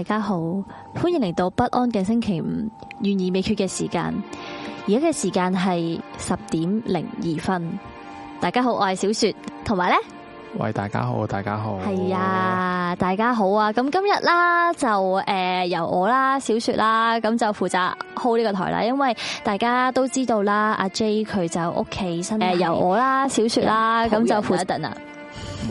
大家好，歡迎嚟到不安嘅星期五，懸而未決嘅時間。而家嘅時間係十點零二分。大家好，我係小雪，同埋咧，喂，大家好，大家好，係啊，大家好啊。咁今日啦，就誒由我啦，小雪啦，咁就負責 hold 呢個台啦。因為大家都知道啦，阿 J 佢就屋企身，誒由我啦，小雪啦，咁就負責特能。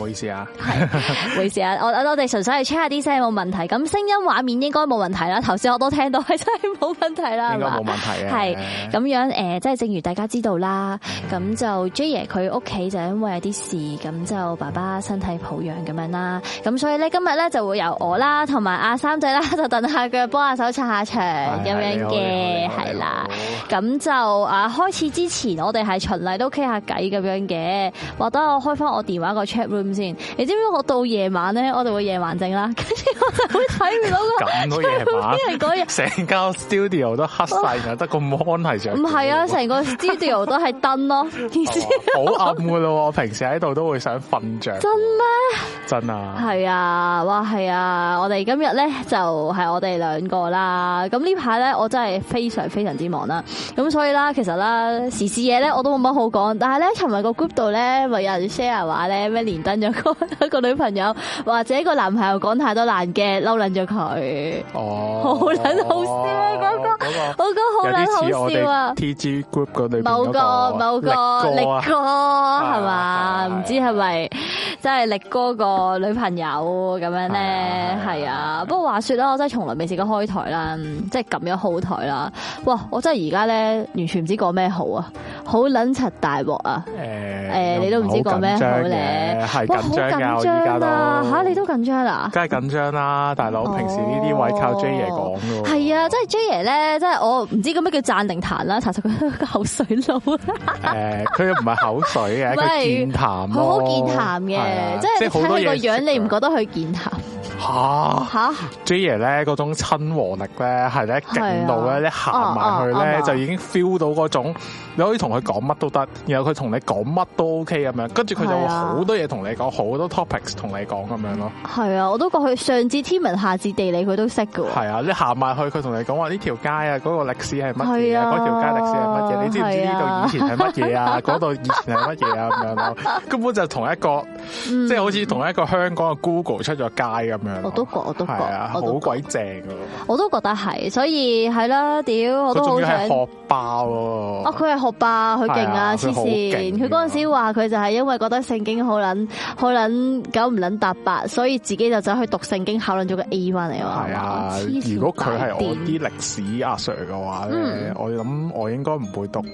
唔好意思啊，唔好意思啊，我我哋純粹係 check 下啲聲有冇問題，咁聲音畫面應該冇問題啦。頭先我都聽到係真係冇問題啦，應該冇問題啊。係咁對對 樣誒，即係正如大家知道啦，咁就 J 爺佢屋企就因為有啲事，咁就爸爸身體抱恙咁樣啦。咁所以咧今日咧就會由我啦，同埋阿三仔啦，就等下腳，幫下手，撐下場咁樣嘅，係啦。咁了好就啊開始之前，我哋係循例都傾下偈咁樣嘅，或者我開翻我電話個 chat room。先，你知唔知我到夜晚咧，我哋會夜晚症啦，跟住我就會睇唔到個。咁多夜晚，啲成間 studio 都黑晒，得 個 mon 係着。唔係啊，成個 studio 都係燈咯，好、 哦、暗噶咯，我平時喺度都會想瞓着。真咩？真啊？係啊，哇，係啊，我哋今日咧就係、是、我哋兩個啦。咁呢排咧，我真係非常非常之忙啦。咁所以啦，其實啦，時事嘢咧，我都冇乜好講。但係咧，尋日個 group 度咧，咪有人 share 話咧咩年代。等、那、著個女朋友，或者個男朋友講太多爛嘅，嬲捻咗佢。哦，好捻好笑啊！嗰我嗰個好捻好笑啊！T G Group、那個女某、那個某、那個那個、個，個力哥係嘛？唔知係咪真係力哥個女朋友咁樣咧？係啊，不過話說啦，我真係從來未試過開台啦，即係咁樣好台啦。哇！我真係而家咧，完全唔知講咩好啊，好捻柒大鑊啊！誒誒，你都唔知講咩好咧？緊張噶，我而家都嚇你都緊張啦，梗係緊張啦，啊啊，大佬平時呢啲位靠 J 爺講嘅。係啊，即係 J 爺咧，即係我唔知咁咩叫讚定談啦，查實佢口水佬，呃，誒，佢又唔係口水嘅，佢係健談，佢好健談嘅，即係睇佢個樣，你唔覺得佢健談？嚇嚇 J 爺咧，嗰種親和力咧，係咧，勁到咧，你行埋去咧，就已經 feel 到嗰種，你可以同佢講乜都得，然後佢同你講乜都 OK 咁樣，他說他說很跟住佢就會好多嘢同你。講好多 topics 同你講咁樣咯，係啊，我都覺佢上至天文下至地理佢都識噶，係啊，你行埋去佢同你講，話呢條街啊嗰個歷史係乜嘢啊？嗰條街歷史係乜嘢，你知唔知呢度以前係乜嘢啊？嗰度以前係乜嘢啊？咁樣咯，根本就同一個，即係好似同一個香港嘅 Google 出咗街咁樣，我都覺，我都覺，好鬼正噶，我都覺得係，所以係啦，屌，我都好想，佢仲要係學霸喎，哦，佢係學霸，佢勁啊，黐線，佢嗰陣時話佢就係因為覺得聖經好撚。可能九唔捻搭八，所以自己就走去讀聖經，考慮咗個 A 翻嚟喎。係啊，如果佢係我啲歷史阿 Sir 嘅話咧，我諗我應該唔會讀。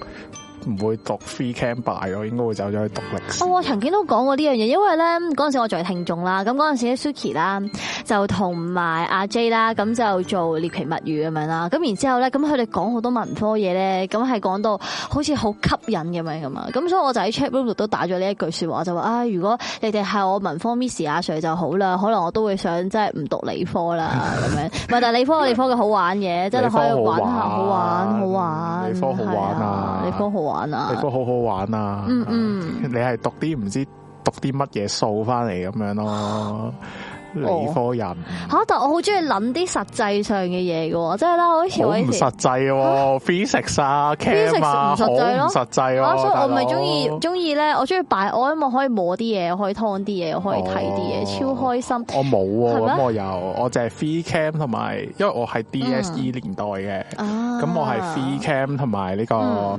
唔會讀 free camp by，我應該會走咗去讀歷史。哦，我曾經都講過呢樣嘢，因為咧嗰陣時我做緊聽眾啦，咁嗰陣時咧 Suki 啦就同埋阿 J 啦，咁就做獵奇物語咁樣啦，咁然之後咧，咁佢哋講好多文科嘢咧，咁係講到好似好吸引咁樣咁啊，咁所以我就喺 chat room 度都打咗呢一句説話，就話啊，如果你哋係我文科 Miss 阿 Sir 就好啦，可能我都會想即係唔讀理科啦咁樣，唔係 但理科，理科嘅好玩嘢，真係可以玩下，好玩，好玩，理科好玩啊，理科好玩。都好玩、啊、好玩啊！嗯嗯，你係讀啲唔知讀啲乜嘢數翻嚟咁樣咯，啊。 理科人吓，但我好中意諗啲實際上嘅嘢嘅喎，即係啦，好似我唔實際喎，physics 啊，cam 唔實際咯，唔實際咯，所以我唔係中意中意咧，我中意擺，我希望可以摸啲嘢，可以劏啲嘢，我可以睇啲嘢，超開心。我冇喎，咁我有，我淨係 free cam 同埋，因為我係 DSE 年代嘅，咁我係 free cam 同埋呢個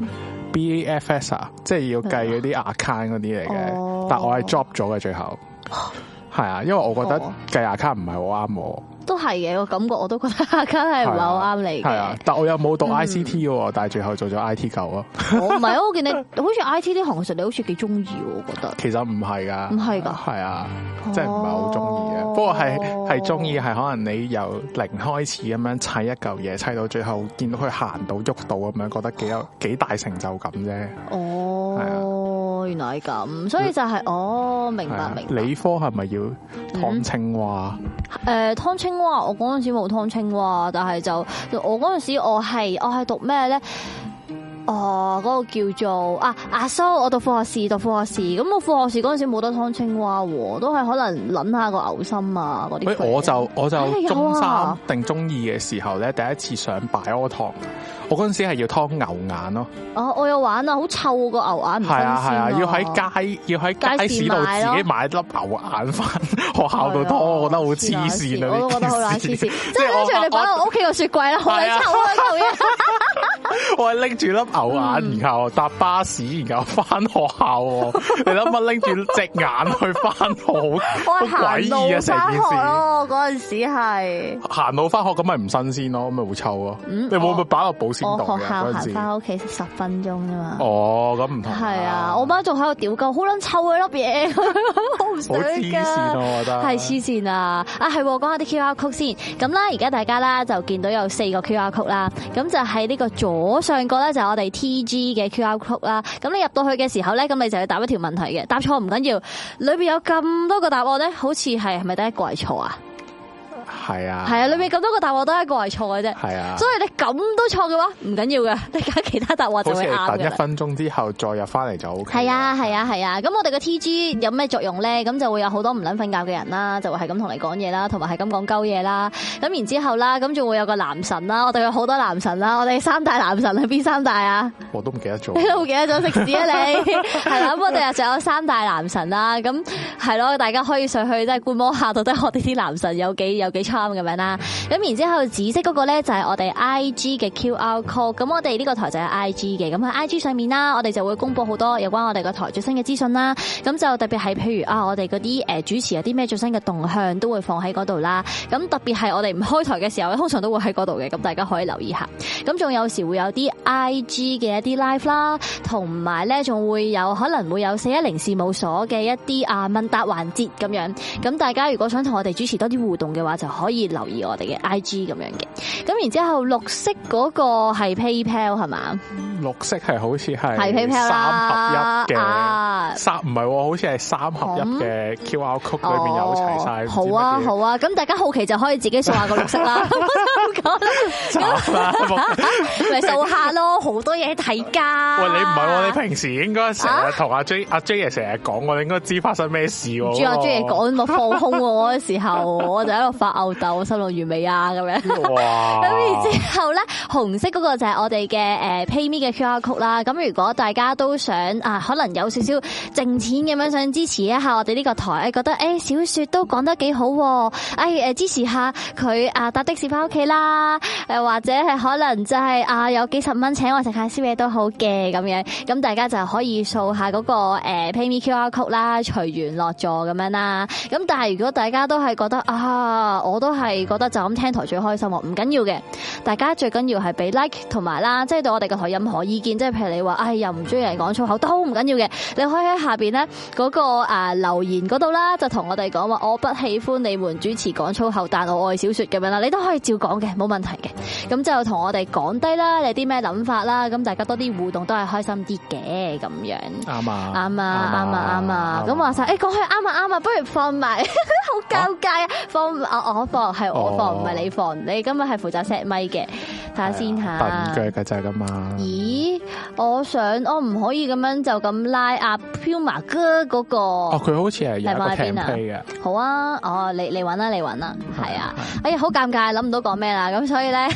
BAFS 啊，即係要計嗰啲 account 嗰啲嚟嘅，但我係 drop 咗嘅最後。係啊，因為我覺得計牙卡唔係好啱我。都係嘅，我感覺我都覺得牙卡係唔係好啱你。係啊，但我又冇讀 I C T 喎，嗯、但係最後做咗 I T 九啊。唔係啊，我見你好似 I T 啲行程，其實你好似幾中意，我覺得。其實唔係噶。唔係噶。係啊，真係唔係好中意嘅。不過係係中意係可能你由零開始咁樣砌一嚿嘢，砌到最後見到佢行到喐到咁樣，覺得幾有幾大成就感啫。哦。係啊。原咁，所以就係、是、哦，明白明白。理科係咪要湯清話誒湯清話？我嗰陣時冇湯清話，但係就我嗰陣時，我係我係讀咩咧？哦，嗰、那個叫做啊阿蘇，我讀副學士，讀副學士，咁我副學士嗰陣時冇得劏青蛙喎，都係可能捻下個牛心啊嗰啲。我就我就中三定、哎、呀中二嘅時候咧，第一次上擺屙湯，我嗰陣時係要劏牛眼咯。哦、啊，我有玩啊，好臭、那個牛眼唔係啊係啊,啊，要喺街要喺街市度自己買粒牛眼返學校度劏，哎、呀我覺得好黐線啊！我覺得好黐線，即係好似你擺我屋企個雪櫃啦，好臭啊。呀我係拎住粒。 後眼，然後搭巴士，然後翻學校。你諗乜拎住隻眼去翻學，好鬼異啊成件事。行路嗰陣時係，行路翻學咁咪唔新鮮咯，咁咪會臭咯。你會唔會擺個保鮮袋？我學校行翻屋企十分鐘啫嘛。哦，咁唔同。係啊，我媽仲喺度屌鳩，好撚臭嘅粒嘢，好黐線啊！我覺得係黐線啊！啊，係講下啲 Q R 曲先。咁咧，而家大家咧就見到有四個 Q R 曲啦。咁就喺呢個左上角咧，就我哋。T G 嘅 Q R code 啦，咁你入到去嘅時候咧，咁你就要答一條問題嘅，答錯唔緊要，裏邊有咁多個答案咧，好似係係咪第一個係錯啊？係啊，係啊，裏面咁多個答案都得一個係錯嘅啫。係是啊，所以你咁都錯嘅話，唔緊要嘅，你揀其他答案就會啱嘅。一分鐘之後再入翻嚟就 OK。係啊，係啊，係啊，咁我哋嘅 TG 有咩作用咧？咁就會有好多唔撚瞓覺嘅人啦，就會係咁同你講嘢啦，同埋係咁講鳩嘢啦。咁然之後啦，咁仲會有個男神啦，我哋有好多男神啦，我哋三大男神係邊三大啊？我都唔記得咗，你都唔記得咗食屎啊你？係啦，咁我哋又就有三大男神啦，咁係咯，大家可以上去即係觀摩下到底我哋啲男神有幾有。咁樣啦，咁然之後紫色嗰個咧就係我哋 I G 嘅 Q R code，咁我哋呢個台就係 I G 嘅，咁喺 I G 上面啦，我哋就會公布好多有關我哋個台最新嘅資訊啦，咁就特別係譬如啊，我哋嗰啲誒主持有啲咩最新嘅動向都會放喺嗰度啦，咁特別係我哋唔開台嘅時候，通常都會喺嗰度嘅，咁大家可以留意下，咁仲有時會有啲 I G 嘅一啲 live 啦，同埋咧仲會有可能會有四一零事務所嘅一啲啊問答環節咁樣，咁大家如果想同我哋主持多啲互動嘅話就。可以留意我哋嘅 I G 咁樣嘅，咁然之後綠色嗰個係 PayPal 係嘛？綠色係好似係係 PayPal 三合一嘅，啊、三唔係，好似係三合一嘅 Q R 曲裏邊有齊晒，哦啊，好啊好啊！咁大家好奇就可以自己掃下個綠色啦，掃啦 ，咪掃下咯，好多嘢睇噶。喂，你唔係，你平時應該成日同阿 J 阿 J 爺成日講，我哋應該知發生咩事。朱阿 J 爺講我放空嘅時候，我就喺度發。牛斗收落完美啊，咁樣，咁然之後咧，紅色嗰個就係我哋嘅誒 PayMe 嘅 QR code 啦。咁如果大家都想啊，可能有少少淨錢咁樣想支持一下我哋呢個台，覺得誒小說都講得幾好，誒誒支持下佢啊搭的士翻屋企啦，誒或者係可能就係啊有幾十蚊請我食下宵夜都好嘅咁樣，咁大家就可以掃下嗰個誒 PayMe QR code 啦，隨緣落座咁樣啦。咁但係如果大家都係覺得啊。我都係覺得就咁聽台最開心喎，唔緊要嘅。大家最緊要係俾 like 同埋啦，即係對我哋嘅台任何意見，即係譬如你、哎、話，唉，又唔中意人講粗口，都好唔緊要嘅。你可以喺下邊呢嗰個啊留言嗰度啦，就同我哋講話，我不喜歡你們主持講粗口，但我愛小說咁樣啦。你都可以照講嘅，冇問題嘅。咁就同我哋講低啦，你啲咩諗法啦？咁大家多啲互動都係開心啲嘅，咁樣。啱對啊，啊，啱啊，啱啊，啱啊。咁話晒，誒、啊，講起啱啊啱啊，啊、欸、啊，啊，不如放埋，好尷尬啊， 尬放我放係我放，唔係你放。你今日係負責 set 咪嘅，睇下先吓。笨嘅，就係咁啊！咦，我想我唔可以咁樣就咁拉阿、啊、Puma 哥嗰、嗰個。哦，佢好似係有 T P 嘅。好啊，哦，你嚟揾啦，你揾啦，係啊的，哎呀的，好尷尬，諗唔到講咩啦，咁所以咧呢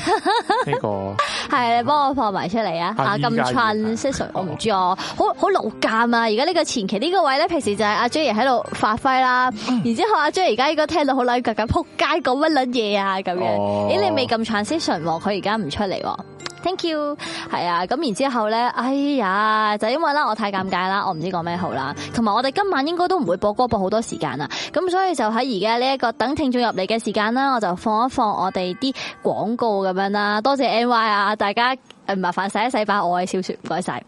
這個係 你幫我放埋出嚟啊！啊現在，咁蠢的，識誰？我唔知哦，好好老尷啊！而家呢個前期呢個位咧，平時就係阿 Jay 喺度發揮啦，嗯、然之後阿 Jay 而家應該聽到好扭局咁扑街。講乜卵嘢啊咁樣謝謝？咦，你未咁 transition 佢而家唔出嚟。Thank you。係啊，咁然之後咧，哎呀，就因為啦，我太尷尬啦，我唔知講咩好啦。同埋我哋今晚應該都唔會播歌，播好多時間啦。咁所以就喺而家呢一個等聽眾入嚟嘅時間啦，我就放一放我哋啲廣告咁樣啦。多謝 N Y 啊，大家。誒，唔麻煩，洗一洗吧，我嘅小說唔該晒。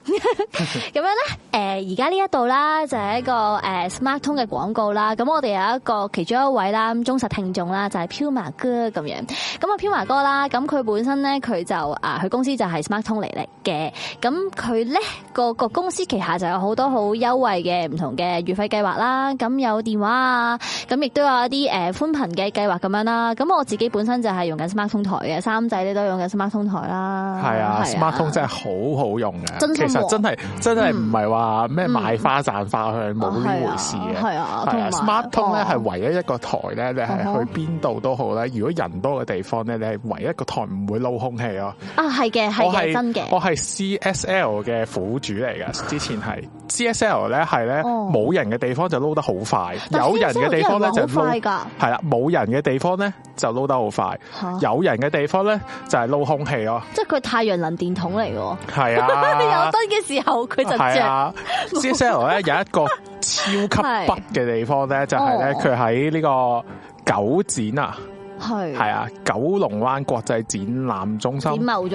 咁樣咧，誒，而家呢一度啦，就係一個誒 Smart 通嘅廣告啦。咁我哋有一個其中一位啦，忠實聽眾啦，就係 Puma 哥咁樣。咁啊，Puma 哥啦，咁佢本身咧，佢就啊，佢公司就係 Smart 通嚟嚟嘅。咁佢咧，個個公司旗下就有好多好優惠嘅唔同嘅月費計劃啦。咁有電話啊，咁亦都有一啲誒寬頻嘅計劃咁樣啦。咁我自己本身就係用緊 Smart 通台嘅，三仔咧都用緊 Smart 通台啦。係啊。啊、SmarTone 真係好好用嘅，真其實真係真係唔係話咩買花賺花去冇呢回事嘅，係啊，係啊。啊啊有 SmarTone 咧係唯一一個台咧，你係去邊度都好咧，如果人多嘅地方咧，你係唯一一個台唔會撈空氣咯。啊，係嘅，係嘅，是真嘅。我係 CSL 嘅苦主嚟㗎，之前係。 C S L 咧，係咧，冇人嘅地方就撈得好快，有人嘅地方咧就撈，係啦，冇人嘅地方咧就撈得好快，有人嘅地方咧就係撈空氣咯。即係佢太陽能電筒嚟嘅，係啊，有燈嘅時候佢就着。C S L 咧，有一個超級北嘅地方咧，就係咧佢喺呢個九展啊，係係啊，九龍灣國際展覽中心，展貿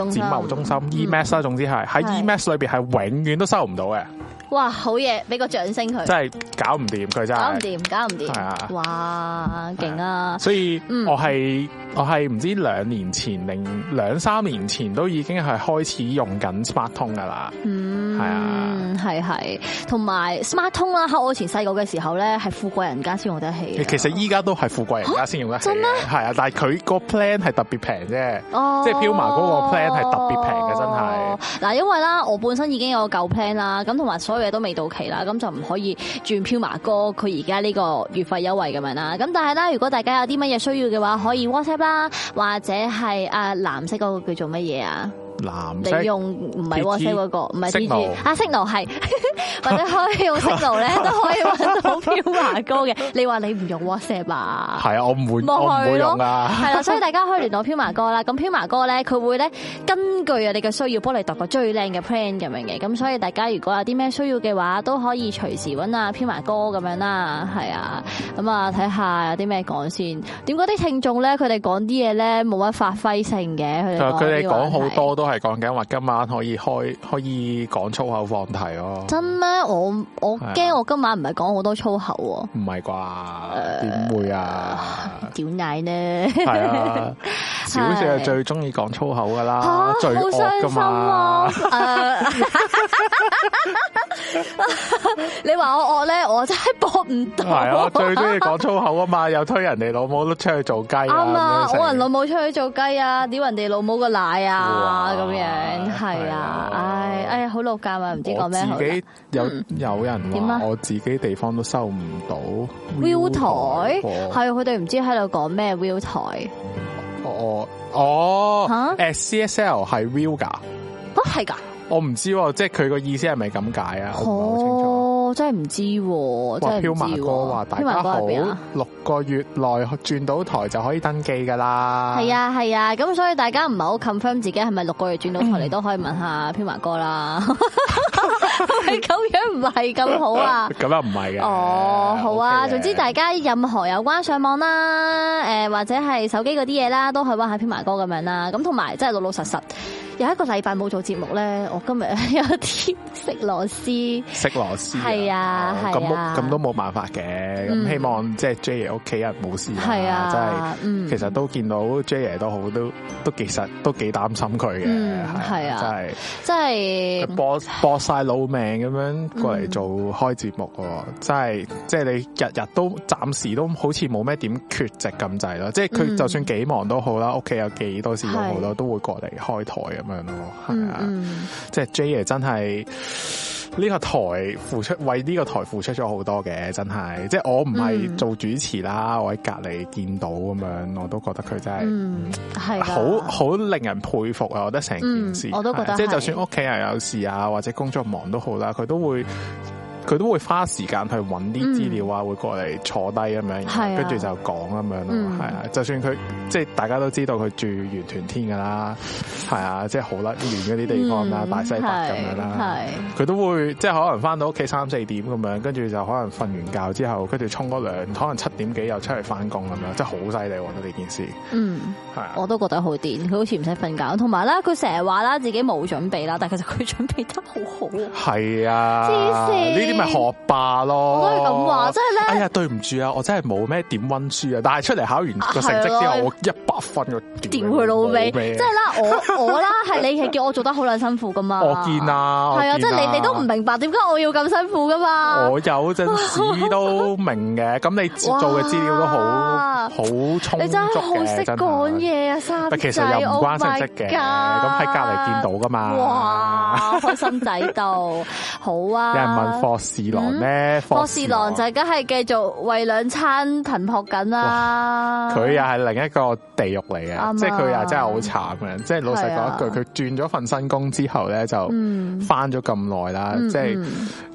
中心，E-Max 啦，總之係喺 E-Max 裏邊係永遠都收唔到嘅。哇，好嘢！俾個掌聲佢。真係搞唔掂佢咋。搞唔掂的，搞唔掂。係啊。哇，勁啊、嗯！所以我，我係我係唔知兩年前定兩三年前都已經係開始用緊 Smart 通噶啦。嗯。係啊。係係，同埋 Smart 通啦，喺我以前細個嘅時候咧，係富貴人家先用得起。其實依家都係富貴人家先用得起。真咩？係啊，但係佢個 plan 係特別平啫。哦。即係飄埋嗰個 plan 係特別平嘅，真係。嗱，因為啦，我本身已經有個舊 plan 啦，咁同埋所以。嘢都未到期啦，咁就唔可以轉票麻哥佢而家呢個月費優惠咁樣啦。咁但係啦，如果大家有啲乜嘢需要嘅話，可以 WhatsApp 啦，或者係誒藍色嗰個叫做乜嘢啊？男，你用唔係 WhatsApp 嗰個，唔係 Signal，啊，Signal 係或者可以用 Signal 咧，都可以搵到飄麻哥嘅。你話你唔用 WhatsApp 啊？係啊，我唔會，去我唔會用㗎。係啦，所以大家可以聯絡飄麻哥啦。咁飄麻哥咧，佢會咧根據啊你嘅需要，幫你度個最靚嘅 plan 咁樣嘅。咁所以大家如果有啲咩需要嘅話，都可以隨時搵啊飄麻哥咁樣啦。係啊，咁啊睇下有啲咩講先。點解啲聽眾咧，佢哋講啲嘢咧冇乜發揮性嘅？佢哋講好多都。係講緊話今晚可以開可以講粗口放題哦！真咩？我我驚我今晚唔係講好多粗口喎？唔係啩？點會啊？屌奶、呃、 呢？小姐係最中意講粗口噶啦，最惡噶嘛？你話我惡咧，我真係搏唔到。係啊，我最中意講粗口啊嘛！又推人哋老母出去做雞，啱啊吧！我人老母出去做雞啊，屌人哋老母個奶啊！咁樣係啊，唉唉，好老屆啊，唔知講咩。自己有有人話，我自己地方都收唔到。Will 台係佢哋唔知喺度講咩 Will 台。哦哦，哦，吓，誒，C S L 係 Will 噶？哦，係噶？我唔知，即係佢個意思係咪咁解啊？我唔係好清楚。我真係唔知，哇！飄馬哥話大家好，飄六個月內轉到台就可以登記噶啦。係啊係啊，咁、啊、所以大家唔係好 confirm 自己係咪六個月轉到台，你都可以問，問下飄馬哥啦。係咪咁樣唔係咁好啊？咁又唔係啊。哦，好啊。OK 的 總之大家任何有關上網啦，誒或者係手機嗰啲嘢啦，都可以問下飄馬哥咁樣啦。咁同埋即係老老實實。有一個禮拜冇做節目咧，我今日有啲食螺絲，食螺絲係啊，係咁都咁都冇辦法嘅，咁、嗯、希望即係 Jay 爺屋企人冇事，係啊，即係、嗯，其實都見到 Jay 爺都好，都都其實都幾擔心佢嘅，係啊，即係、啊，真係搏搏晒老命咁樣過嚟做、嗯、開節目，真係，即係，你日日都暫時都好似冇咩點缺席咁滯咯，即係佢就算幾忙都好啦，屋企有幾多事都好啦，係，都會過嚟開台嘅。咁樣咯，係啊對，即係 J 真係呢、這個台付出，為呢個台付出咗好多嘅，真係。即、就、係、是、我唔係做主持啦，mm hmm. 我喺隔籬見到咁樣，我都覺得佢真係係好好令人佩服啊！我覺得成件事，mm hmm. 我都覺得即係，就算屋企人有事啊，或者工作忙都好啦，佢都會。佢都會花時間去揾啲資料啊，嗯、會過嚟坐低咁、嗯、樣，跟住就講咁樣咯，係啊。就算佢即係大家都知道佢住完團天噶啦，係啊、就是，即係好啦，遠嗰啲地方啦，大西北咁樣啦，佢都會即係可能翻到屋企三四點咁樣，跟住就可能瞓完覺之後，跟住沖咗涼，可能七點幾又出去翻工咁樣，真係好犀利！我覺得呢件事，嗯，係我都覺得好癲。佢好似唔使瞓覺，同埋咧，佢成日話啦，自己冇準備啦，但其實佢準備得好好。係啊，呢啲。咪學霸咯，我可以咁話，即係咧。哎呀，對唔住啊，我真係冇咩點溫書啊，但係出嚟考完個成績之後，我一百分就點佢老味，即係啦，我我啦係你係叫我做得好耐辛苦噶嘛我。我見啊，係啊，即係你，你都唔明白點解我要咁辛苦噶嘛。我有陣時都明嘅，咁 你做嘅資料都好好充足嘅，真。你真係好識講嘢啊，三仔，其實又唔關成績嘅。咁喺隔籬見到噶嘛。哇，開心底度，好啊，有人問課。侍郎咧，侍郎就梗係繼續為兩餐頻撲緊啦。佢又係另一個地獄嚟嘅，即係佢又真係好慘嘅。即係老實講一句，佢轉咗份新工之後咧，就翻咗咁耐啦。即係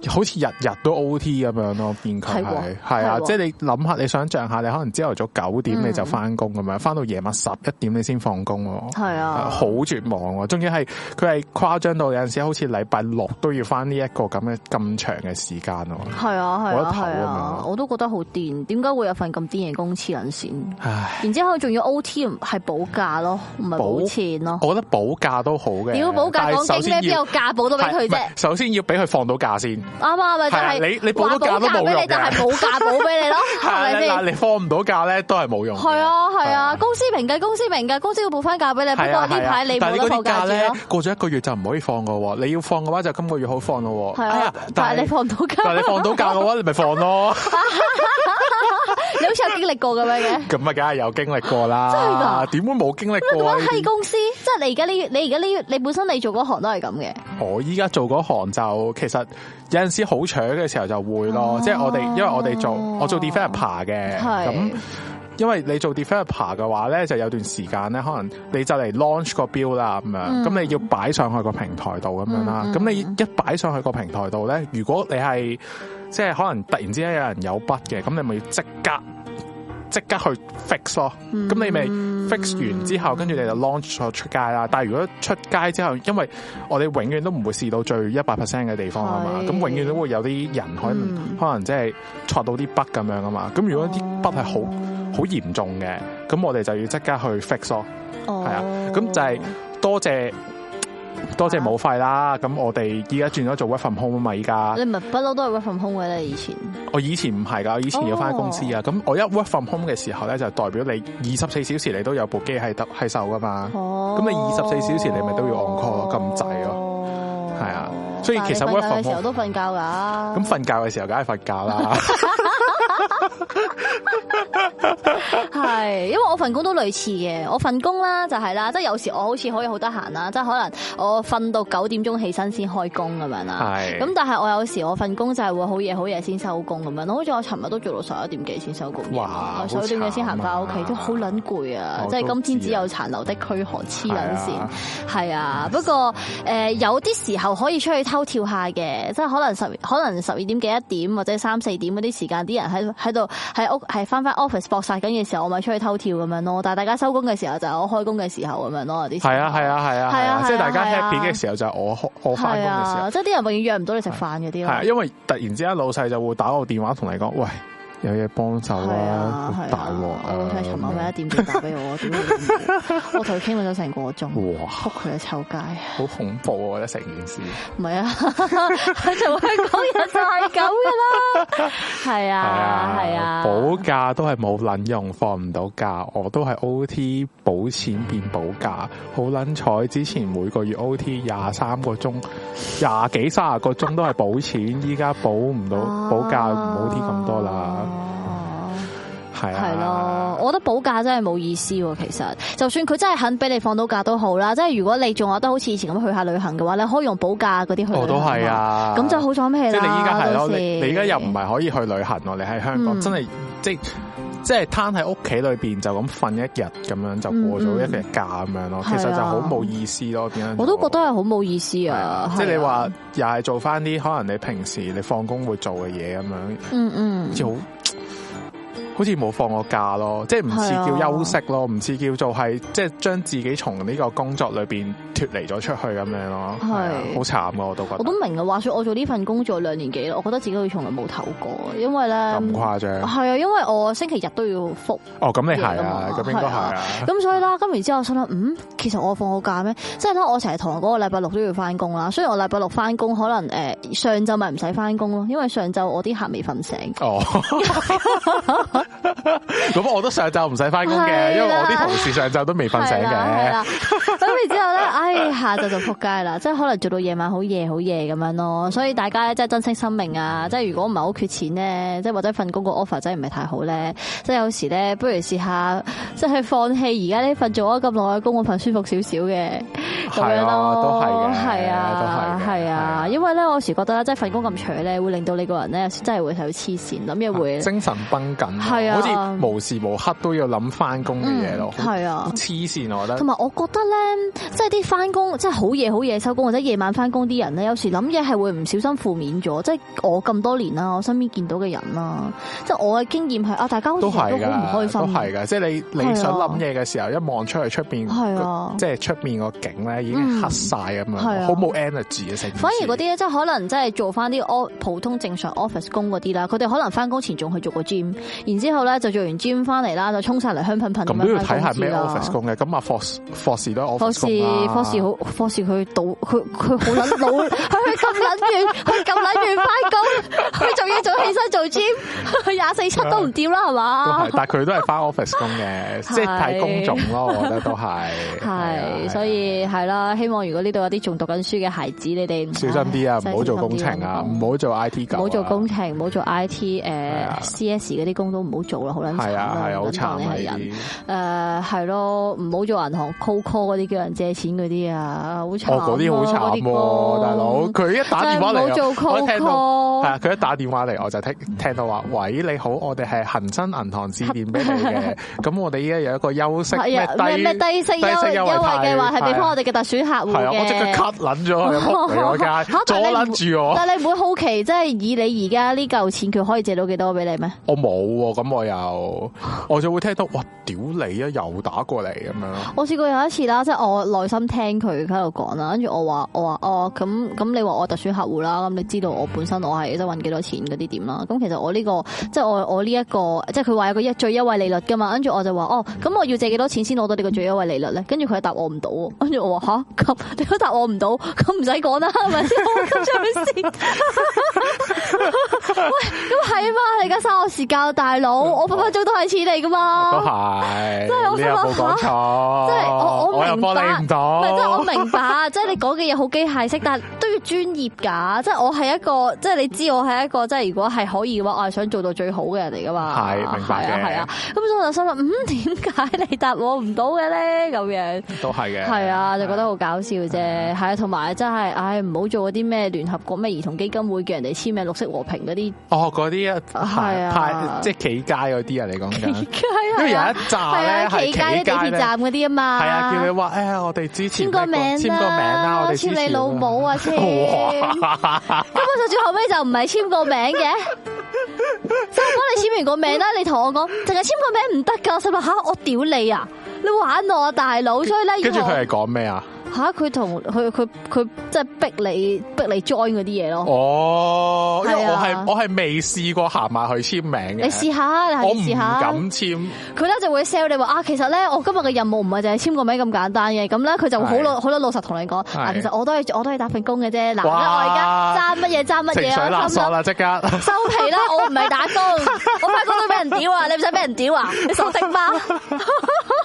好似日日都 O T 咁樣咯，變佢係係啊。即係你諗下，你想象下，你可能朝頭早九點你就翻工咁樣，翻到夜晚十一點你先放工咯。係啊，好絕望啊！仲要係佢係誇張到有陣時，好似禮拜六都要翻呢一個咁嘅咁長嘅時間喎，係啊係啊，我都覺得好癲，點解會有份咁癲嘅工黐銀線？唉，然之後仲要 O T，係補假咯，唔係補錢咯。我覺得補假都好嘅，但係首先要邊有假補到俾佢啫。首先要俾佢放到假先。啱啊，咪就係你你補假都冇用嘅，但係補假補俾你咯，係咪先？你放唔到假咧，都係冇用。係啊係啊，公司平噶，公司明噶，公司要補翻假俾你。不過呢排你嗰啲假咧，過咗一個月就唔可以放噶。你要放嘅話，就今個月好放咯。係啊，但係你但係你放到假嘅話，你咪放咯。 你好似有經歷過咁樣嘅？咁啊，梗係有經歷過啦。真係噶？點會冇經歷過？喺公司，即係你而家呢？你而家呢？你本身你做嗰行都係咁嘅。我依家做嗰行就其實有陣時好搶嘅時候就會咯，啊、即係我哋因為我哋做我做 developer 爬嘅，咁的。因為你做 developer 嘅話咧，就有段時間咧，可能你就嚟 launch 個表啦咁樣，咁、hmm. 你要擺上去個平台度咁樣啦。咁、mm hmm. 你一擺上去個平台度咧，如果你係即係可能突然之間有人有 bug 嘅，咁你咪要即刻即刻去 fix 咯。咁、mm hmm. 你咪 fix 完之後，跟住你就 launch 咗出街啦。但係如果出街之後，因為我哋永遠都唔會試到最一百 percent 嘅地方啊嘛，咁是永遠都會有啲人可能、mm hmm. 可能即係錯到啲 bug 咁樣啊嘛。咁如果啲 bug 係好好嚴重嘅，咁我哋就要即刻去 fix 咯。哦、oh.，係啊，咁就係多謝多謝冇費啦。咁我哋而家轉咗做 work from home 嘛，依家你咪不嬲都係 work from home 嘅咧？以前我以前唔係噶，我以前要翻公司啊。咁、oh. 我一 work from home 嘅時候咧，就代表你二十四小時你都有部機係得係售噶嘛。哦，咁你二十四小時你咪都要 on call 咯，咁滯咯。係啊、oh.，所以其實 work from home 都瞓覺噶。咁瞓覺嘅時候睡覺，梗係瞓覺啦。係，因為我份工都類似嘅。我份工啦就係啦，即係有時我好似可以好得閒啦，即係可能我瞓到九點鐘起身先開工咁樣啦。係。咁但係我有時我份工就係會好夜好夜先收工咁樣，好似我尋日都做到十一點幾先收工。哇！十一點幾先行翻屋企都好捻攰啊！也即係今天只有殘留的軀殼黐捻線。係啊是的 的，不過誒有啲時候可以出去偷跳下嘅，即係可能十可能十二點幾一點或者三四點嗰啲時間，啲人喺喺。度喺屋，喺翻翻 office 搏殺緊嘅時候，我咪出去偷跳咁樣咯。但係大家收工嘅時候，就係我開工嘅時候咁樣咯。啲係啊，係啊，係啊，係啊，即係大家 happy 嘅時候，就係我開我翻工嘅時候。即係啲人永遠約唔到你食飯嗰啲咯。係啊，因為突然之間老細就會打個電話同你講，喂。有嘢幫手啦！大鑊、啊，我睇尋晚一點鐘打俾我，這樣 我同佢傾咗成個鐘。哇！佢啊，臭街，好恐怖啊！我覺得成件事。唔係啊，佢同香港人就係咁噶啦。係 啊，係啊，啊補假都係冇卵用，放唔到假，我都係 O T 補錢變補假。好卵彩，之前每個月 O T 廿三個鐘，廿幾卅個鐘都係補錢，依家補唔到補假，唔 O T 咁多啦。哦，係啊，係咯，我覺得補假真係冇意思喎。其實就算佢真係肯俾你放到假都好啦，即係如果你仲有得好似以前咁去下旅行嘅話，你可以用補假嗰啲去旅行。我都係啊，啊，咁就好在咩？即係你依家係咯，你你依家又唔係可以去旅行咯？你喺香港、嗯、真係即係。就是即係攤喺屋企裏邊就咁瞓一日咁樣就過咗一日假咁樣咯，mm hmm. 其實就好冇意思咯。點樣 Yeah.？我都覺得係好冇意思啊！即係你話又係做翻啲可能你平時你放工會做嘅嘢咁樣，嗯嗯、mm hmm.，好好似冇放過假咯，即係唔似叫休息咯，唔似 Yeah. 叫做係即係將自己從呢個工作裏邊。脫離咗出去咁樣咯，係好慘啊。我都覺得。我都明啊，話說我做呢份工作兩年幾啦，我覺得自己會從來冇唞過，因為咧，咁誇張。係啊，因為我星期日都要複哦，咁你係啊，咁應該係啊。咁所以啦，咁然之後我想諗，嗯，其實我放個假咩？即係我成日同嗰個禮拜六都要翻工啦。所以我禮拜六翻工，可能誒上晝咪唔使翻工咯，因為上晝我啲客未瞓醒。哦，咁我都上晝唔使翻工嘅，因為我啲同事上晝都未瞓醒嘅。咁然之後咧，下就晝就仆街啦，即係可能做到夜晚好夜好夜咁樣咯，所以大家咧即係珍惜生命啊！即係如果唔係好缺錢咧，即係或者份工個 offer 真係唔係太好咧，即係有時咧不如試下即係放棄而家呢份做咗咁耐嘅工我份舒服少少嘅咁樣咯，係啊，都係嘅，係啊，係啊，啊啊因為咧我有時覺得咧，即係份工咁長咧，會令到你個人咧真係會睇到黐線噉又會精神繃緊，係啊，好似無時無刻都要諗翻工嘅嘢咯，係、嗯、啊，黐線、啊、我覺得。同埋我覺得咧，即係啲翻。翻工即係好夜好夜收工，或者夜晚翻工啲人咧，有時諗嘢係會唔小心負面咗。即係我咁多年啦，我身邊見到嘅人啦，即係我嘅經驗係啊，大家好似都好唔開心。都係噶，即係你是的 你想諗嘢嘅時候，一望出去出邊，係是的 即係出面個景咧已經黑晒咁樣，好冇 energy 嘅成。反而嗰啲呢，即係可能即係做翻啲普通正常 office 工嗰啲啦，佢哋可能翻工前仲去做個 gym，然之後咧就做完 gym 翻嚟啦，就沖晒嚟香噴噴咁都要睇下咩 office 工嘅。咁啊，force force 都 office 工啦時好，課佢倒，佢佢好捻老，佢佢咁捻遠，佢咁捻遠翻工，佢仲要早起身做 gym，佢廿四七都唔掂啦，係嘛？但係佢都係翻 office 工嘅，即係睇工種咯，我覺得都係係，所以係啦。希望如果呢度有啲仲讀緊書嘅孩子，你哋小心啲啊，唔好做工程啊，唔好做 I T 架，唔好做工程，唔好做 I T 誒 C S 嗰啲工都唔好做啦，好捻差，好慘差人。誒，係咯，唔好做銀行 call call 啲叫人借錢嗰啲。啊，好慘！嗰啲好慘，大佬佢一打電話嚟，我聽到係啊，佢一打電話嚟，我就聽聽到話，喂，你好，我哋係恒生銀行致電俾你嘅。咁我哋依家有一個休息咩咩低息優惠嘅話係面向我哋嘅特選客戶嘅。我即刻吸捻咗，你話齋，阻捻住我。但你唔會好奇，即係以你而家呢嚿錢，佢可以借到幾多俾你咩？我冇咁我又，我就會聽到哇，屌你啊，又打過嚟咁樣。我試過有一次啦，即係我耐心聽。聽佢喺度講啦，跟住我話我話哦，咁咁你話我特選客戶啦，咁你知道我本身我係得搵幾多錢嗰啲點啦？咁其實我呢、這個即係我我呢、這個、一個即係佢話有個一最優惠利率噶嘛，跟住我就話哦，咁我要借幾多錢先攞到你個最優惠利率咧？跟住佢答我唔到，跟住 我話吓你你答我唔到，咁唔使講啦，係咪先？我急住先。喂，咁係啊嘛，你而家殺我時間啊大佬，我分分鐘都係錢嚟噶嘛。都係，真係冇錯，真係我我我明白。即係 我明白，即係你講嘅嘢好機械式，但係都要專業噶。即係我係一個，即係你知我係一個，即係如果係可以嘅話，我係想做到最好嘅人嚟噶嘛。係明白係啊。咁、啊、所以我就心諗，嗯，點解你答我唔到嘅咧？咁樣都係嘅。係啊，就覺得好搞笑啫。係啊的，同埋真係，唉、哎，唔好做嗰啲咩聯合國咩兒童基金會叫人哋簽咩綠色和平嗰啲。哦，嗰啲是啊，啊，係啊，即係企街嗰啲啊，你講嘅。企街係啊。係啊，企街地鐵站嗰啲啊嘛。係啊，叫你話，誒、哎，我哋之前。簽個名簽個名啦，簽、啊、你老母啊！簽哇、啊，根本就最後尾就唔係簽個名嘅。收哥，你簽完個名啦， 你同我講，淨係簽個名唔得噶。收哥，吓、啊、我屌你啊！你玩我啊，大佬，所以咧，跟住佢係講咩啊？吓，佢同佢佢佢即係逼你逼你 join 嗰啲嘢咯。哦，因為我係我係未試過行埋去簽名嘅。你試下，你試下。咁簽。佢咧就會 sell 你話啊，其實咧我今日嘅任務唔係淨係簽個名咁簡單嘅，咁咧佢就好老好老老實同你講。其實我都係我都係打份工嘅啫。嗱，我而家爭乜嘢爭乜嘢啊？情緒垃圾啦，即刻收皮啦！我唔係打工，我打工都俾人屌啊！你唔使俾人屌啊！你收息吧。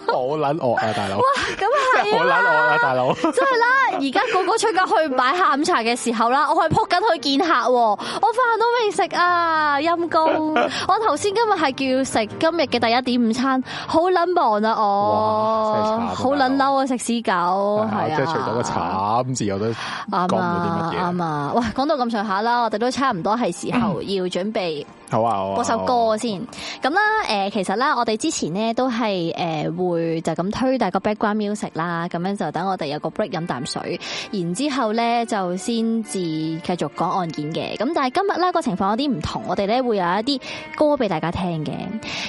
好卵我啊，大佬！哇，咁啊好卵惡啊，大佬！真係啦，而家 個個出街去買下午茶嘅時候啦，我係撲緊去見客，我飯都未食啊，陰公！我頭先今日係叫食今日嘅第一點午餐，好捻忙啊我，好捻嬲啊食屎狗，係啊，即係除咗個茶咁字我都啱啲啱啊，哇，講到咁上下啦，我哋都差唔多係時候要準備 ，好啊，播首歌，啊啊啊，先，咁啦，誒、呃，其實啦、呃，我哋之前咧都係誒、呃、會就咁推大個 background music 啦，咁樣就等我哋有個。break 飲啖水，然之後咧就先至繼續講案件嘅。咁但係今日咧、這個情況有啲唔同，我哋咧會有一啲歌俾大家聽嘅。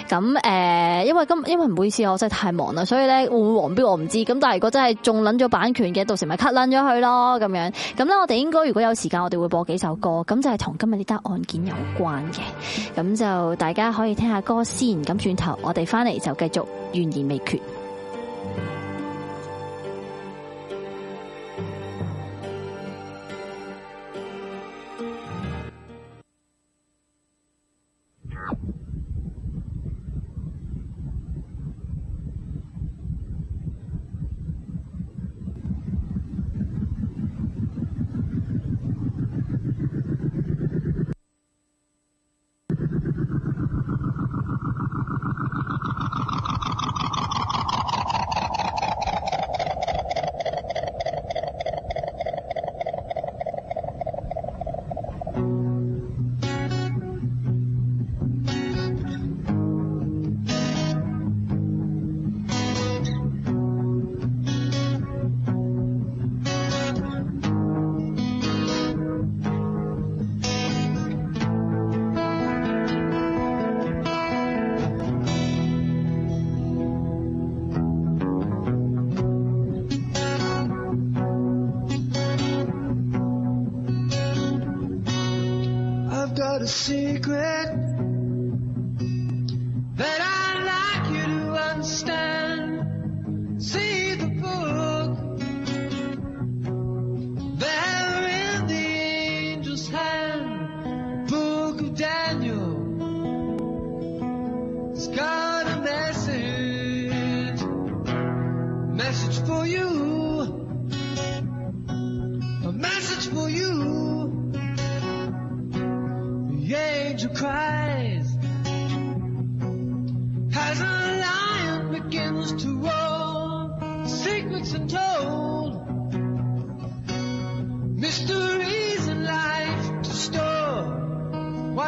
咁誒、呃，因為今因為唔好意思，我真係太忙啦，所以咧會黃標我唔知。咁但係如果真係仲撚咗版權嘅，到時咪 cut 攬咗佢咯咁樣。咁咧我哋應該如果有時間，我哋會播幾首歌，咁就係同今日呢單案件有關嘅。咁就大家可以聽下歌，先。咁轉頭，我哋翻嚟就繼續懸而未決。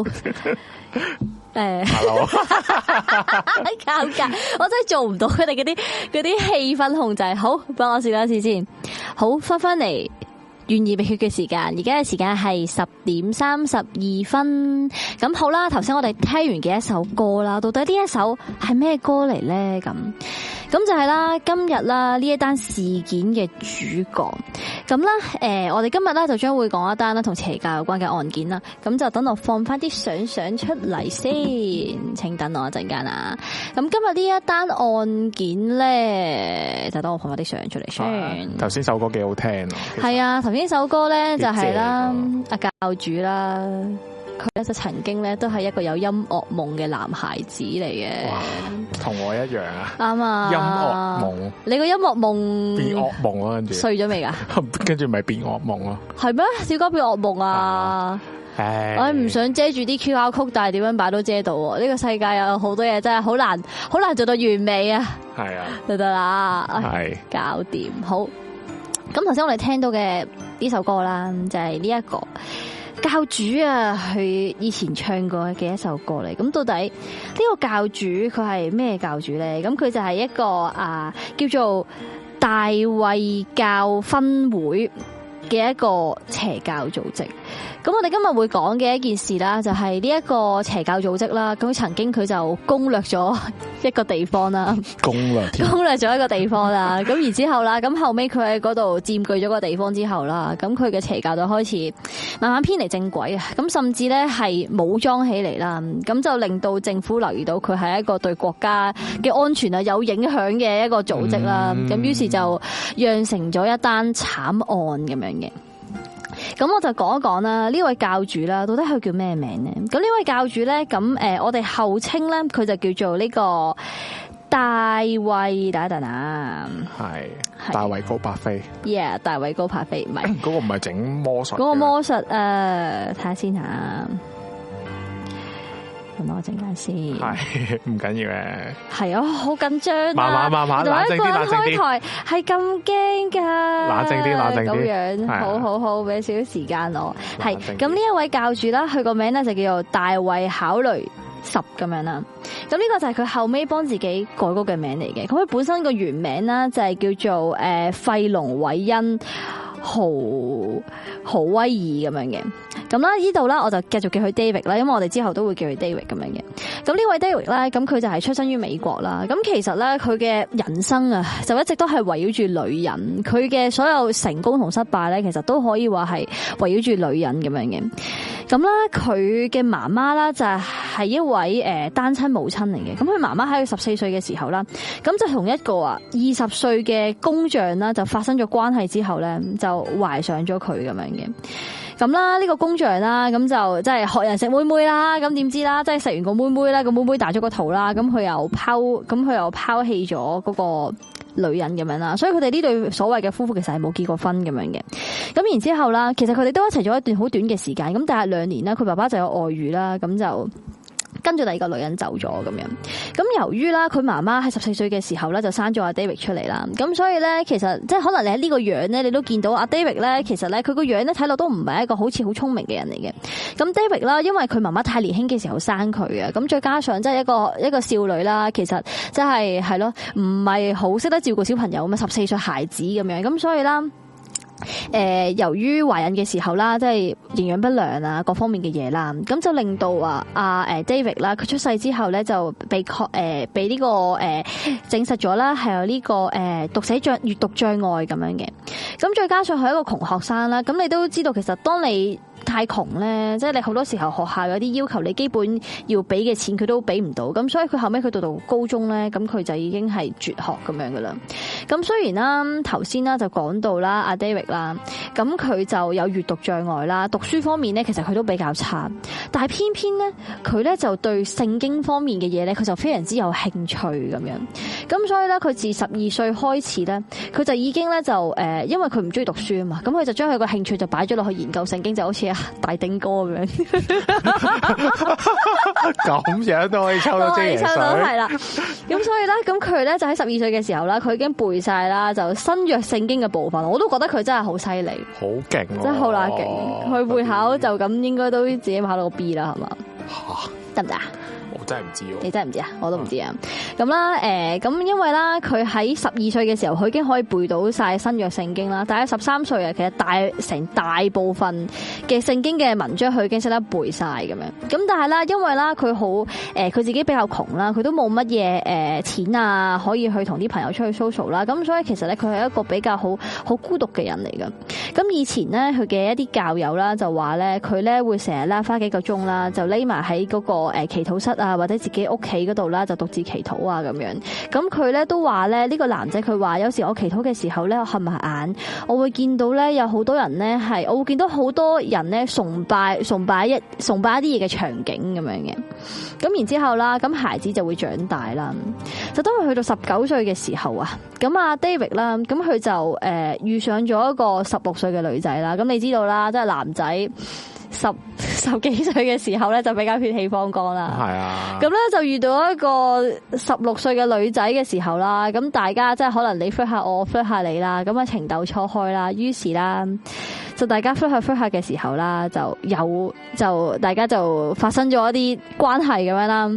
誒，尷尬，我真係做唔到佢哋嗰啲嗰啲氣氛控制。好，幫我試多次先。好，翻翻嚟。願意俾血嘅時間，而家嘅時間係十點三十二分。咁好啦，頭先我哋聽完嘅一首歌啦，到底呢一首係咩歌嚟呢？咁咁就係啦，今日啦，呢一單事件嘅主角。咁啦，誒，我哋今日啦就將會講一單啦，同邪教有關嘅案件啦。咁就等我放翻啲相相出嚟先，請等我一陣間啊。咁今日呢一單案件咧，就等我放翻啲相出嚟先。頭先首歌幾好聽啊！係啊，頭先。呢首歌咧，就係啦，阿教主啦，佢咧，就曾經咧都係一個有音樂夢嘅男孩子嚟嘅，同我一樣啊，啱啊，音樂夢。你個音樂夢變噩夢啊，跟住碎咗未噶？跟住咪變噩夢咯，係咩？小哥變噩夢啊！我唔想遮住啲 Q R 曲，但係點樣擺都遮到。呢個世界有好多嘢真係好難，好難做到完美啊。係啊的，就得啦，係，搞掂好。咁頭先我哋聽到嘅呢首歌啦，就係呢一個教主啊，佢以前唱過嘅一首歌嚟。咁到底呢個教主佢係咩教主咧？咁佢就係一個啊叫做大衛教分會嘅一個邪教組織。咁我哋今日會講嘅一件事啦，就係呢一個邪教組織啦。咁曾經佢就攻略咗一個地方啦，攻略攻略咗一個地方啦。咁而之後啦，咁後尾佢喺嗰度佔據咗個地方之後啦，咁佢嘅邪教就開始慢慢偏離正軌啊。咁甚至咧係武裝起嚟啦，咁就令到政府留意到佢係一個對國家嘅安全啊有影響嘅一個組織啦。咁於、嗯、是就釀成咗一單慘案咁樣嘅。咁我就講一講啦，呢位教主啦，到底佢叫咩名咧？咁呢位教主咧，咁誒，我哋後稱咧，佢就叫做呢個大衛是，等一等啊，係，大衛高柏飛 yeah 大衛高柏飛，唔係，嗰個唔係整魔術，嗰個魔術誒，睇下先啊。等我陣間先，係唔緊要嘅，係啊，好緊張。慢慢慢慢，冷靜啲，冷靜啲。係咁驚噶，冷靜啲，冷靜啲。咁樣，好好好，俾少少時間我。係咁，呢一位教主啦，佢，這個名咧就叫做大衛考慮十咁樣啦。咁呢個就係佢後尾幫自己改嗰個嘅名嚟嘅。咁佢本身個原名啦就係叫做誒費龍偉恩。豪好威爾咁樣嘅，咁啦呢度啦我就繼續叫佢 David 啦，因為我哋之後都會叫佢 David 咁樣嘅。咁呢位 David 咧，咁佢就係出身於美國啦。咁其實咧，佢嘅人生啊，就一直都係圍繞住女人，佢嘅所有成功同失敗咧，其實都可以話係圍繞住女人咁樣嘅。咁啦，佢嘅媽媽啦就係一位誒、呃、單親母親嚟嘅。咁佢媽媽喺佢十四歲嘅時候啦，咁就同一個啊二十歲嘅工匠啦就發生咗關係之後咧就。就懷上咗佢咁樣嘅，咁啦呢個工匠啦，咁就即係學人食妹妹啦，咁點知啦，即係食完個妹妹啦，個妹妹大咗個肚啦，咁佢又拋，咁佢又拋棄咗嗰個女人咁樣啦，所以佢哋呢對所謂嘅夫婦其實係冇結過婚咁樣嘅，咁然之後啦，其實佢哋都一齊咗一段好短嘅時間，咁但係兩年啦，佢爸爸就有外遇啦，咁就跟住第二個女人走咗咁樣，咁由於啦佢媽媽喺十四歲嘅時候咧就生咗阿 David 出嚟，啦，咁所以咧其實即係可能你喺呢個樣咧，你都見到阿 David 咧，其實咧佢個樣咧睇，落都唔係一個好似好聰明嘅人嚟嘅。咁 David 啦，因為佢媽媽太年輕嘅時候生佢啊，咁再加上即係一個一個少女啦，其實即係係咯，唔係好識得照顧小朋友咁啊，十四歲孩子咁樣，咁所以啦。誒、呃，由於懷孕嘅時候啦，即係營養不良啊，各方面嘅嘢啦，咁就令到啊阿誒 David 啦，佢出世之後咧就被確誒、呃、被呢、這個誒、呃、證實咗啦、這個，係有呢個誒讀寫障閱讀障礙咁樣嘅，咁再加上佢係一個窮學生啦，咁你都知道，其實當你。太窮咧，即係你好多時候學校有啲要求，你基本要俾嘅錢佢都俾唔到，咁所以佢後尾，佢讀到高中咧，咁佢就已經係輟學咁樣噶啦。咁雖然啦，頭先啦就講到啦，阿 David 啦，咁佢就有閱讀障礙啦，讀書方面咧其實佢都比較差，但係偏偏咧佢咧就對聖經方面嘅嘢咧，佢就非常之有興趣咁樣。咁所以咧佢自十二歲開始咧，佢就已經咧就誒，因為佢唔中意讀書啊嘛，咁佢就將佢個興趣就擺咗落去研究聖經，就好似大丁哥咁樣，咁樣都可以抽到支羊水抽到係啦。咁所以咧，咁佢咧就喺十二歲嘅時候咧，佢已經背晒啦，就新約聖經嘅部分。我都覺得佢真係好犀利，好勁，真係好拉勁。佢會考就咁，應該都自己考到 B 啦，係嘛？啊，得唔得？真係唔知哦！你真係唔知啊？我都唔知啊！咁啦，誒，咁因為啦，佢喺十二歲嘅時候，佢已經可以背到晒新約聖經啦。但係十三歲啊，其實大成大部分嘅聖經嘅文章，佢已經識得背晒咁樣。咁但係啦，因為啦，佢好誒，佢自己比較窮啦，佢都冇乜嘢誒錢啊，可以去同啲朋友出去 social 啦。咁所以其實咧，佢係一個比較好好孤獨嘅人嚟噶。咁以前咧，佢嘅一啲教友啦，就話咧，佢咧會成日啦花幾個鐘啦，就匿埋喺嗰個誒祈禱室啊。或者自己屋企嗰度啦，就獨自祈禱啊咁樣。咁佢咧都話咧，呢個男仔佢話，有時我祈禱嘅時候咧，我合埋眼，我會見到咧有好多人咧係，我會見到好多人咧崇拜崇拜一崇拜一啲嘢嘅場景咁樣嘅。咁然之後啦，咁孩子就會長大啦。就當佢去到十九歲嘅時候啊，咁阿 David 啦，咁佢就誒遇上咗一個十六歲嘅女仔啦。咁你知道啦，即係男仔。十十幾歲嘅時候咧，就比較血氣方剛啦。係啊，咁咧就遇到一個十六歲嘅女仔嘅時候啦。咁大家即係可能你 flirt 下我 flirt 下你啦，咁啊情竇初開啦。於是啦，就大家 flirt 下 flirt 下嘅時候啦，就有就大家就發生咗一啲關係咁樣啦。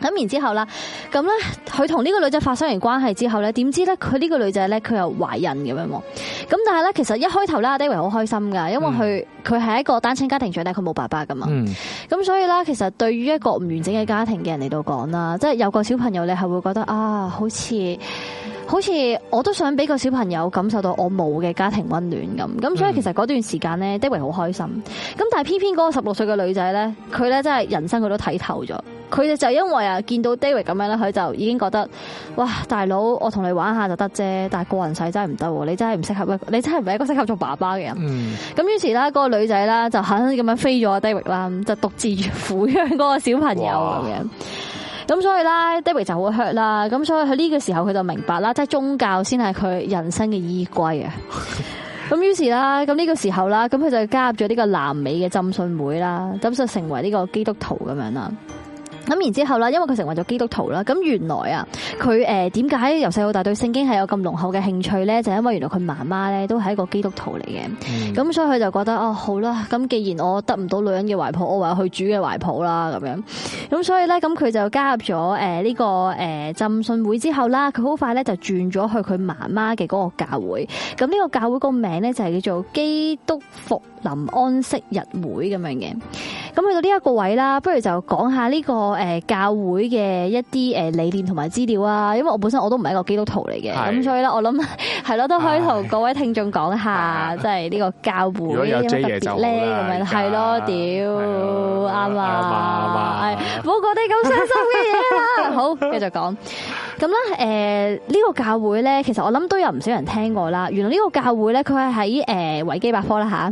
咁然之後啦，咁咧，佢同呢個女仔發生完關係之後咧，點知咧佢呢個女仔咧佢又懷孕咁樣喎。咁但係咧，其實一開頭咧，阿 David 好開心噶，因為佢佢係一個單親家庭長，但係佢冇爸爸噶嘛。咁所以啦，其實對於一個唔完整嘅家庭嘅人嚟到講啦，即係有個小朋友，你係會覺得啊，好似。好似我都想俾個小朋友感受到我冇嘅家庭溫暖咁，咁所以其實嗰段時間咧、嗯、，David 好開心。咁但係偏偏嗰個十六歲嘅女仔咧，佢咧真係人生佢都睇透咗。佢就因為啊見到 David 咁樣咧，佢就已經覺得，哇大佬，我同你玩下就得啫，但係過人世真係唔得，你真係唔適合一，你真係唔係一個適合做爸爸嘅人。咁於是咧，嗰個女仔咧就肯咁樣飛咗 David 啦，就獨自撫養嗰個小朋友咁樣。咁所以啦，David 就好 hurt 啦，咁所以佢呢個時候佢就明白啦，即係宗教先係佢人生嘅依歸啊。咁於是啦，咁呢個時候啦，咁佢就加入咗呢個南美嘅浸信會啦，咁就成為呢個基督徒咁樣啦。咁然之後啦，因為佢成為咗基督徒啦，咁原來啊，佢誒點解由細到大對聖經係有咁濃厚嘅興趣咧？就因為原來佢媽媽咧都係一個基督徒嚟嘅，咁、嗯、所以佢就覺得哦好啦，咁既然我得唔到女人嘅懷抱，我唯有去主嘅懷抱啦，咁樣，咁所以咧咁佢就加入咗誒呢個誒浸信會之後啦，佢好快咧就轉咗去佢媽媽嘅嗰個教會，咁呢個教會個名咧就係叫做基督復臨安息日會咁樣嘅，咁去到呢一個位啦，不如就講下呢、這個。誒，教會嘅一啲誒理念同埋資料啊，因為我本身我都唔係一個基督徒嚟嘅，咁所以咧，我諗係咯，都可以同各位聽眾講下，即係呢個教會別呢有咩特別咧？咁咪係咯，屌啱媽，冇講啲咁傷心嘅嘢啦。好對，繼續講咁啦。誒，呢個教會咧，其實我諗都有唔少人聽過啦。原來呢個教會咧，佢係喺誒維基百科啦吓。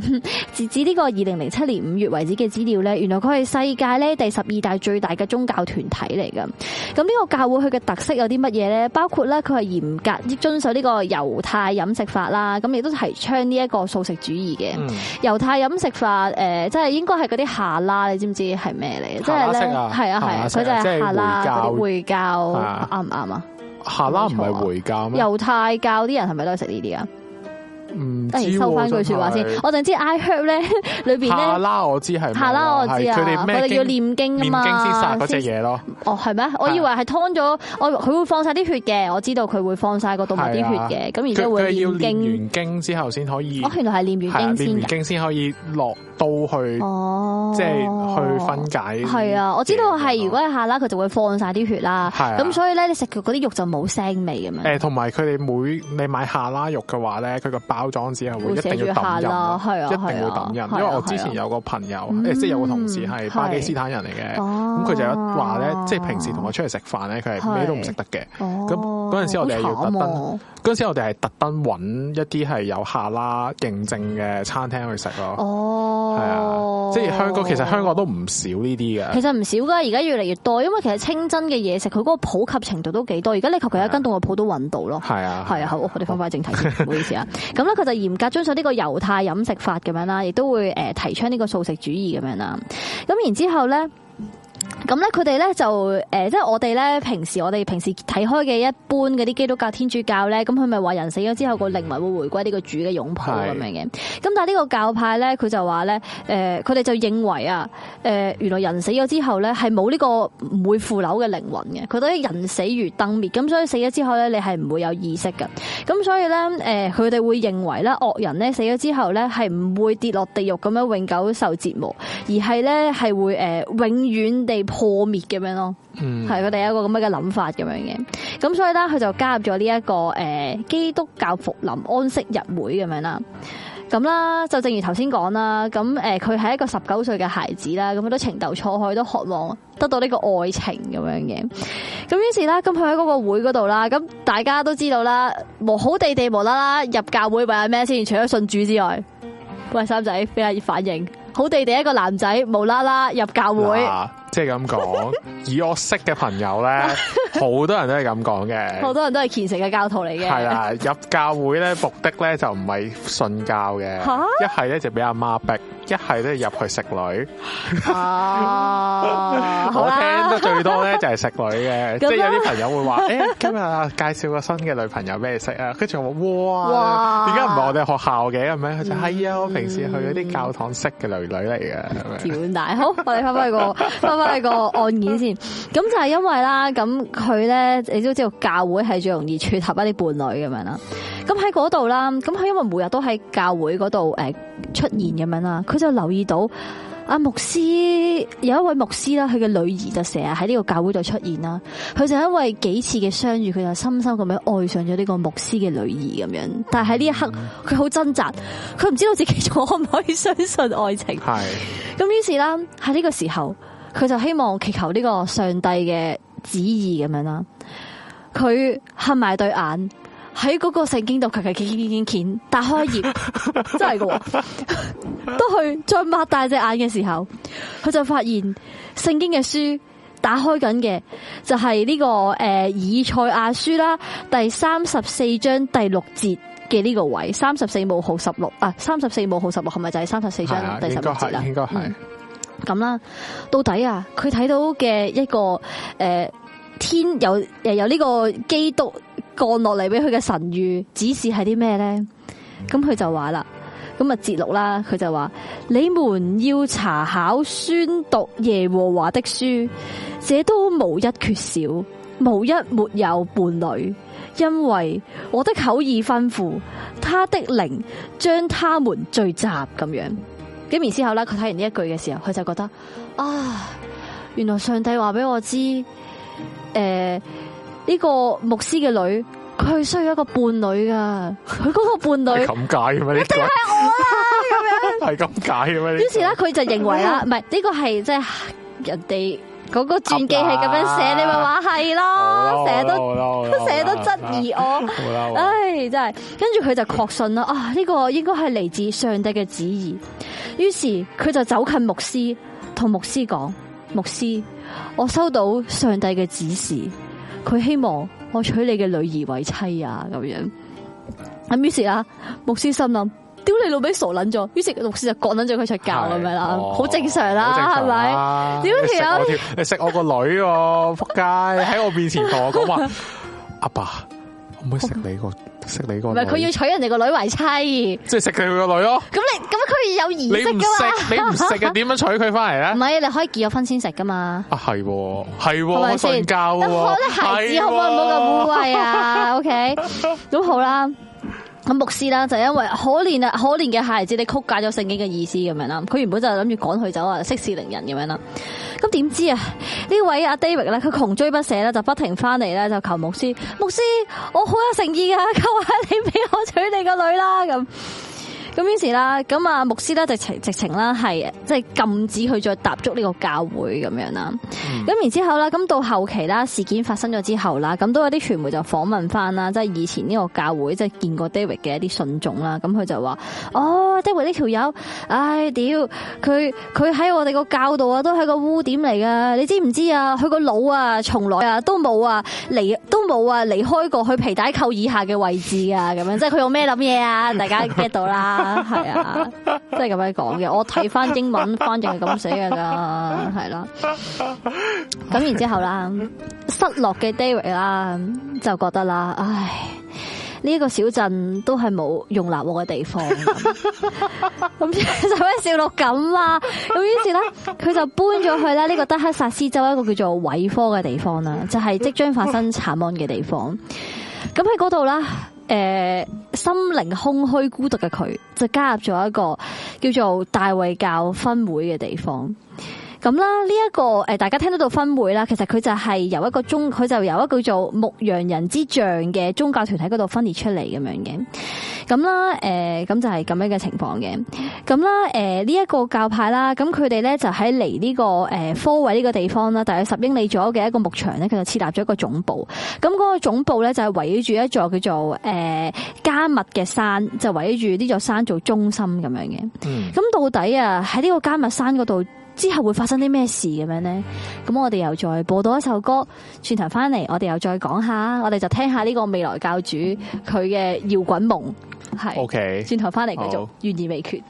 截至呢個二零零七年五月為止嘅資料咧，原來佢係世界咧第十二大最大嘅。宗教團體嚟噶，咁呢個教會佢嘅特色有啲乜嘢咧？包括咧，佢係嚴格遵守呢個猶太飲食法啦，咁亦都提倡呢一個素食主義嘅。嗯、猶太飲食法誒、呃，即係應該係嗰啲夏拉，你知唔知係咩嚟？夏拉係，啊係，所以、啊啊啊、就係夏拉。回教啱唔啱啊？夏拉唔係回教咩？猶太教啲人係咪都係食呢啲啊？唔知、啊、收翻句說話先，我淨知 I heard 咧裏邊咧呢，下啦我知係下啦我知啊，佢哋要念經啊嘛，先殺嗰隻嘢咯。是哦係咩？是啊、我以為係劏咗，我佢會放晒啲血嘅，我知道佢會放晒個動脈啲血嘅，咁是、啊、而家會念經要念完經之後先可以。哦原來係念完經先。係、啊、經先可以落。到去，即係去分解。係啊，我知道係如果係下拉佢就會放晒啲血啦。咁所以咧，你食佢嗰啲肉就冇腥味咁樣。誒，同埋佢哋每你買下拉肉嘅話咧，佢個包裝紙會一定要抌印，係啊，一定要抌印。因為我之前有個朋友，即係有個同事係巴基斯坦人嚟嘅。咁佢就有話咧，即係平時同我出去食飯咧，佢係咩都唔食得嘅。咁嗰陣時我哋係要特登，嗰陣時我哋係特登揾一啲係有下拉認證嘅餐廳去食咯。哦。係啊，即係香港，其實香港都唔少呢啲嘅。其實唔少噶，而家越嚟越多，因為其實清真嘅嘢食，佢嗰個普及程度都幾多。而家你求其一間中東鋪都搵到咯。係是啊，啊，係啊，好，我哋返返正題，唔 好意思啊。咁咧，佢就嚴格遵守呢個猶太飲食法咁樣啦，亦都會誒提倡呢個素食主義咁樣啦。咁然之後咧。咁咧，佢哋咧就誒、呃，即係我哋咧平時我哋平時睇開嘅一般嗰啲基督教天主教咧，咁佢咪話人死咗之後個靈魂會回歸呢個主嘅擁抱咁樣嘅。咁對 但係呢個教派咧，佢就話咧，誒、呃，佢哋就認為啊，誒、呃，原來人死咗之後咧係冇呢個唔會腐朽嘅靈魂嘅，佢哋就係人死如燈滅，咁所以死咗之後咧你係唔會有意識㗎。咁所以咧，誒、呃，佢哋會認為咧惡人咧死咗之後咧係唔會跌落地獄咁樣永久受折磨，而係咧係會誒、呃、永遠。地破滅咁樣咯，係佢哋有一個咁樣嘅諗法咁樣嘅，咁所以咧佢就加入咗呢一個誒基督教復臨安息日會咁樣啦，咁啦就正如頭先講啦，咁誒佢係一個十九歲嘅孩子啦，咁都多情竇初開都渴望得到呢個愛情咁樣嘅，咁於是啦咁佢喺嗰個會嗰度啦，咁大家都知道啦，好無好地地無啦啦入教會為阿咩先？除咗信主之外，喂三仔，快啲反應，好地地一個男仔無啦啦入教會。即係咁講，以我識嘅朋友咧，好多人都係咁講嘅。好多人都係虔誠嘅教徒嚟嘅。係啦，入教會咧目的咧就唔係信教嘅，一係咧就俾阿媽逼，一係咧入去食女。我聽得最多咧就係食女嘅，即係有啲朋友會話：，誒，今日介紹個新嘅女朋友俾你識啊？佢就話：，哇，點解唔係我哋學校嘅，咁咪？佢係啊，我平時去嗰啲教堂識嘅女女嚟嘅。咁大好，我哋翻返去個。一個案件先，咁就係因為啦，咁佢咧，你都知道教會係最容易撮合一啲伴侶咁樣啦。咁喺嗰度啦，咁佢因為每日都喺教會嗰度誒出現咁樣啦，佢就留意到阿牧師有一位牧師啦，佢嘅女兒就成日喺呢個教會度出現啦。佢就因為幾次嘅相遇，佢就深深咁樣愛上咗呢個牧師嘅女兒咁樣。但係喺呢一刻，佢好掙扎，佢唔知道自己仲可唔可以相信愛情。係咁對，於是啦，喺呢個時候。佢就希望祈求呢個上帝嘅旨意咁樣啦。佢合埋對眼喺嗰個聖經度，夾夾鉗鉗鉗鉗，打開頁，真係噶。當佢再擘大隻眼嘅時候，佢就發現聖經嘅書打開緊嘅就係呢、這個誒、呃、以賽亞書啦，第三十四章第六節嘅呢個位，三十四號號十六啊，三十四號號十六係咪就係三十四章啦？第十六節啦。應該係。咁啦，到底啊，佢睇到嘅一個誒、呃、天有誒有呢個基督降落嚟俾佢嘅神諭指示係啲咩咧？咁佢就話啦，咁啊，節錄啦，佢就話：你們要查考宣讀耶和華的書，這都無一缺少，無一沒有伴侶，因為我的口意吩咐，他的靈將他們聚集咁樣。幾年之後咧，佢睇完呢一句嘅時候，佢就覺得啊，原來上帝話俾我知，誒呢、這個牧師嘅女，佢需要一個伴侶噶，佢嗰個伴侶係咁解咩？你一定係我啦，啊，咁樣係咁解咩？於是咧，佢就認為啦對吧，唔係呢個係即係人哋。嗰個傳記係咁樣寫，你咪話係咯，成日都成日都質疑我，唉，真係。跟住佢就確信啦，啊，呢個應該係嚟自上帝嘅旨意。於是佢就走近牧師，同牧師講：牧師，我收到上帝嘅指示，佢希望我娶你嘅女兒為妻啊，咁樣。咁於是啊，牧師心諗。屌你老味傻捻咗，於是牧師就趕捻咗佢出教咁樣啦，好正常啦，係咪？點解又你食我個女？仆街喺我面前同我講話，阿爸可唔可以食你個？食你個？唔係佢要娶人哋個女為妻，即係食佢個女咯。咁你咁樣佢有儀式噶嘛？你唔食嘅點樣娶佢翻嚟咧？唔係，你可以結咗婚先食噶嘛？啊係，係我瞓教啊！我啲孩子可唔可以唔好咁污穢啊？OK，都好啦。牧師啦，就是、因為可憐啊，可憐嘅孩子，你曲解咗聖經嘅意思咁樣啦，佢原本就諗住趕佢走啊，息事寧人咁樣啦。咁點知啊，呢位阿 David 咧，佢窮追不捨咧，就不停翻嚟咧，就求牧師，牧師，我好有誠意噶，佢話你俾我娶你個女啦咁。咁於是啦，咁啊牧師咧直直情啦，係即係禁止佢再踏足呢個教會咁樣啦。咁然之後啦，咁到後期啦，事件發生咗之後啦，咁都有啲傳媒就訪問翻啦，即係以前呢個教會即係見過 David 嘅一啲信眾啦。咁佢就話：哦，David 呢條友，唉，屌佢，佢喺我哋個教度啊，都係個污點嚟噶。你知唔知啊？佢個腦啊，從來啊都冇啊離都冇啊離開過佢皮帶扣以下嘅位置啊。咁樣即係佢用咩諗嘢啊？大家 get 到啦。係啊，即係咁樣講嘅。我睇翻英文，反正係咁寫噶咋，係啦。咁然之後啦，失落嘅 David 啦，就覺得啦，唉，呢、這、一個小鎮都係冇容納我嘅地方這樣。咁就咩笑落咁啊！咁於是咧，佢就搬咗去咧呢個德克薩斯州一個叫做韋科嘅地方啦，就係即將發生慘案嘅地方。咁喺嗰度啦。誒心靈空虛、孤獨嘅佢，就加入咗一個叫做大衛教分會嘅地方。咁啦，呢一、那個誒，大家聽到到分會啦，其實佢就係由一個宗，佢就由一個叫做牧羊人之杖嘅宗教團體嗰度分裂出嚟咁、呃就是、樣嘅。咁啦，誒、呃，咁就係咁樣嘅情況嘅。咁啦，誒，呢一個教派啦，咁佢哋咧就喺離呢個誒科、呃、位呢個地方啦，大約十英里左右嘅一個牧場咧，佢就設立咗一個總部。咁嗰個總部咧就係圍住一座叫做誒、呃、加密嘅山，就圍住呢座山做中心咁樣嘅。咁到底啊，喺呢個加密山嗰度？之後會發生啲咩事咁樣呢？咁我哋又再播多一首歌，轉頭翻嚟我哋又再講下，我哋就聽下呢個未來教主佢嘅搖滾夢係。O K，轉頭翻嚟繼續懸而未決。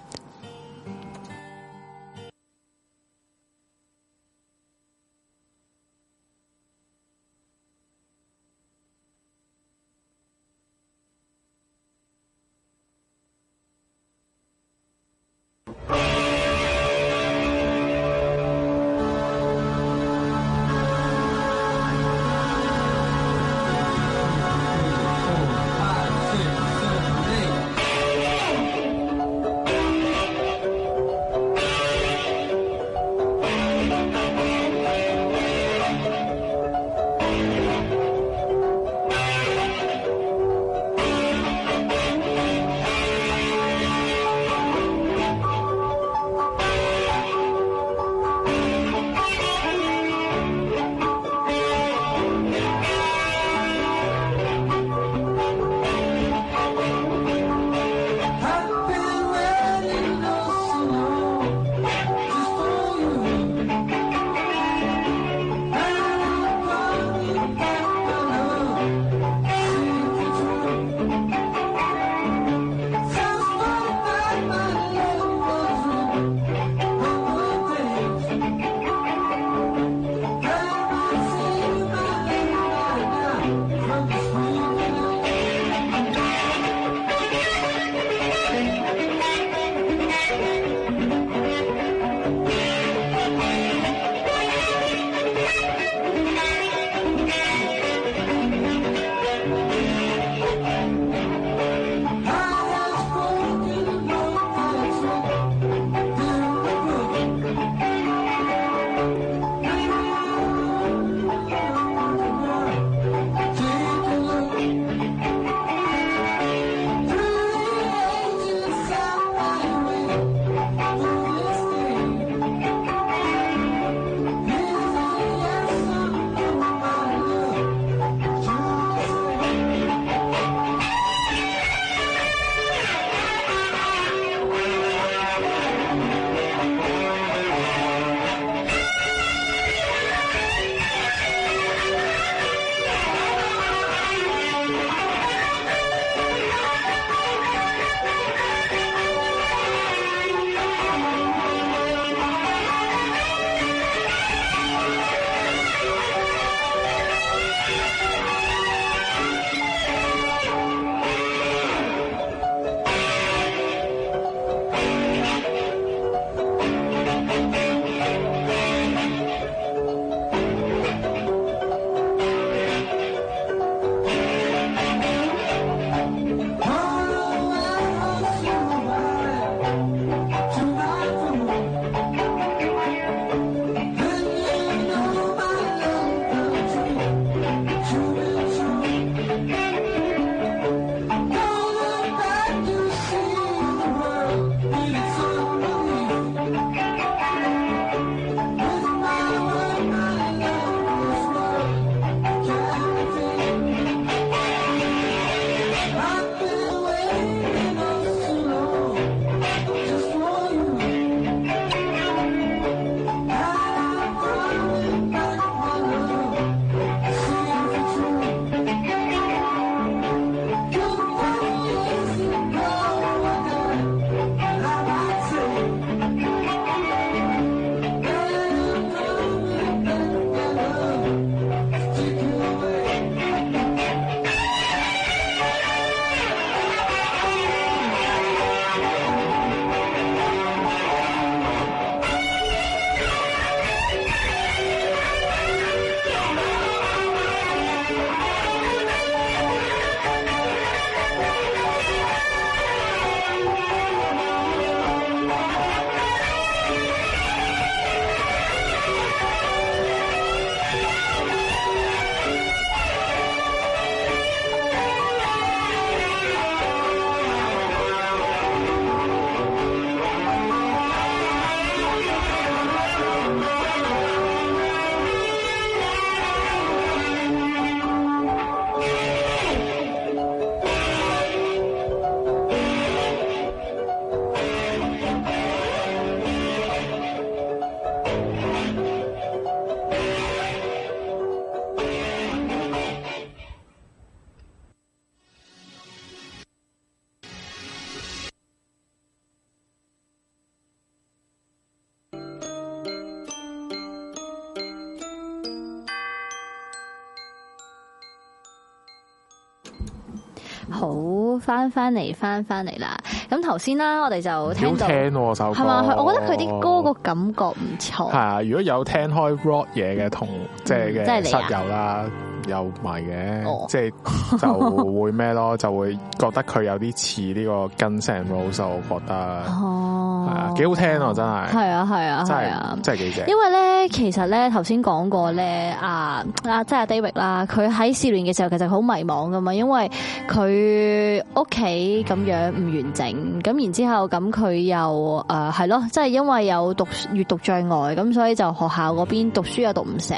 翻翻嚟，翻翻嚟啦！咁頭先啦，我哋就聽到，係嘛、啊？我覺得佢啲歌個感覺唔錯。係啊，如果有聽開 rock 嘢嘅同即係嘅室友啦，嗯啊、有迷嘅，即係、oh. 就會咩咯？就會覺得佢有啲似呢個 Guns r o s e 我覺得。哦、oh.。幾好聽啊！真係係啊，係啊，真係真係幾正。因為咧，其實咧，頭先講過咧，啊，阿即係 David 啦，佢喺少年嘅時候其實好迷茫噶嘛，因為佢屋企咁樣唔完整，咁然之後咁佢又誒係咯，即係因為有讀閱讀障礙，咁所以就學校嗰邊讀書又讀唔成，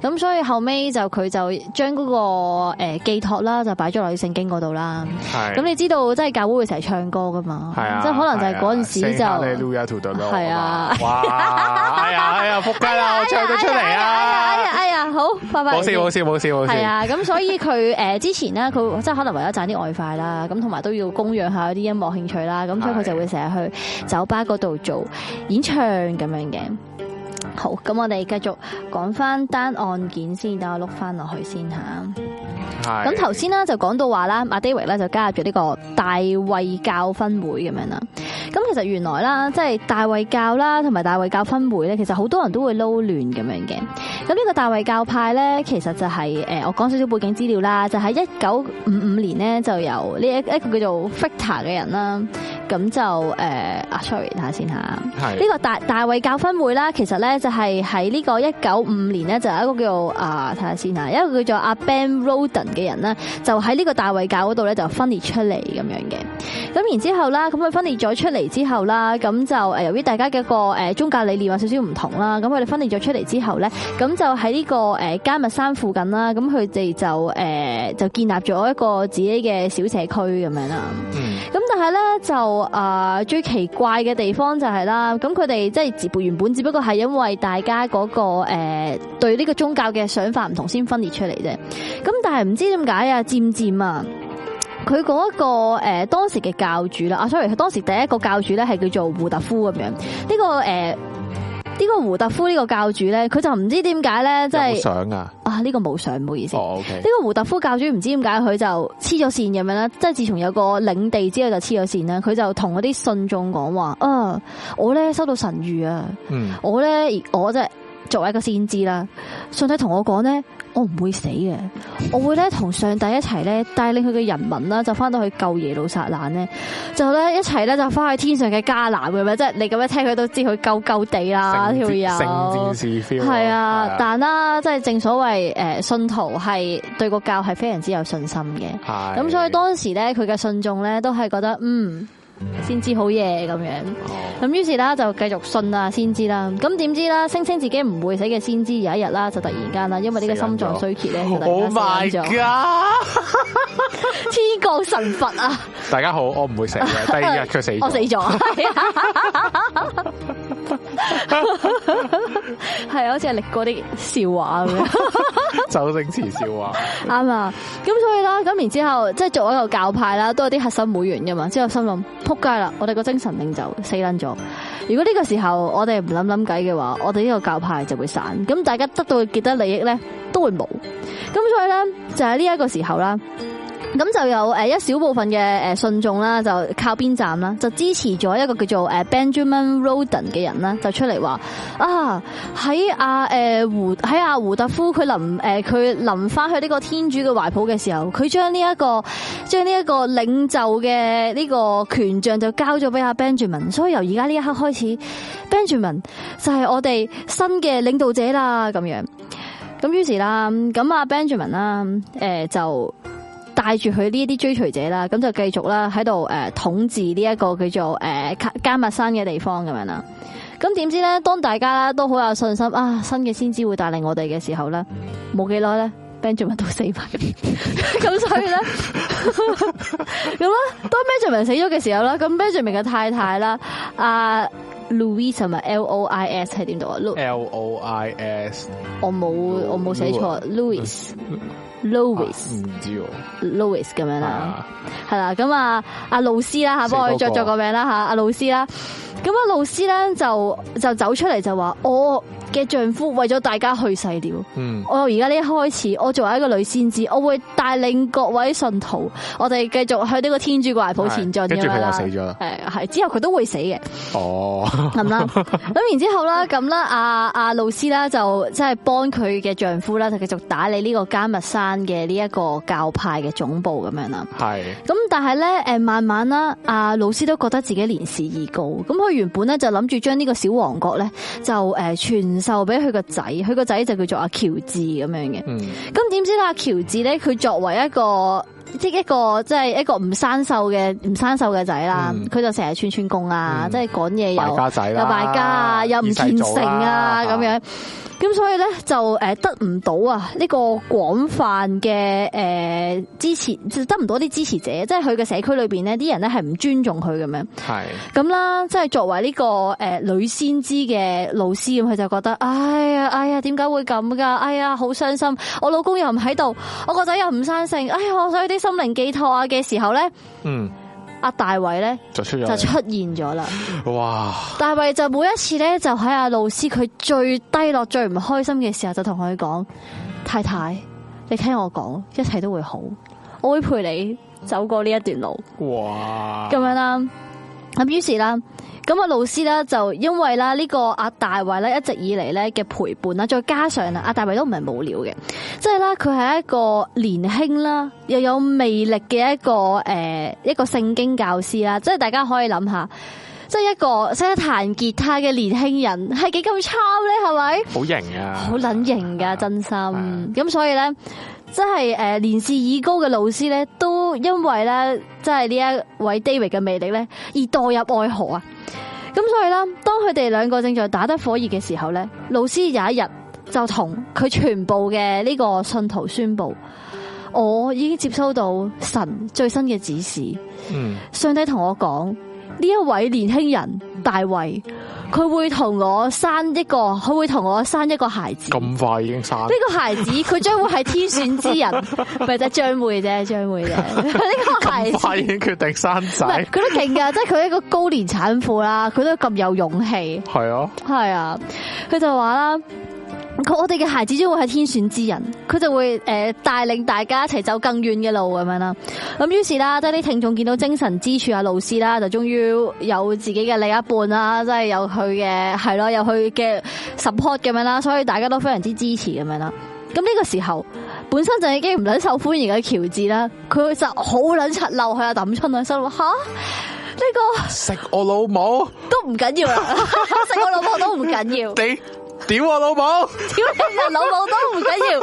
咁所以後尾就佢就將嗰個誒寄託啦，就擺咗落聖經嗰度啦。咁你知道，即係教會會成日唱歌噶嘛？係啊。即係可能就係嗰陣時就。U R Tutorial 係啊，哇，係啊，哎呀，仆街啦，我唱佢出嚟啊，哎呀，哎呀，好，拜拜，好笑，好笑，好笑，好笑，係啊，咁所以佢誒之前咧，佢即係可能為咗賺啲外快啦，咁同埋都要供養下啲音樂興趣啦，咁所以佢就會成日去酒吧嗰度做演唱咁樣嘅。好，咁我哋繼續講翻單案件先，等我碌翻落去先吓。咁頭先啦就講到話啦阿 David 咧就加入咗呢個大衛教分會咁樣啦。咁其實原來啦，即係大衛教啦，同埋大衛教分會咧，其實好多人都會撈亂咁樣嘅。咁呢個大衛教派咧，其實就係、是、誒，我講少少背景資料啦，就喺一九五五年咧，就由呢一一個叫做 Victor 嘅人啦，咁就誒，sorry，啊睇下先吓。係呢個大大衛教分會啦，其實咧就係喺呢個一九五五年咧，就有一個叫做啊，睇下先吓，一個叫做阿 Ben Roden。嘅人咧，就喺呢個大衛教嗰度咧，就分裂出嚟咁樣嘅。咁然之後啦，咁佢分裂咗出嚟之後啦，咁就誒由於大家嘅個誒宗教理念有少少唔同啦，咁佢哋分裂咗出嚟之後咧，咁就喺呢個誒迦密山附近啦，咁佢哋就誒就建立咗一個自己嘅小社區咁樣啦。咁但係咧就誒最奇怪嘅地方就係啦，咁佢哋即係原本只不過係因為大家嗰個誒對呢個宗教嘅想法唔同先分裂出嚟啫。咁但係唔知點解啊，漸漸啊，佢嗰一個誒，當時嘅教主啦，啊 sorry，當時第一個教主咧係叫做胡特夫咁樣，呢個誒，呢個胡特夫呢個教主咧，佢就唔知點解咧，即係相啊，啊呢個冇相，唔好意思，oh, okay，呢個胡特夫教主唔知點解佢就黐咗綫咁樣啦，即係自從有個領地之後就黐咗綫啦，佢就同嗰啲信眾講話，啊我咧收到神諭啊，嗯，我咧我真係。作為一個先知啦，上帝同我講咧，我唔會死嘅，我會咧同上帝一齊咧帶領佢嘅人民啦，就翻到去救耶路撒冷咧，就咧一齊咧就翻去天上嘅迦南咁樣，即係你咁樣聽佢都知佢夠夠地啦，條友。成戰士 feel。係啊，但啦，即係正所謂誒，信徒係對個教係非常之有信心嘅，咁所以當時咧佢嘅信眾咧都係覺得嗯。先知好嘢，咁樣，咁於是咧就繼續信啊先知啦。咁點知啦，聲稱自己唔會死嘅先知有一日啦，就突然間啦，因為呢個心臟衰竭咧、啊。好快 m 天降，啊啊、神罰啊！大家好，我唔會死嘅。第二日佢死，我死， 我死咗。係啊，好似係歷過啲笑話咁。周星馳笑話。啱啊，咁所以啦，咁然後之後即係做一個教派啦，都有啲核心會員噶嘛，之後心諗。撲街啦！我哋個精神領袖死捻咗。如果呢個時候我哋唔諗諗計嘅話，我哋呢個教派就會散。咁大家得到嘅既得利益咧，都會冇。咁所以咧，就係呢一個時候啦。咁就有一小部分嘅信眾啦，就靠邊站啦，就支持咗一個叫做 Benjamin Roden 嘅人啦，就出嚟話啊喺阿、啊呃、胡喺阿、啊、胡特夫佢臨誒佢、呃、臨翻去呢個天主嘅懷抱嘅時候，佢將呢一個將呢一個領袖嘅呢個權杖就交咗俾阿 Benjamin，所以由而家呢一刻開始，Benjamin 就係我哋新嘅領導者啦咁樣。咁於是啦，咁阿 Benjamin 啦、呃、就。帶住佢呢啲追隨者啦，咁就繼續啦喺度誒統治呢一個叫做誒加密山嘅地方咁樣啦。咁點知咧，當大家咧都好有信心啊，新嘅先知會帶領我哋嘅時候咧，冇幾耐咧，Benjamin 都死埋。咁所以咧，咁啦，當 Benjamin 死咗嘅時候啦，咁 Benjamin 嘅太太啦，阿 Louis 同埋 L O I S 係點度啊？L O I S。我冇，我冇寫錯，Louis。Lou Louis Louis 咁樣啦，係啦，咁啊阿老師啦吓，幫我作作個名啦吓，阿老師啦，咁阿老師咧就就走出嚟就話我。嘅丈夫為咗大家去世了。嗯，我由而家呢一開始，我作為一個女先知，我會帶領各位信徒，我哋繼續去呢個天主懷抱前進。跟住佢又死咗。係係之後佢都會死嘅。哦，咁啦，咁然之後啦，咁、啊、啦，阿、啊、阿老師啦就即係幫佢嘅丈夫啦，就繼續打理呢個加密山嘅呢一個教派嘅總部咁樣啦。係。咁但係咧，誒，慢慢啦，阿、啊、老師都覺得自己年事已高，咁佢原本咧就諗住將呢個小王國咧就誒、呃、全。受俾佢個仔，佢個仔就叫做阿喬治咁樣嘅。嗯、咁點知阿喬治咧，佢作為一個。即一個即係一個唔生性嘅、唔生性嘅仔啦，佢，嗯嗯、就成日串串工啊，嗯、即係講嘢又又敗家啊，又唔虔誠啊，咁樣，咁所以咧就誒得唔到啊呢個廣泛嘅誒支持，就得唔到啲支持者，即係佢嘅社區裏邊咧啲人咧係唔尊重佢咁是的 樣，係咁啦，即係作為呢個誒女先知嘅老師，咁佢就覺得哎呀哎呀，點解會咁噶？哎呀，好，哎，傷，哎，心，我老公又唔喺度，我個仔又唔生性，哎呀，所以啲。心靈寄託啊嘅時候咧，嗯，阿大衛咧就出就出現咗啦，哇！大衛就每一次咧就喺阿老師佢最低落最唔開心嘅時候，就同佢講：太太，你聽我講，一切都會好，我會陪你走過呢一段路。哇！咁樣啦。咁於是啦，咁啊老師咧就因為啦呢個阿大衛咧一直以嚟咧嘅陪伴啦，再加上啊阿大衛都唔係無聊嘅，即係咧佢係一個年輕啦又有魅力嘅一個誒一個聖經教師啦，即係大家可以諗下，即係一個識得彈吉他嘅年輕人係幾咁差 h a 咧，係咪？好型啊！好卵型噶，真心。咁吧所以咧。即係誒，年事已高嘅老師咧，都因為咧，即係呢一位 David 嘅魅力咧，而墮入愛河啊！咁所以啦，當佢哋兩個正在打得火熱嘅時候咧，老師有一日就同佢全部嘅呢個信徒宣布：我已經接收到神最新嘅指示。嗯，上帝同我講。呢一位年輕人大衛，佢會同我生一個，佢會同我生一個孩子，這個孩子。咁快已經生呢個孩子，佢將會係天選之人，咪 就係將會啫，將會啫。呢 個孩子咁快已經決定生仔，佢都勁㗎，即係佢一個高年產婦啦，佢都咁有勇氣。係是啊，啊，係啊，佢就話啦。佢我哋嘅孩子將會係天選之人，佢就會誒帶領大家一齊走更遠嘅路咁樣啦。咁於是啦，即係啲聽眾見到精神支柱阿老師啦，就終於有自己嘅另一半啦，即係有佢嘅、係咯，有佢嘅 support 咁樣啦。所以大家都非常之支持咁樣啦。咁呢個時候，本身就已經唔捻受歡迎嘅喬治啦，佢就好捻出嬲。佢阿抌春啊，心話吓，呢個食我老母都唔緊要啦，食我老母都唔緊要。屌我老母，屌你老母都唔緊要，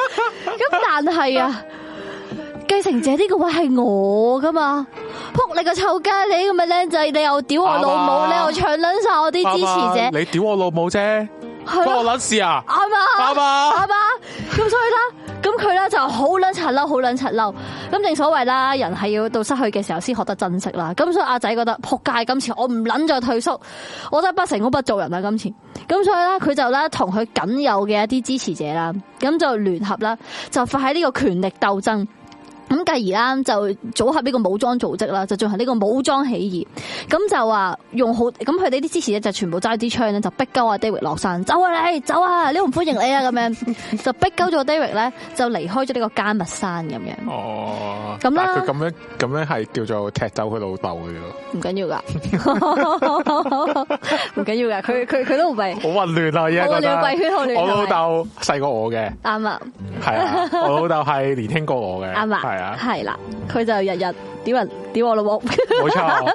咁但係啊，繼承者呢個位係我噶嘛，扑你個臭街，你咁嘅靚仔，你又屌我對吧 老母，你又唱卵晒我啲支持者，你屌我老母啫。係啊，啱啊，啱啊，啱啊，咁所以咧，咁佢咧就好卵拆嬲，好卵拆嬲，咁正所謂啦，人係要到失去嘅時候先學得珍惜啦，咁所以阿仔覺得扑街，今次我唔捻再退縮，我真係不成功不做人啦今次，咁所以咧，佢就咧同佢僅有嘅一啲支持者啦，咁就聯合啦，就發喺呢個權力鬥爭。咁繼而啦，就組合呢個武裝組織啦，就進行呢個武裝起義。咁就話用好咁佢哋啲支持咧，就全部揸支槍咧，就逼鳩阿 David 落山，走啊你，走啊，你唔歡迎你啊，咁樣就逼鳩咗 David 咧，就離開咗呢個加密山咁、哦、樣。哦，咁啦，咁樣咁樣係叫做踢走佢老豆嘅咯。唔緊要噶，唔緊要噶，佢佢佢都唔係。好混亂啊，而家我，我老豆細過我嘅，啱啊了，係啊，我老豆係年輕過我嘅，啱啊了，係啦，佢就日日屌人，屌我老母喎，冇錯。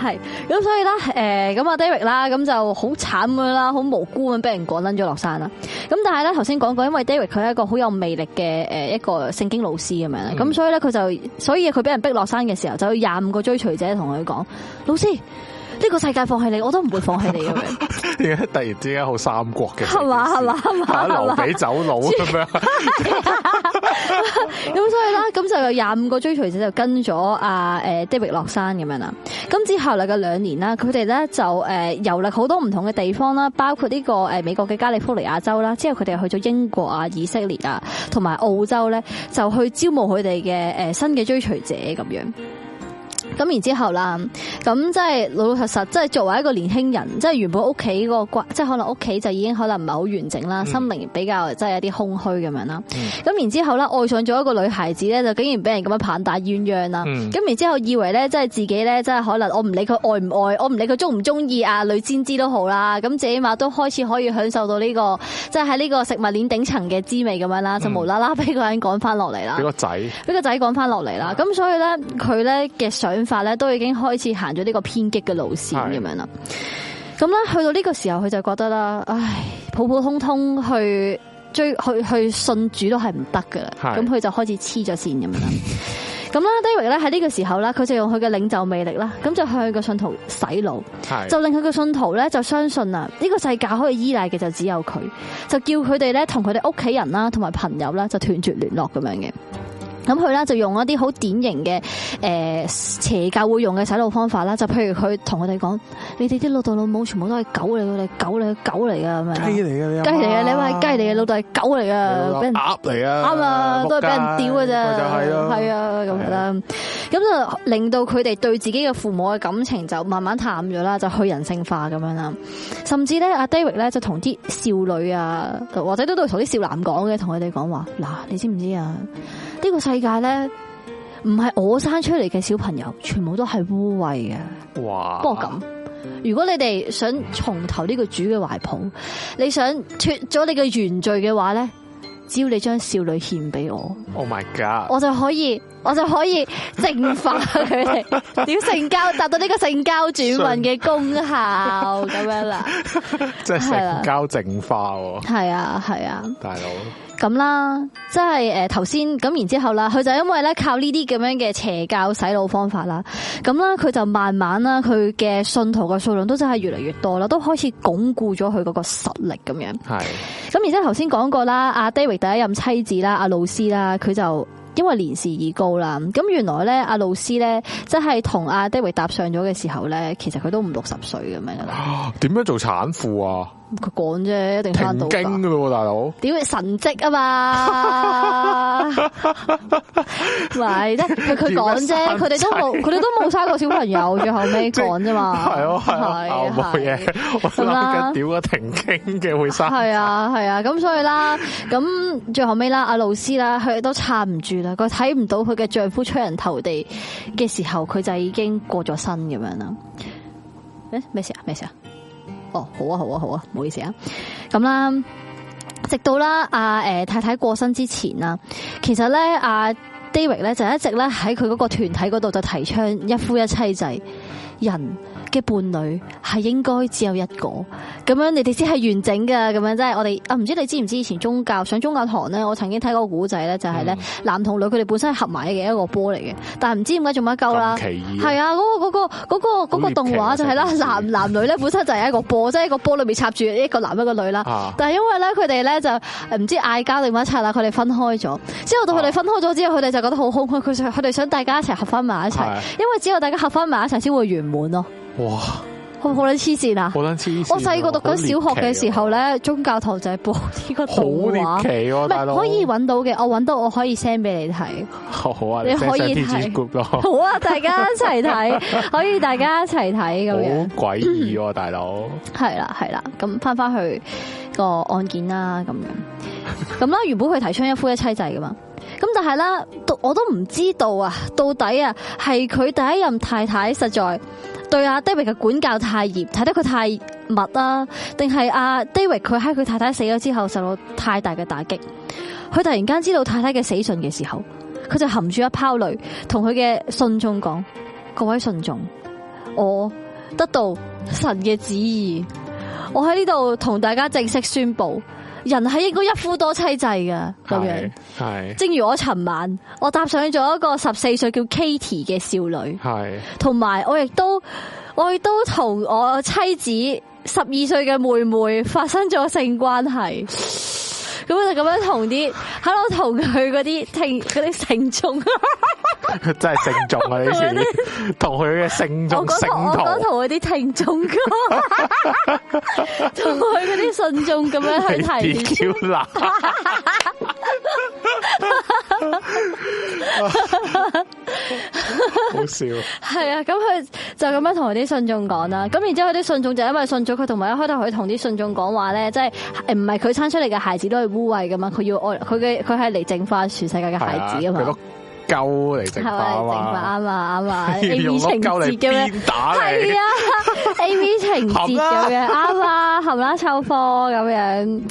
係咁，所以咧，誒，咁阿 David 啦，咁就好慘噶啦，好無辜咁俾人趕撚咗落山啦。咁但係咧，頭先講過，因為 David 佢係一個好有魅力嘅，誒，一個聖經老師咁樣咁，所以咧，佢就所以佢俾人逼落山嘅時候，就有廿五個追隨者同佢講，老師。呢、這個世界放棄你，我都唔會放棄你咁，突然之間好三國嘅？係嘛係嘛係嘛？劉備走佬咁樣。咁所以啦，咁就有廿五個追隨者跟了就跟咗阿誒 David 落山咁樣啦。咁之後嚟嘅兩年啦，佢哋咧就誒遊歷好多唔同嘅地方啦，包括呢個誒美國嘅加利福尼亞州啦，之後佢哋去咗英國啊、以色列啊、同埋澳洲咧，就去招募佢哋嘅誒新嘅追隨者咁樣。咁然之後啦，咁即係老老實實，即係作為一個年輕人，即係原本屋企個關，即係可能屋企就已經可能唔係好完整啦，心靈比較即係有啲空虛咁樣啦。咁、嗯嗯、然之後咧，愛上咗一個女孩子咧，就竟然俾人咁樣棒打鴛鴦啦。咁、嗯、然之後以為咧，即係自己咧，即係可能我唔理佢愛唔愛，我唔理佢中唔中意啊，女千之都好啦。咁最起碼都開始可以享受到呢、這個，即係喺呢個食物鏈頂層嘅滋味咁樣啦，就無啦啦俾個人趕翻落嚟啦。俾個仔，俾個仔趕翻落嚟啦。咁所以咧，佢咧嘅想法咧都已經開始行咗呢個偏激嘅路線咁樣啦，咁咧去到呢個時候，佢就覺得啦，唉，普普通通去追去去信主都係唔得噶啦，咁佢是 就開始黐咗線咁樣啦。咁咧，David 咧喺呢個時候咧，佢就用佢嘅領袖魅力啦，咁就向佢個信徒洗腦，是 就令佢個信徒咧就相信啦，呢個世界可以依賴嘅就只有佢，就叫佢哋咧同佢哋屋企人啦，同埋朋友啦，就斷絕聯絡咁樣嘅。咁佢咧就用一啲好典型嘅誒邪教會用嘅洗腦方法啦，就譬如佢同我哋講：你哋啲老豆老母全部都係狗嚟，嘅，我哋狗嚟，狗嚟噶，咪雞嚟嘅，雞嚟嘅，你係雞嚟嘅老豆係狗嚟噶，俾人鴨嚟啊，啱啊，都係俾人屌嘅啫，係啊，咁啦，咁就令到佢哋對自己嘅父母嘅感情就慢慢淡咗啦，就去人性化咁樣啦，甚至咧阿 David 咧就同啲少女啊，或者都都同啲少男講嘅，同佢哋講話嗱，你知唔知啊？呢個世界咧，唔係我生出嚟嘅小朋友，全部都係污穢嘅。哇！不過咁，如果你哋想重投呢個主嘅懷抱，你想脫咗你嘅原罪嘅話咧，只要你將少女獻俾我，Oh my god！我就可以，我就可以淨化佢哋。點成交達到呢個性交轉運嘅功效咁樣啦，即係性交淨化。係啊，係啊，大佬。咁啦，即係誒頭先咁，然之後啦，佢就因為咧靠呢啲咁樣嘅邪教洗腦方法啦，咁啦佢就慢慢啦，佢嘅信徒嘅數量都真係越嚟越多啦，都開始鞏固咗佢嗰個實力咁樣。係是。咁之後頭先講過啦，阿 David, David 第一任妻子啦，阿露絲啦，佢就因為年事已高啦，咁原來咧阿露絲咧即係同阿 David 搭上咗嘅時候咧，其實佢都五六十歲咁樣啦。點樣做產婦啊？佢講啫，一定翻到驚噶咯，大佬。點會神蹟啊嘛？唔係， 即係佢講啫，佢哋都冇，佢哋都冇嘥過小朋友，最後尾講啫嘛。係啊，係冇嘢。咁對啦，屌個停經嘅會生。係啊，係啊，咁所以啦，咁最後尾啦，阿老師啦，佢都撐唔住啦，佢睇唔到佢嘅丈夫出人頭地嘅時候，佢就已經過咗身咁樣啦。咩咩事啊？咩事啊？好啊，好啊，好啊，唔好意思啊，咁啦，直到啦阿誒太太過身之前啦，其實咧阿 David 咧就一直咧喺佢嗰個團體嗰度就提倡一夫一妻制人嘅伴侶係應該只有一個，咁樣你哋先係完整噶。咁樣即係我哋啊，唔知你知唔知以前宗教上宗教堂咧，我曾經睇過個古仔咧，就係咧男同女佢哋本身係合埋嘅一個波嚟嘅，但係唔知點解仲乜鳩啦？奇係啊，嗰、個嗰、個個、個動畫就係啦，男男女咧本身就係一個波，即係一個波裏面插住一個男一個女啦。但係因為咧，佢哋咧就唔知嗌交定乜柒啦，佢哋分開咗。之後到佢哋分開咗之後，佢哋就覺得好空虛，佢佢哋想大家一齊合翻埋一齊，因為只有大家合翻埋一齊先會圓滿咯。哇！好唔好咧？黐線啊！好捻黐線！我細個讀緊小學嘅時候咧，宗教堂就係播呢個動畫，唔係可以揾到嘅，我揾到我可以 send 俾你睇。好啊，你可以睇。好啊，大家一齊睇，可以大家一齊睇咁樣。好詭異喎，大佬。係啦，係啦，咁返返去個案件啦，咁樣咁啦。原本佢提倡一夫一妻制噶嘛，咁但係啦，到我都唔知道啊，到底啊係佢第一任太太實在。對阿 David 嘅管教太嚴，睇得佢太密啦。定係阿 David 佢喺佢太太死咗之後受到太大嘅打擊，佢突然間知道太太嘅死訊嘅時候，佢就含住一泡淚，同佢嘅信眾講：各位信眾，我得到神嘅旨意，我喺呢度同大家正式宣布。人係應該一夫多妻制㗎咁樣，係。正如我尋晚，我搭上咗一個十四歲叫 Katie 嘅少女，係對。同埋我亦都，我亦都同我妻子十二歲嘅妹妹發生咗性關係。咁我就咁樣同啲，喺度同佢嗰啲聽嗰啲信眾，重真係信眾啊！呢次同佢嘅信眾信徒，圖我那同佢啲信眾咁樣去提點超難，好笑，啊。係啊，咁佢就咁樣同佢啲信眾講啦。咁然之後啲信眾就是，因為信咗佢，同埋一開頭佢同啲信眾講話咧，即係唔係佢生出嚟嘅孩子都係。護衛噶嘛，佢要愛佢嘅，佢係嚟淨化全世界嘅孩子噶嘛。佢個鳩嚟淨化，係咪？淨化啱嘛啱嘛！A V 情節嘅咩？係啊，A V 情節咁樣，啱啦，含啦，抽火咁樣。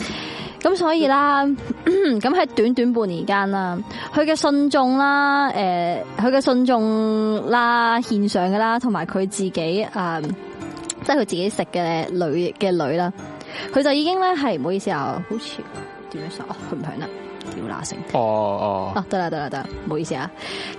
咁所以啦，咁喺短短半年間啦，佢嘅信眾啦，誒，佢嘅信眾啦，獻上噶啦，同埋佢自己啊，即係佢自己食嘅女嘅女啦，佢就已經咧係唔好意思啊，好似。點樣索佢唔響啦，屌乸星哦哦哦，得啦得啦得，唔好意思啊，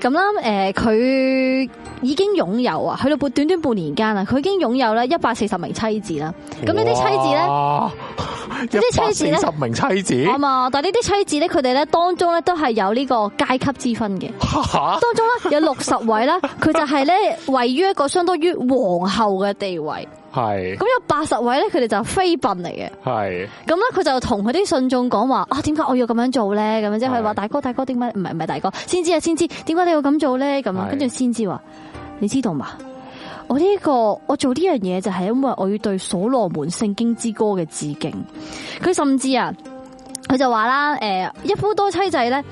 咁啦誒，佢、呃、已經擁有啊，去到半短短半年間啊，佢已經擁有咧一百四十名妻子啦。咁呢啲妻子咧，呢啲妻子咧，一百四十名妻子啊嘛，但係呢啲妻子咧，佢哋咧當中咧都係有呢個階級之分嘅，麼當中咧有六十位啦，佢就係咧位於一個相當於皇后嘅地位。係咁有八十位咧，佢哋就飛奔嚟嘅。係咁咧，佢就同佢啲信眾講話：啊，點解我要咁樣做咧？咁樣即係佢話大哥，大哥點解唔係唔係大哥？先知啊，先知點解你要咁做咧？咁樣跟住先知話，你知道嘛？我呢個我做呢樣嘢，就係因為我要對所羅門聖經之歌嘅致敬。佢甚至啊，佢就話啦：誒，一夫多妻制咧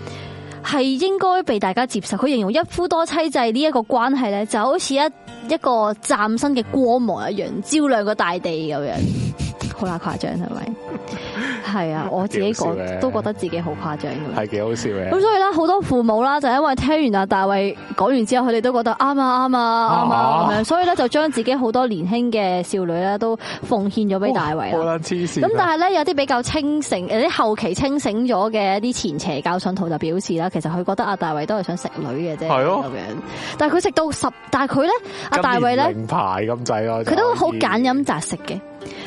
係應該被大家接受。佢形容一夫多妻制呢一個關係咧就好似一。一個嶄新嘅光芒一樣，照亮個大地咁樣。好啦，誇張係咪？係啊，我自己講都覺得自己好誇張嘅，係幾好笑嘅。咁所以咧，好多父母啦，就因為聽完阿大衛講完之後，佢哋都覺得啱啊，啱啊，啱啊咁樣。所以咧，就將自己好多年輕嘅少女咧，都奉獻咗俾大衛啦。咁但係咧，有啲比較清醒，有啲後期清醒咗嘅一啲前邪教信徒就表示啦，其實佢覺得阿大衛都係想食女嘅啫，係咯咁樣。但係佢食到十，但係佢咧，阿大衛咧名牌咁滯啊，佢都好揀飲擇食嘅。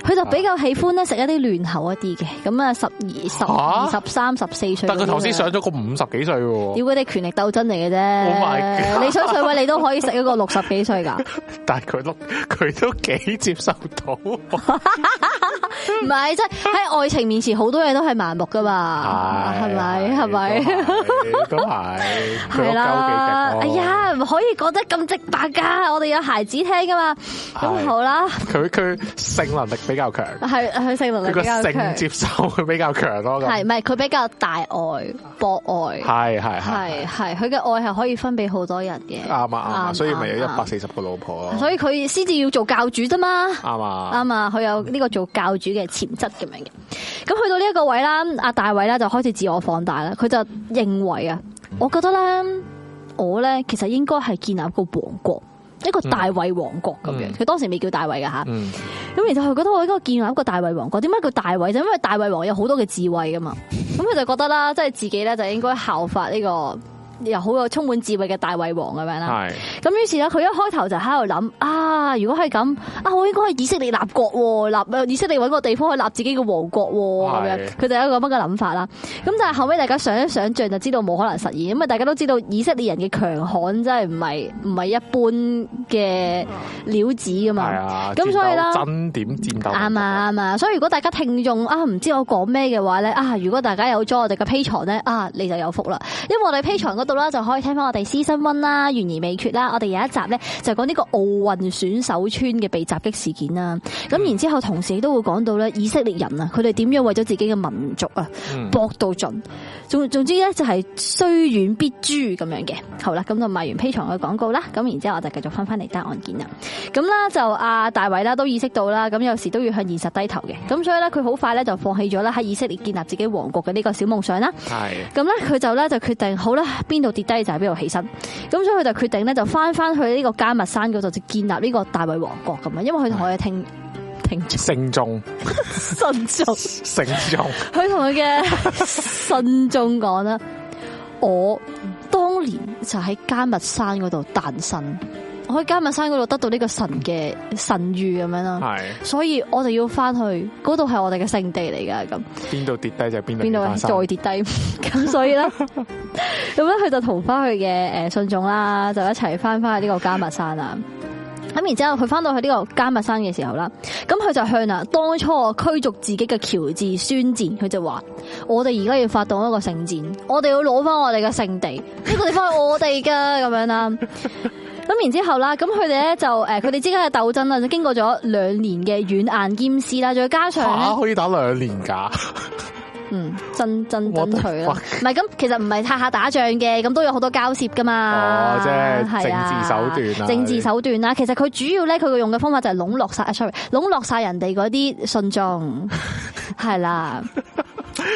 佢就比較喜歡咧食一啲嫩口一啲嘅。咁啊，十二、十二、十三、十四歲，但佢頭先上咗個五十幾歲嘅，要佢哋權力鬥爭嚟嘅啫。Oh、my 你想上位，你都可以食一個六十幾歲噶。但係佢都佢都幾接受到的 不是，唔係即係喺愛情面前，好多嘢都係盲目噶嘛，係咪係咪？咁係係啦。哎呀，唔可以講得咁直白噶，我哋有孩子聽噶嘛，咁好啦。佢佢力比較強，係佢性能力比較強，接受佢比較強多嘅。係唔係佢比較大愛博愛？係係係係，佢嘅愛係可以分俾好多人嘅。啱啊啱啊，所以咪有一百四十個老婆咯。所以佢先至要做教主啫嘛。啱啊啱啊，佢有呢個做教主嘅潛質咁樣嘅。咁去到呢一個位啦，阿大衛咧就開始自我放大啦。佢就認為啊，我覺得咧，我咧其實應該係建立一個王國。一個大衛王國咁樣，佢、嗯、當時未叫大衛㗎。吓、嗯，咁、啊、然後就佢覺得我應該建立一個大衛王國，點解叫大衛就因為大衛王有好多嘅智慧噶嘛，咁佢 就覺得啦，即係自己咧就應該效法呢、這個。又好有充滿智慧嘅大衛王咁樣啦，咁是的 於是咧，佢一開頭就喺度諗啊，如果係咁啊，我應該係以，以色列立國喎，立以色列揾個地方去立自己嘅王國喎，咁樣佢就有一個咁嘅諗法啦。咁但係後尾大家想一想像就知道冇可能實現，因為大家都知道以色列人嘅強悍真係唔係唔係一般嘅料子㗎嘛。咁的所以咧，真點戰鬥？啱啱啊！所以如果大家聽眾啊，唔知我講咩嘅話咧啊，如果大家有咗我哋嘅 Patreon 咧啊，你就有福啦，因為我哋 Patreon 到啦，就可以聽翻我哋私心溫啦，懸而未決啦。我哋有一集咧就講呢個奧運選手村嘅被襲擊事件啦。咁、嗯、然之後，同時都會講到咧以色列人啊，佢哋點樣為咗自己嘅民族啊搏、嗯、到盡。總總之咧就係雖遠必誅咁樣嘅。好啦，咁就賣完披床嘅廣告啦。咁然之後我就繼續翻翻嚟單案件啦。咁啦就阿大衛啦都意識到啦，咁有時都要向現實低頭嘅。咁所以咧佢好快咧就放棄咗啦喺以色列建立自己王國嘅呢個小夢想啦。係。咁咧佢就咧就決定好啦，邊度跌低就喺邊度起身，咁所以佢就決定咧，就翻翻去呢個迦密山嗰度，就建立呢個大衛王國咁樣。因為佢同我哋聽聽眾、信眾、信宗。信眾，佢同佢嘅信眾講啦，我當年就喺迦密山嗰度誕生。去加密山嗰度得到呢個神嘅神諭咁樣咯，所以我哋要翻去嗰度，係我哋嘅聖地嚟噶咁。邊度跌低就邊度跌低，邊度再跌低，咁所以咧，咁咧佢就同翻去嘅誒信眾啦，就一齊翻翻去呢個加密山啦。咁然之後佢翻到去呢個加密山嘅時候啦，咁佢就向啊當初驅逐自己嘅喬治宣戰，佢就話：我哋而家要發動一個聖戰，我哋要攞翻我哋嘅聖地，呢、這個地方係我哋噶咁樣啦。咁然之後啦，咁佢哋咧，就誒，佢哋之間嘅鬥爭啦，就經過咗兩年嘅軟硬兼施啦，再加上吓可以打兩年架，嗯，真真佢取啦，唔係咁，其實唔係下下打仗嘅，咁都有好多交涉噶嘛，哦，即係政治手段啦，啊啊，政治手段啦，其實佢主要咧，佢嘅用嘅方法就係籠絡晒 sorry，籠絡晒人哋嗰啲信眾，係啦。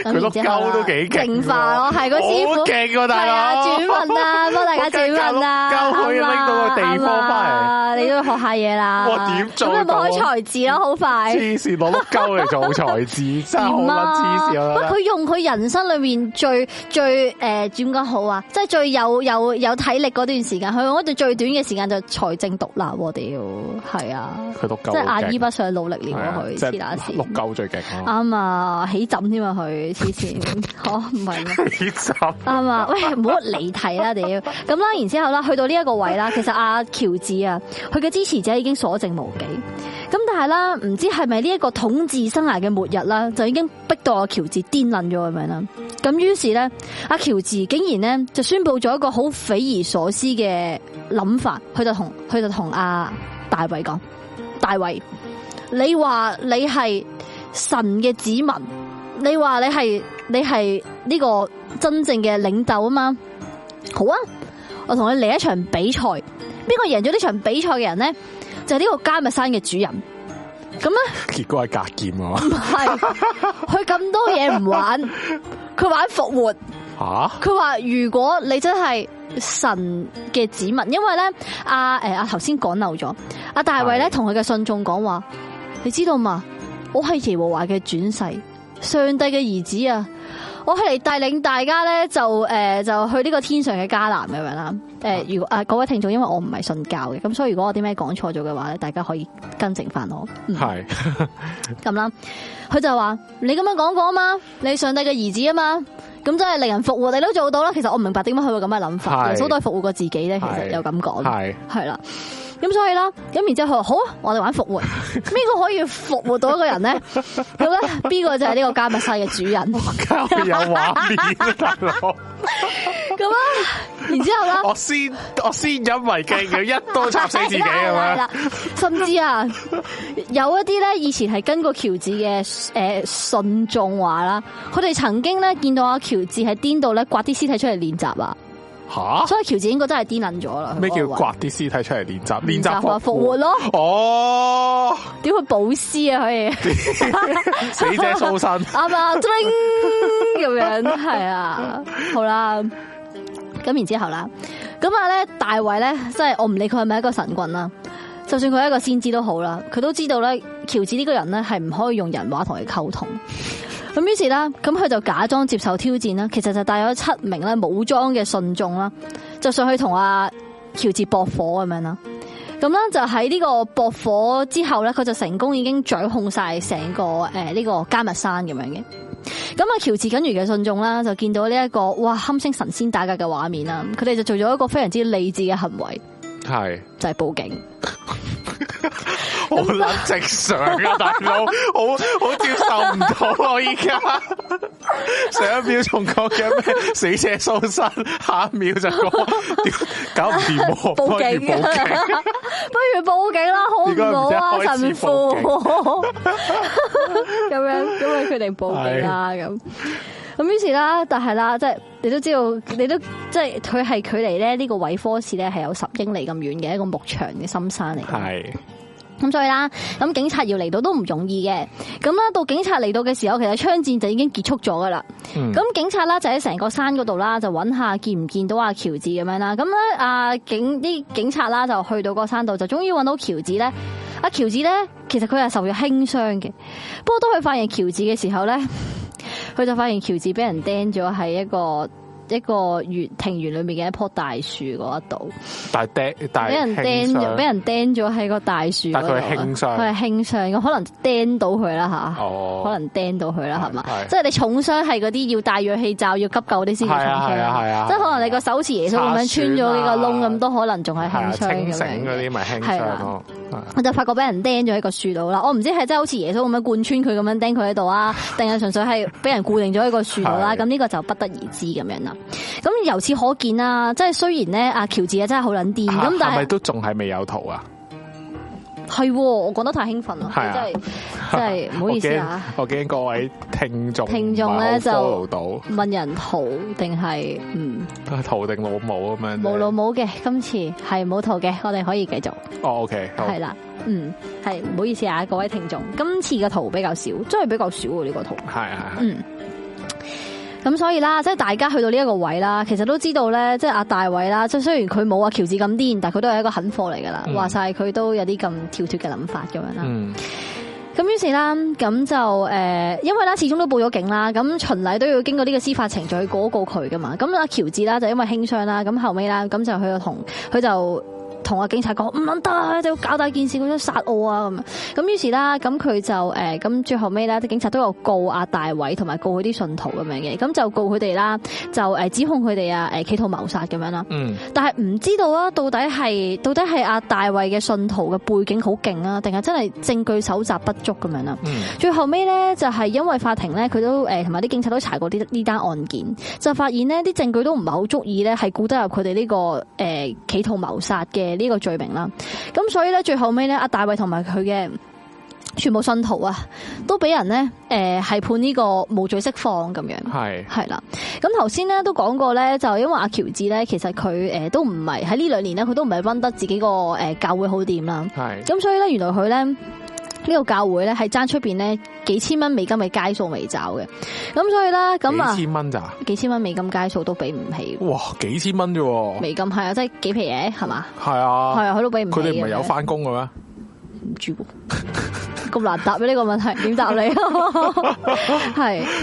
佢碌鳩都幾勁喎，係個師傅，好勁啊！大家，轉運啊，幫大家轉運啊，拎到個地方返嚟啊，你都要學下嘢啦。我點做？咁就攞啲財智咯，好快。黐線攞碌鳩嚟做財智，真係好啊？黐線喂，佢用佢人生裏面最最誒，點講好啊？即係最有有有體力嗰段時間，佢用我哋最短嘅時間就財政獨立，我屌係啊！佢碌鳩，即係阿姨不上，努力練過佢，黐乸線。碌鳩最勁，啱啊！起枕添啊，佢。黐線，我唔係啊，啱、哦、啊，喂，唔好離題啦，你要咁啦，然之後啦，去到呢一個位啦，其實阿喬治啊，佢嘅支持者已經所剩無幾，咁但係啦，唔知係咪呢一個統治生涯嘅末日啦，就已經逼到阿喬治癲撚咗咁樣啦，咁於是咧，阿喬治竟然咧就宣布咗一個好匪夷所思嘅諗法，佢就同佢就同阿大衛講，大衛，你話你係神嘅子民。你話你係你係呢個真正嘅領袖啊嘛？好啊，我同你嚟一場比賽，邊個贏咗呢場比賽嘅人咧，就係、是、呢個迦密山嘅主人。咁咧，結果係格劍啊！唔係，佢咁多嘢唔玩，佢 玩復活。吓，佢話如果你真係神嘅子民，因為咧阿誒阿頭先講漏咗，阿、啊、大衛咧同佢嘅信眾講話，你知道嘛？我係耶和華嘅轉世。上帝嘅兒子啊，我係嚟帶領大家咧，就誒、呃、就去呢個天上嘅迦南咁樣啦。誒、呃，如啊各、呃、位聽眾，因為我唔係信教嘅，咁所以如果我啲咩講錯咗嘅話咧，大家可以更正翻我。係咁啦，佢 就話你咁樣講過啊嘛，你上帝嘅兒子啊嘛，咁真係令人復活，你都做到啦。其實我唔明白點解佢會咁嘅諗法，好多係復活過自己咧。其實有咁講，係係啦。咁所以啦，咁然之後佢話好，我哋玩復活，邊個可以復活到一個人咧？咁咧， 邊個就係呢個加密室嘅主人？咁啊， 然後之後啦，我先我先飲為敬，要一刀插死自己，係啦，甚至啊，有一啲咧以前係跟過喬治嘅誒、呃、信眾話啦，佢哋曾經咧見到阿喬治喺癲度咧刮啲屍體出嚟練習啊。吓！蛤所以喬治應該真係癲捻咗啦。咩叫刮啲屍體出嚟練習練習復活復活咯？哦！點去保屍啊？可以 死者蘇生，阿媽叮咁樣係啊！好啦，咁然後之後啦，咁啊咧，大衛咧，真係我唔理佢係咪一個神棍啦，就算佢係一個先知都好啦，佢都知道咧，喬治呢個人咧係唔可以用人話同佢溝通。咁於是啦，咁佢就假裝接受挑戰啦，其實就帶咗七名咧武裝嘅信眾啦，就上去同阿喬治駁火咁樣啦。咁啦就喺呢個駁火之後咧，佢就成功已經掌控晒成個誒呢、呃這個加密山咁樣嘅。咁啊，喬治跟住嘅信眾啦，就見到呢、這、一個哇堪稱神仙打架嘅畫面啦，佢哋就做咗一個非常之理智嘅行為。係是就係報警，好撚 正常啊 大佬，我好接受唔到，我而家上一秒仲講緊咩死者蘇生，下一秒就講搞唔掂我，不如報警，不如報警， 不如報警啦，好唔好啊神父？咁樣咁樣，樣決定報警啦、啊、咁。的咁於是啦，但係啦，即係你都知道，你都即係佢係佢離咧呢個位科士咧係有十英里咁遠嘅一個牧場嘅深山嚟。係咁所以啦，咁警察要嚟到都唔容易嘅。咁啦，到警察嚟到嘅時候，其實槍戰就已經結束咗噶啦。咁警察啦就喺成個山嗰度啦，就揾下見唔見到阿喬治咁樣啦。咁咧阿警啲警察啦就去到嗰個山度，就終於揾到喬治咧。阿喬治咧其實佢係受咗輕傷嘅，不過當佢發現喬治嘅時候咧。佢就發現喬治俾人釘咗喺一個，一個園庭院裏面嘅一棵大樹嗰一度，但係俾人釘，俾人釘咗喺個大樹，但係佢輕傷，佢係輕傷可能釘到佢啦吓，可能釘到佢啦，係嘛，即係你重傷係嗰啲要帶氧氣罩要急救嗰啲先叫重傷，係啊，即係可能你個手持耶穌咁樣穿咗呢個窿咁，都可能仲係輕傷咁樣，輕醒嗰啲咪輕傷，我就發覺俾人釘咗喺個樹度啦，我唔知係真係好似耶穌咁樣貫穿佢咁樣釘佢喺度啊，定係純粹係俾人固定咗喺個樹度啦，咁呢個就不得而知咁樣啦。咁由此可見啦，即係雖然咧，阿喬治啊真係好撚癲，咁但係都仲係未有圖啊？係，我講得太興奮啦，即係即係唔好意思啊！我驚各位聽眾聽眾咧就到問人圖定係嗯圖定老母咁樣，冇老母嘅，今次係冇圖嘅，我哋可以繼續。哦、oh，OK，係啦，嗯，係唔好意思啊，各位聽眾，今次嘅圖比較少，這個、真係比較少喎。呢個圖係係嗯。咁所以啦，即係大家去到呢一個位啦，其實都知道咧，即係阿大偉啦，即係雖然佢冇阿喬治咁癲，但係佢都係一個狠貨嚟噶啦，話晒佢都有啲咁跳脫嘅諗法咁樣啦。咁於、mm. 是啦，咁就誒，因為咧始終都報咗警啦，咁循例都要經過呢個司法程序去告佢噶嘛，咁阿喬治啦就因為輕傷啦，咁後尾啦，咁就佢就同佢就。同啊警察講唔得，就搞大件事佢想殺我啊咁。咁於是啦，咁佢就誒咁最後尾咧，啲警察都有告阿大衛同埋告佢啲信徒咁樣嘅。咁就告佢哋啦，就誒指控佢哋啊，誒、呃、企圖謀殺咁樣啦。但係唔知道啊，到底係到底係阿大衛嘅信徒嘅背景好勁啊，定係真係證據搜集不足咁樣啦？嗯、最後尾咧，就係、是、因為法庭咧，佢都誒同埋啲警察都查過呢呢單案件，就發現呢啲證據都唔係好足以咧係告得入佢哋呢個誒、呃、企圖謀殺嘅呢。呢個罪名啦，咁所以咧，最後尾咧，阿大衛同埋佢嘅全部信徒啊，都俾人咧誒係判呢個無罪釋放咁樣是，係係啦。咁頭先咧都講過咧，就因為阿喬治咧，其實佢誒都唔係喺呢兩年咧，佢都唔係溫得自己個誒教會好掂啦，係。咁所以咧，原來佢咧。呢個教會咧係爭出面咧幾千蚊美金嘅街數未找嘅，咁所以咧咁啊幾千蚊咋？幾千蚊美金街數都俾唔起。哇，幾千蚊啫？美金係啊，即係幾皮嘢係嘛？係啊，係啊對，佢都俾唔起。佢哋唔係有翻工嘅咩？唔知喎，咁難答俾呢個問題，點答你啊？係。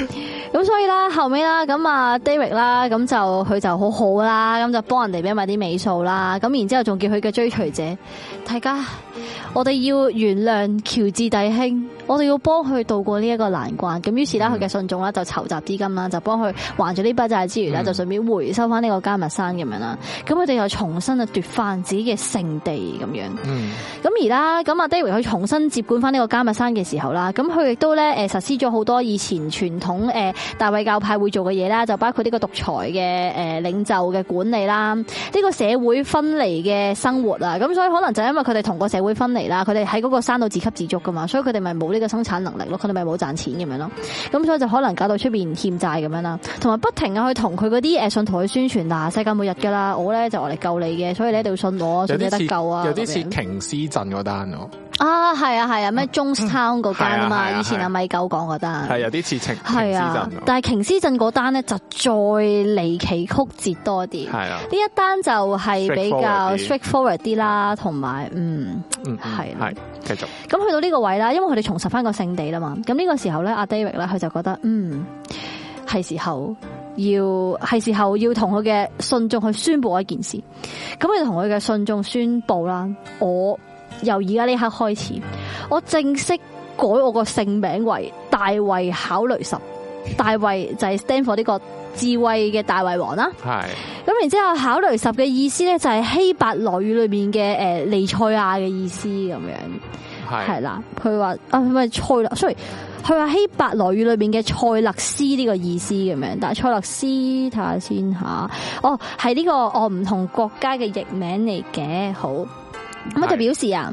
咁所以啦，後尾啦，咁啊，David 啦，咁就佢就好好啦，咁就幫人哋俾埋啲尾數啦，咁然之後仲叫佢嘅追隨者，大家，我哋要原諒喬治弟兄。我哋要幫佢渡過呢一個難關，咁於是咧佢嘅信眾啦就籌集資金啦，就幫佢還咗呢筆債之餘咧，就順便回收翻呢個加密山咁樣啦。咁佢哋又重新啊奪翻自己嘅聖地咁樣。咁、嗯、而啦，咁阿 David 佢重新接管翻呢個加密山嘅時候啦，咁佢亦都咧誒實施咗好多以前傳統誒大衛教派會做嘅嘢啦，就包括呢個獨裁嘅誒領袖嘅管理啦，呢、這個社會分離嘅生活啊。咁所以可能就是因為佢哋同個社會分離啦，佢哋喺嗰個山度自給自足噶嘛，所以佢哋咪冇呢嘅生產能力咯，佢哋咪冇賺錢咁樣咯，咁所以就可能搞到出邊欠債咁樣啦，同埋不停啊去同佢嗰啲誒信徒去宣傳啦，世界末日噶啦，我咧就嚟救你嘅，所以你一定要信我，先至得救啊！有啲似瓊斯鎮嗰單咯。啊，係啊，係啊，咩中 town 嗰間啊嘛，以前阿米九講嗰單，係有啲事情，係啊對思，但係瓊斯鎮嗰單咧就再離奇曲折多啲對。係啊，呢一單就係比較 straightforward 啲啦，同埋嗯嗯係係繼續。咁去到呢個位啦，因為佢哋重拾翻個聖地啦嘛。咁、這、呢個時候咧，阿 David 咧，佢就覺得嗯係時候要係時候要同佢嘅信眾去宣布一件事。咁佢就同佢嘅信眾宣布啦，我。由而家呢刻開始，我正式改我個姓名為大衛考雷什。大衛就係 stand for 呢個智慧嘅大衛王啦。係。咁然之後，考雷什嘅意思咧就係希伯來語裏面嘅誒利賽亞嘅意思咁樣。係是。係啦，佢話啊唔係塞勒，sorry，佢話希伯來語裏面嘅塞勒斯呢個意思咁樣。但係塞勒斯睇下先嚇。哦，係呢、呢個我唔、哦、同國家嘅譯名嚟嘅，好。咁就表示啊？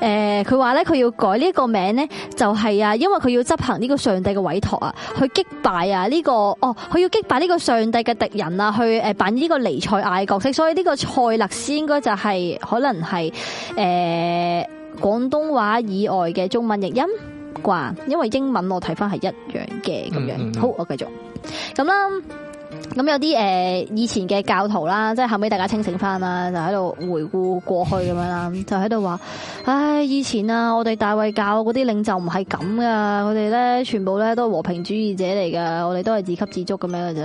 誒對、呃，佢話咧佢要改呢個名咧，就係啊，因為佢要執行呢個上帝嘅委託啊，去擊敗啊、這、呢個哦，佢要擊敗呢個上帝嘅敵人啊，去誒扮呢個尼賽亞嘅角色，所以呢個賽勒斯應該就係、是、可能係誒廣東話以外嘅中文譯音啩，因為英文我睇翻係一樣嘅咁樣。嗯嗯嗯好，我繼續咁啦。咁有啲誒、呃、以前嘅教徒啦，即係後尾大家清醒翻啦，就喺度回顧過去咁樣啦，就喺度話：唉，以前啊，我哋大衛教嗰啲領袖唔係咁噶，我哋咧全部咧都係和平主義者嚟噶，我哋都係自給自足咁樣噶啫。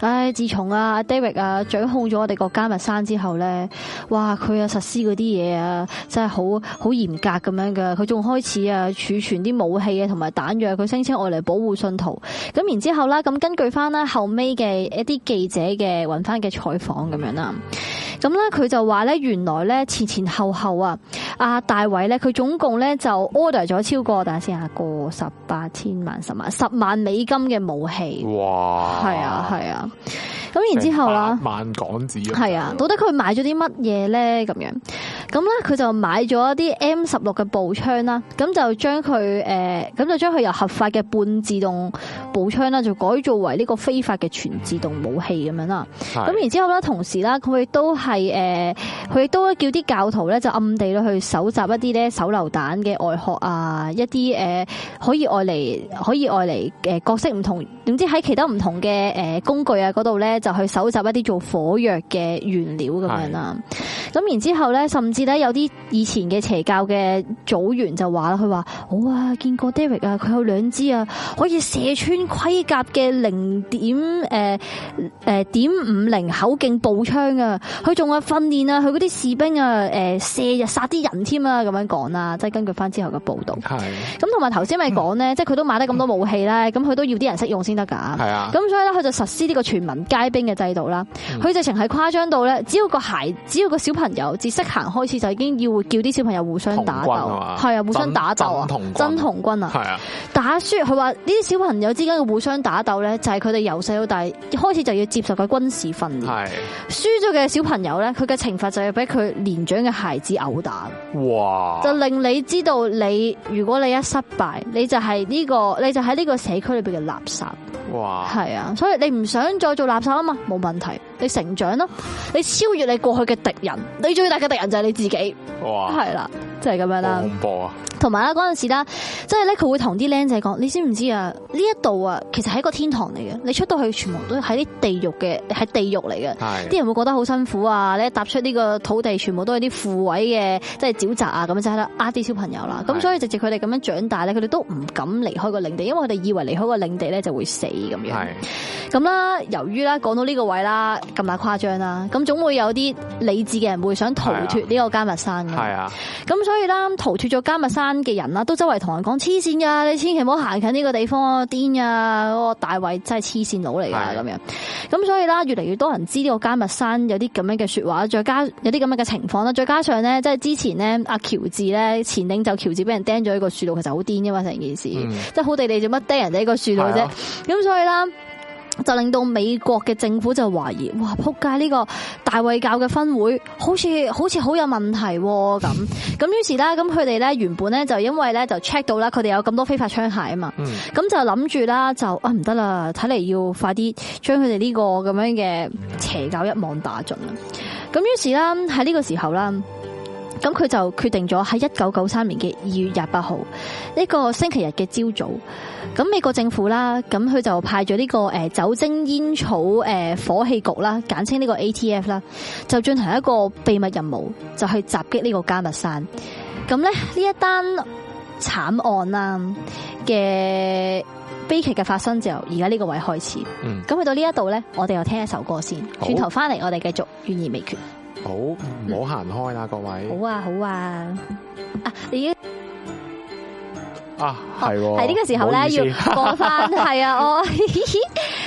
唉，自從啊 David 啊掌控咗我哋國家密山之後咧，哇，佢啊實施嗰啲嘢啊，真係好好嚴格咁樣噶。佢仲開始啊儲存啲武器啊同埋彈藥，佢聲稱愛嚟保護信徒。咁然之後啦，咁根據翻咧後尾嘅，一啲記者嘅搵翻嘅採訪咁樣啦，咁咧佢就話咧原來咧前前後後啊，阿大偉咧佢總共咧就 order 咗超過等下先啊，過十八千萬十萬十萬美金嘅武器哇，哇，係啊係啊，咁然之後啦，萬港紙係啊，到底佢買咗啲乜嘢咧咁樣？咁咧，佢就買咗一啲 M 十六嘅步槍啦，咁就將佢誒，咁、呃、就將佢由合法嘅半自動步槍啦，就改造為呢個非法嘅全自動武器咁樣啦。咁然之後咧，同時咧，佢亦都係誒，佢亦都叫啲教徒咧，就暗地咧去搜集一啲咧手榴彈嘅外殼啊，一啲誒可以外嚟可以外嚟誒角色唔同，總之喺其他唔同嘅誒工具啊嗰度咧，就去搜集一啲做火藥嘅原料咁樣啦。咁然之後咧，甚至。睇有啲以前嘅邪教嘅組員就話啦，佢話好啊，見過 David 啊，佢有兩支啊，可以射穿盔甲嘅零點誒誒、呃呃、點五零口徑步槍啊，佢仲有訓練啊，佢啲士兵啊誒、呃、射啊殺啲人添啊，咁樣講啦，即係根據翻之後嘅報道係，咁同埋頭先咪講咧，嗯、即係佢都買得咁多武器咧，咁佢都要啲人識用先得噶，係啊，咁所以咧佢就實施呢個全民皆兵嘅制度啦，佢直情係誇張到咧，只要個孩，只要個小朋友只識行開。就已經要會叫啲小朋友互相打鬥，係啊軍，互相打鬥啊，真真同真童軍啊是的，係啊，打輸佢話呢啲小朋友之間嘅互相打鬥咧，就係佢哋由細到大開始就要接受個軍事訓練，係輸咗嘅小朋友咧，佢嘅懲罰就係俾佢年長嘅孩子毆打，哇！就令你知道你如果你一失敗，你就係呢個，你就喺呢個社區裏邊嘅垃圾，哇！係啊，所以你唔想再做垃圾啊嘛，冇問題，你成長咯，你超越你過去嘅敵人，你最大嘅敵人就係你。自己，係啦哇，即係咁樣啦。恐怖啊！同埋嗰陣時啦，即係咧，佢會同啲僆仔講，你知唔知啊？呢一度啊，其實係一個天堂嚟嘅，你出到去，全部都喺啲地獄嘅，喺地獄嚟嘅。啲是 人會覺得好辛苦啊！咧踏出呢個土地，全部都係啲富位嘅，即係沼澤啊，咁就呃啲小朋友啦。咁是 所以，直接佢哋咁樣長大咧，佢哋都唔敢離開個領地，因為佢哋以為離開個領地咧就會死咁樣。咁啦，由於啦講到呢個位啦，咁大誇張啦，咁總會有啲理智嘅人會想逃脫呢。個加密山咁，咁所以啦，逃脫咗加密山嘅人啦，都周圍同人講，黐線噶，你千祈唔好行近呢個地方，啊，癲呀，啊，我、嗰個大衛真係黐線佬嚟噶咁樣。咁是、啊、所以啦，越嚟越多人知呢個加密山有啲咁樣嘅說話，再加有啲咁樣嘅情況啦，再加上咧，即係之前咧阿喬治咧前領袖喬治俾人掟咗呢個樹度，其實好癲噶嘛，成件事，嗯、即係好地地做乜掟人個樹路呢個樹度啫。咁是、啊、所以啦。就令到美國嘅政府就懷疑，哇！仆街呢個大衛教嘅分會好，好似好似好有問題咁。咁於是啦，咁佢哋咧原本咧就因為咧就 check 到啦，佢哋有咁多非法槍械啊嘛。咁就諗住啦，就啊唔得啦，睇嚟要快啲將佢哋呢個咁樣嘅邪教一網打盡啦。咁於是啦喺呢個時候啦。咁佢就決定咗喺一九九三年嘅二月廿八號呢個星期日嘅朝早，咁美國政府啦，咁佢就派咗呢個誒酒精煙草誒火器局啦，簡稱呢個 ATF 啦，就進行一個秘密任務，就去襲擊呢個加密山。咁咧呢一單慘案啦嘅悲劇嘅發生就由而家呢個位開始。嗯。咁去到呢一度咧，我哋又聽一首歌先，轉頭翻嚟我哋繼續懸而未決。好，唔好行開啦，各位。好啊，好啊，啊，你。啊，係喎、哦，呢、這個時候咧要播翻，係啊，我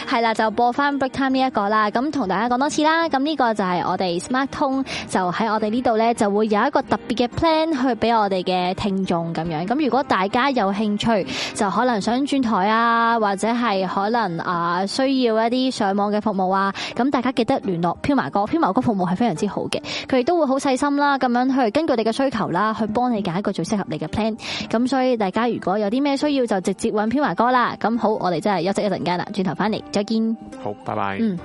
係啦， 就播翻 break time 呢一個啦。咁同大家講多次啦，咁呢個就係我哋 smart 通就喺我哋呢度咧，就會有一個特別嘅 plan 去俾我哋嘅聽眾咁樣。咁如果大家有興趣，就可能想轉台啊，或者係可能啊需要一啲上網嘅服務啊，咁大家記得聯絡飄馬哥，飄馬哥服務係非常之好嘅，佢亦都會好細心啦，咁樣去根據你嘅需求啦，去幫你揀一個最適合你嘅 plan。咁所以大家如如果有啲咩需要，就直接揾飄華哥啦。咁好，我哋真係休息一陣間啦，轉頭翻嚟再見。好，拜拜。嗯。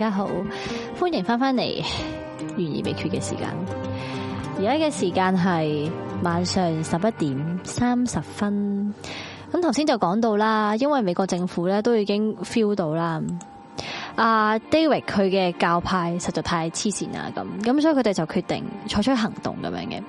大家好，歡迎翻返嚟懸而未決嘅時間。而家嘅時間係晚上十一點三十分。咁頭先就講到啦，因為美國政府咧都已經 feel 到啦，阿 David 佢嘅教派實在太黐線啦，咁咁所以佢哋就決定採取行動咁樣嘅。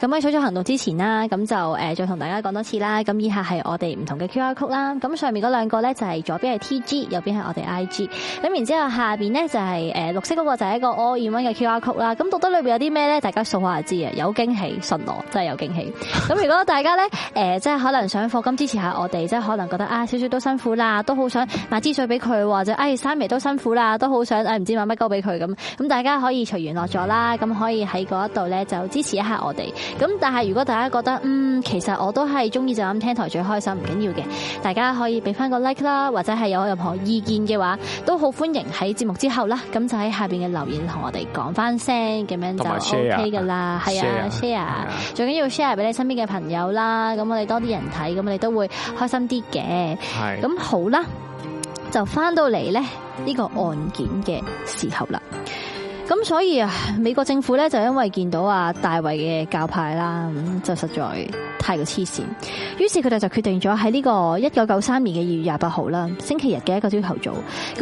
咁喺取咗行動之前啦，咁就誒再同大家講多次啦。咁以下係我哋唔同嘅 QR code 啦。咁上面嗰兩個咧就係左邊係 TG，右邊係我哋 IG。咁然之後下邊咧就係綠色嗰個就係一個 all in one 嘅 QR code 啦。咁讀得裏面有啲咩咧？大家數下就知啊，有驚喜，信我真係有驚喜。咁如果大家咧誒、呃、即係可能想課金支持下我哋，即係可能覺得啊少少都辛苦啦，都好想買支水俾佢或者誒、哎、三眉都辛苦啦，都好想誒唔、哎、知買乜歌俾佢咁。咁大家可以隨緣落咗啦，咁可以喺嗰一度咧就支持一下我哋。咁但係如果大家覺得嗯其實我都係中意就咁聽台最開心唔緊要嘅，大家可以俾翻個 like 啦，或者係有任何意見嘅話，都好歡迎喺節目之後啦，咁就喺下邊嘅留言同我哋講翻聲，咁樣就 OK 噶啦，係啊 share，最緊要 share 俾你身邊嘅朋友啦，咁我哋多啲人睇，咁你都會開心啲嘅係，咁好啦，就翻到嚟咧呢個案件嘅時候啦。咁所以啊，美國政府咧就因為見到啊大衛嘅教派啦，咁就實在太過黐線，於是佢哋就決定咗喺呢個一九九三年嘅二月廿八號啦，星期日嘅一個朝頭早，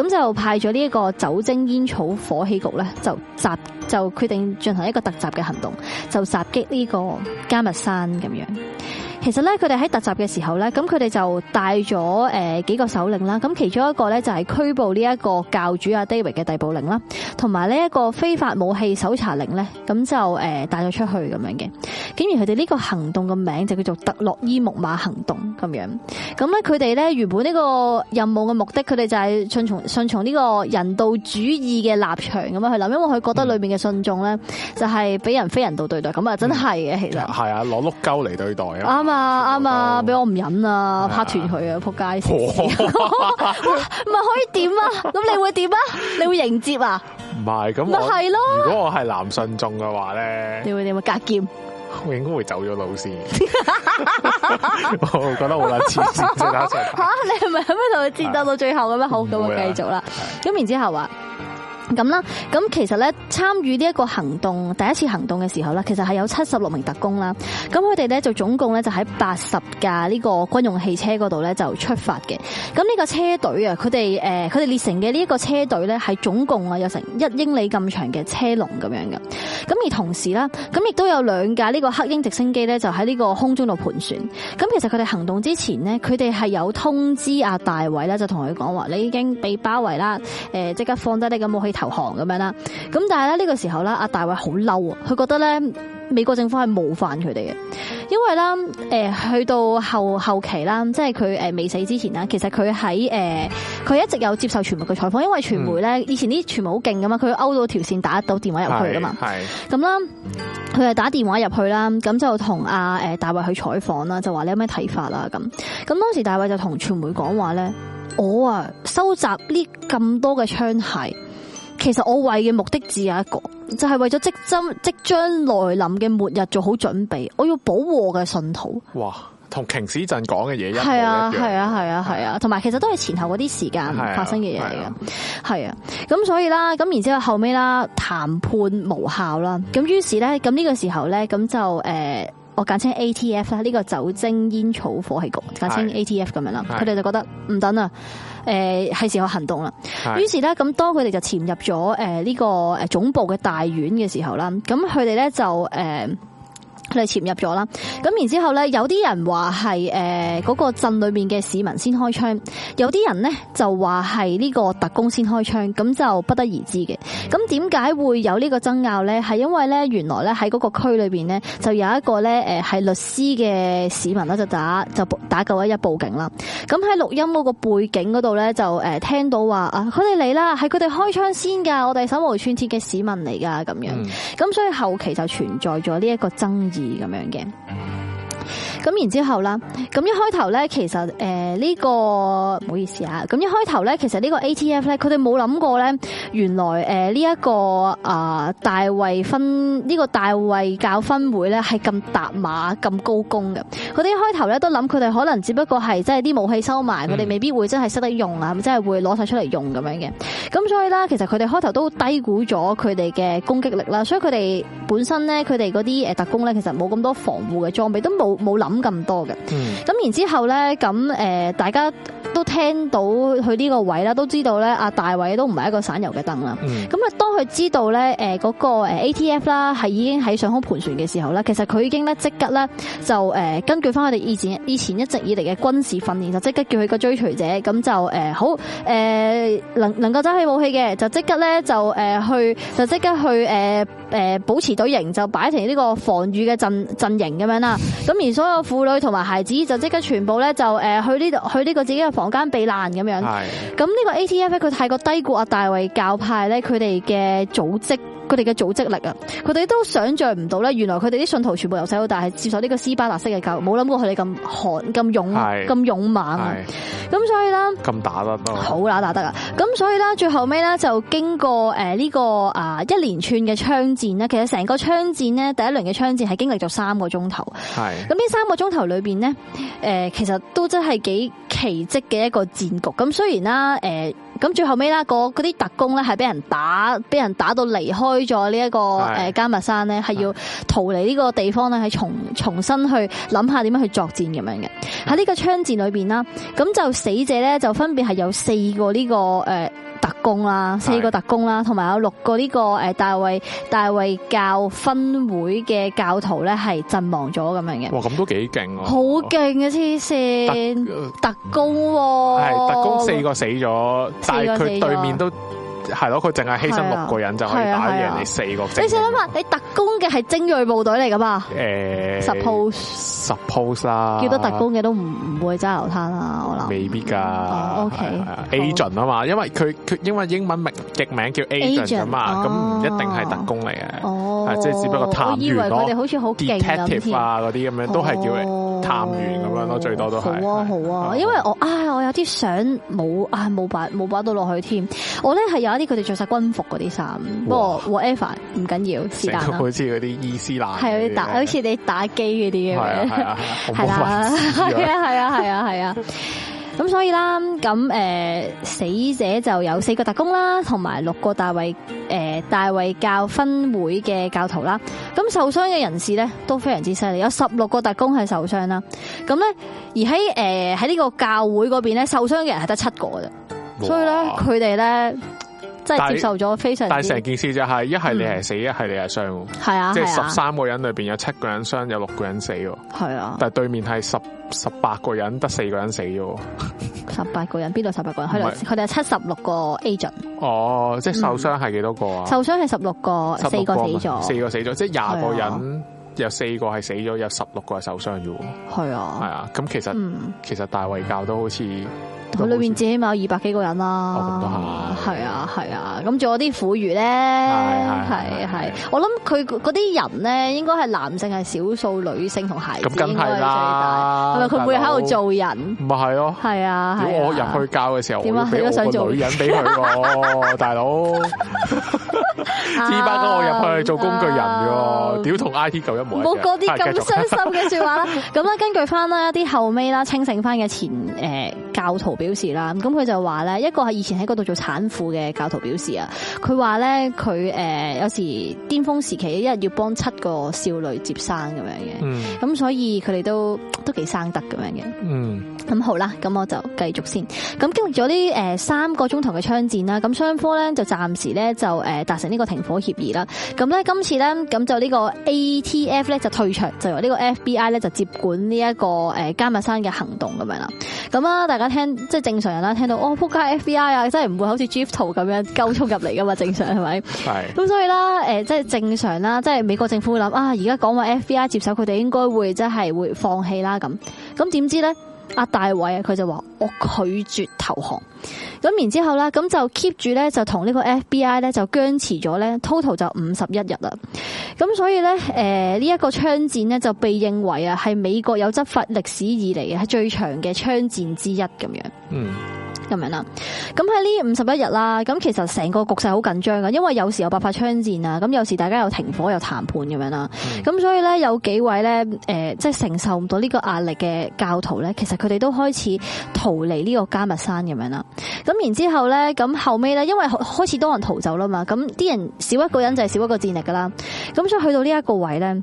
咁就派咗呢一個酒精煙草火器局咧，就集就決定進行一個突襲嘅行動，就襲擊呢個加密山咁樣。其實咧，佢哋喺突襲嘅時候咧，咁佢哋就帶咗誒，幾個首領啦，咁其中一個咧就係拘捕呢一個教主阿 David 嘅逮捕令啦，同埋呢一個非法武器搜查令咧，咁就誒，帶咗出去咁樣嘅。竟然佢哋呢個行動嘅名就叫做特洛伊木馬行動咁樣。咁咧佢哋咧原本呢個任務嘅目的，佢哋就係順從順從呢個人道主義嘅立場咁樣去諗，因為佢覺得裏面嘅信眾咧就係俾人非人道對待，咁啊真係嘅其實是。係啊，攞碌鳩嚟對待啊！啱啊！啊，啱啊，俾我唔忍啊，拍團佢啊，扑街死！哇，唔係可以點啊？咁你會點啊？你會迎接啊？唔係，咁係咯。如果我係男信眾嘅話咧，你會點？會隔劍？我應該會走咗路先。我覺得好難堅持最後一集。吓，你係咪想咩同佢戰鬥到最後咁啊？好，咁我繼續啦。咁然之後話。咁啦，咁其實咧參與呢一個行動，第一次行動嘅時候咧，其實係有七十六名特工啦。咁佢哋咧就總共咧就喺八十架呢個軍用汽車嗰度咧就出發嘅。咁呢個車隊啊，佢哋誒佢哋列成嘅呢一個車隊咧係總共啊有成一英里咁長嘅車龍咁樣嘅。咁而同時啦，咁亦都有兩架呢個黑鷹直升機咧就喺呢個空中度盤旋。咁其實佢哋行動之前呢，佢哋係有通知啊大衛咧就同佢講話：你已經被包圍啦，誒即刻放低你嘅武器。投降咁樣啦，咁但係咧，呢個時候咧，阿大衛好嬲啊，佢覺得咧美國政府係冒犯佢哋嘅，因為咧，誒去到後後期啦，即係佢誒未死之前啦，其實佢喺誒佢一直有接受傳媒嘅採訪，因為傳媒咧，以前啲傳媒好勁噶嘛，佢勾到條線打到電話入去噶嘛，係咁啦，佢係打電話入去啦，咁就同阿誒大衛去採訪啦，就話你有咩睇法啦咁，咁當時大衛就同傳媒講話咧，我啊收集呢咁多嘅槍械。其實我為嘅目的只有一個，就係、是、為咗即針即將來臨嘅末日做好準備。我要保護我嘅信徒。哇，同瓊斯鎮講嘅嘢一樣。係啊，係啊，係啊，係啊，同埋、啊、其實都係前後嗰啲時間發生嘅嘢嚟嘅，係啊。咁、啊啊啊、所以啦，咁然之後後尾啦，談判無效啦，咁於是咧，咁呢個時候咧，咁就誒、呃，我簡稱 A T F 啦，呢個酒精煙草火器局，是簡稱 A T F 咁樣啦，佢哋是就覺得唔等啦。誒，係時候行動啦。於是咧，咁當佢哋就潛入咗誒呢個誒總部嘅大院嘅時候啦，咁佢哋咧就誒。佢哋潛入咗啦，咁然之後咧，有啲人話係誒嗰個鎮裏面嘅市民先開槍，有啲人呢就話係呢個特工先開槍，咁就不得而知嘅。咁點解會有呢個爭拗呢？係因為咧原來咧喺嗰個區裏邊呢，就有一個咧誒係律師嘅市民啦，就打就打九一一報警啦。咁喺錄音嗰個背景嗰度咧就誒聽到話啊，佢哋嚟啦，係佢哋開槍先噶，我哋手無寸鐵嘅市民嚟噶咁樣。咁所以後期就存在咗呢一個爭議。咁樣嘅。咁然之後啦，咁一開頭咧，其實誒、這、呢個唔好意思啊，咁一開頭咧，其實呢個 ATF 咧，佢哋冇諗過咧，原來誒呢一個啊大衛分呢個大衛、這個、教分會咧係咁踏馬咁高工嘅，佢哋一開頭咧都諗佢哋可能只不過係即係啲武器收埋，佢哋、嗯、未必會真係識得用啊，即係會攞晒出嚟用咁樣嘅？咁所以啦其實佢哋開頭都低估咗佢哋嘅攻擊力啦，所以佢哋本身咧，佢哋啲誒特工咧，其實冇咁多防護嘅裝備都冇冇諗。咁咁多嘅，咁然後之後咧，咁、呃、誒，大家都聽到佢呢個位啦，都知道咧阿大衛都唔係一個省油嘅燈啦。咁啊，當佢知道咧，誒，嗰個誒 ATF 啦，係已經喺上空盤旋嘅時候咧，其實佢已經咧即刻咧就誒、呃，根據翻佢哋以前以前一直以嚟嘅軍事訓練，就即刻叫佢個追隨者，咁就誒、呃、好誒、呃，能能夠揸起武器嘅，就即刻咧就誒、呃、去，就即刻去誒誒保持隊形，就擺成呢個防禦嘅陣陣營咁樣啦。咁而所有。婦女同埋孩子就即刻全部咧就誒，去呢度去呢個自己嘅房間避難咁樣。係。咁呢個 ATF 佢太過低估阿大衛教派咧佢哋嘅組織，佢哋嘅組織力啊，佢哋都想象唔到咧，原來佢哋啲信徒全部由細到大係接受呢個斯巴達式嘅教育，冇諗過佢哋咁寒、咁勇、咁是的 勇猛啊的。咁所以咧，咁打啦都好打打得啊。咁所以咧最後尾咧就經過誒呢個啊一連串嘅槍戰呢，其實成個槍戰呢，第一輪嘅槍戰係經歷咗三，是的 三個鐘頭。係。咁呢三個鐘頭裏邊咧，誒，其實都真係幾奇蹟嘅一個戰局。咁雖然啦，誒，咁最後尾啦，嗰啲特工咧係俾人打，俾人打到離開咗呢一個誒迦密山咧，係要逃離呢個地方咧，係重，重新去諗下點樣去作戰咁樣嘅。喺呢個槍戰裏邊啦，咁就死者咧就分別係有四個呢、呢個誒。呃特工啦，四個特工啦，同埋有六個呢個誒，大衛大衛教分會嘅教徒咧係陣亡咗咁樣嘅。哇，咁都幾勁啊！好勁啊！黐線，特工係特工，四個死咗，但係佢對面都。係咯，佢淨係犧牲六個人就可以打贏你哋四個精。你想諗下，你特工嘅係精銳部隊嚟噶嘛？誒，suppose，suppose 啦，叫到特工嘅都唔唔會揸流攤啦，我諗。未必噶，OK，agent 啊嘛，因為佢佢因為英文名譯名叫 agent, agent 啊嘛，咁唔一定係特工嚟嘅，哦、啊，即係只不過探我以咯，detective 啊嗰啲咁樣都係叫你。啊探完咁樣咯，最多都係、啊。好啊好啊，因為我啊我有啲相冇啊冇擺冇擺到落去添。我咧係有一啲佢哋着晒軍服嗰啲衫，不過 whatever 唔緊要，是但。好似嗰啲伊斯蘭係打，好似你打機嗰啲嘅，係啦，係啊係啊係啊係啊。了咁所以啦，咁誒，死者就有四個特工啦，同埋六個大衛誒大衛教分會嘅教徒啦。咁受傷嘅人士咧都非常之犀利，有十六個特工係受傷啦。咁咧，而喺誒喺呢個教會嗰邊咧受傷嘅人係得七個㗎。所以咧佢哋咧。即係接受咗非常之多，但成件事就係一係你係死，一係、嗯、你係傷。係、嗯、啊，即係十三個人裏邊有七個人傷，有六個人死。係啊，但係對面係十十八個人得四個人死咗。十八個人邊度十八個人？佢哋佢哋係七十六個 agent。哦，即係受傷係幾多個啊？受傷係十六個，四、嗯、個死咗，四個死咗，即係廿個人。有四個係死咗，有十六個係受傷嘅。係啊，係啊，咁其實其實大衛教都好似佢裏邊至少有二百幾個人啦，我覺得係，係啊，係啊，咁仲有啲婦孺咧，係係，我諗佢嗰啲人咧，應該係男性係少數，女性同孩子應該最大。係咪？佢每日喺度做人，唔係哦，係啊，如果我入去教嘅時候，點樣，俾做女人俾佢咯，大佬，依班我入去做工具人嘅，屌同 I T 求一。冇嗰啲咁傷心嘅說話啦，咁咧根據翻啦一啲後尾啦清醒翻嘅前誒教徒表示啦，咁佢就話咧，一個係以前喺度做產婦嘅教徒表示啊，佢話咧佢誒有時巔峰時期一日要幫七個少女接生咁樣嘅，咁、嗯、所以佢哋都都幾生得咁樣嘅。嗯，咁好啦，咁我就繼續先。咁經歷咗啲誒三個鐘頭嘅槍戰啦，咁雙方咧就暫時咧就誒達成呢個停火協議啦。咁咧今次咧咁就呢個 ATM。F 咧就退出，就由呢個 FBI 咧就接管呢一個誒加密山嘅行動咁樣啦。咁啊，大家聽即係正常人啦，聽到哦扑街 FBI 啊，BI，真係唔會好似 GIF 圖咁樣高速入嚟噶嘛？正常係咪？係。咁對 所以啦，誒即係正常啦，即係美國政府諗啊，而家講話 FBI 接手佢哋，他們應該會即係會放棄啦咁。咁點知咧？阿大衛啊，佢就話我拒絕投降，咁然之後咧，咁就 keep 住咧，就同呢個 FBI 咧就僵持咗咧，total 就五十一日啦，咁所以咧，誒呢一個槍戰咧就被認為啊係美國有執法歷史以嚟嘅係最長嘅槍戰之一咁樣。嗯。咁樣啦，咁喺呢五十一日啦，咁其實成個局勢好緊張噶，因為有時有爆發槍戰啊，咁有時大家又停火又談判咁樣啦，咁、嗯、所以咧有幾位咧，誒、呃，即係承受唔到呢個壓力嘅教徒咧，其實佢哋都開始逃離呢個加密山咁樣啦，咁然之後咧，咁後尾咧，因為開始多人逃走啦嘛，咁啲人少一個人就係少一個戰力噶啦，咁所以去到呢一個位咧。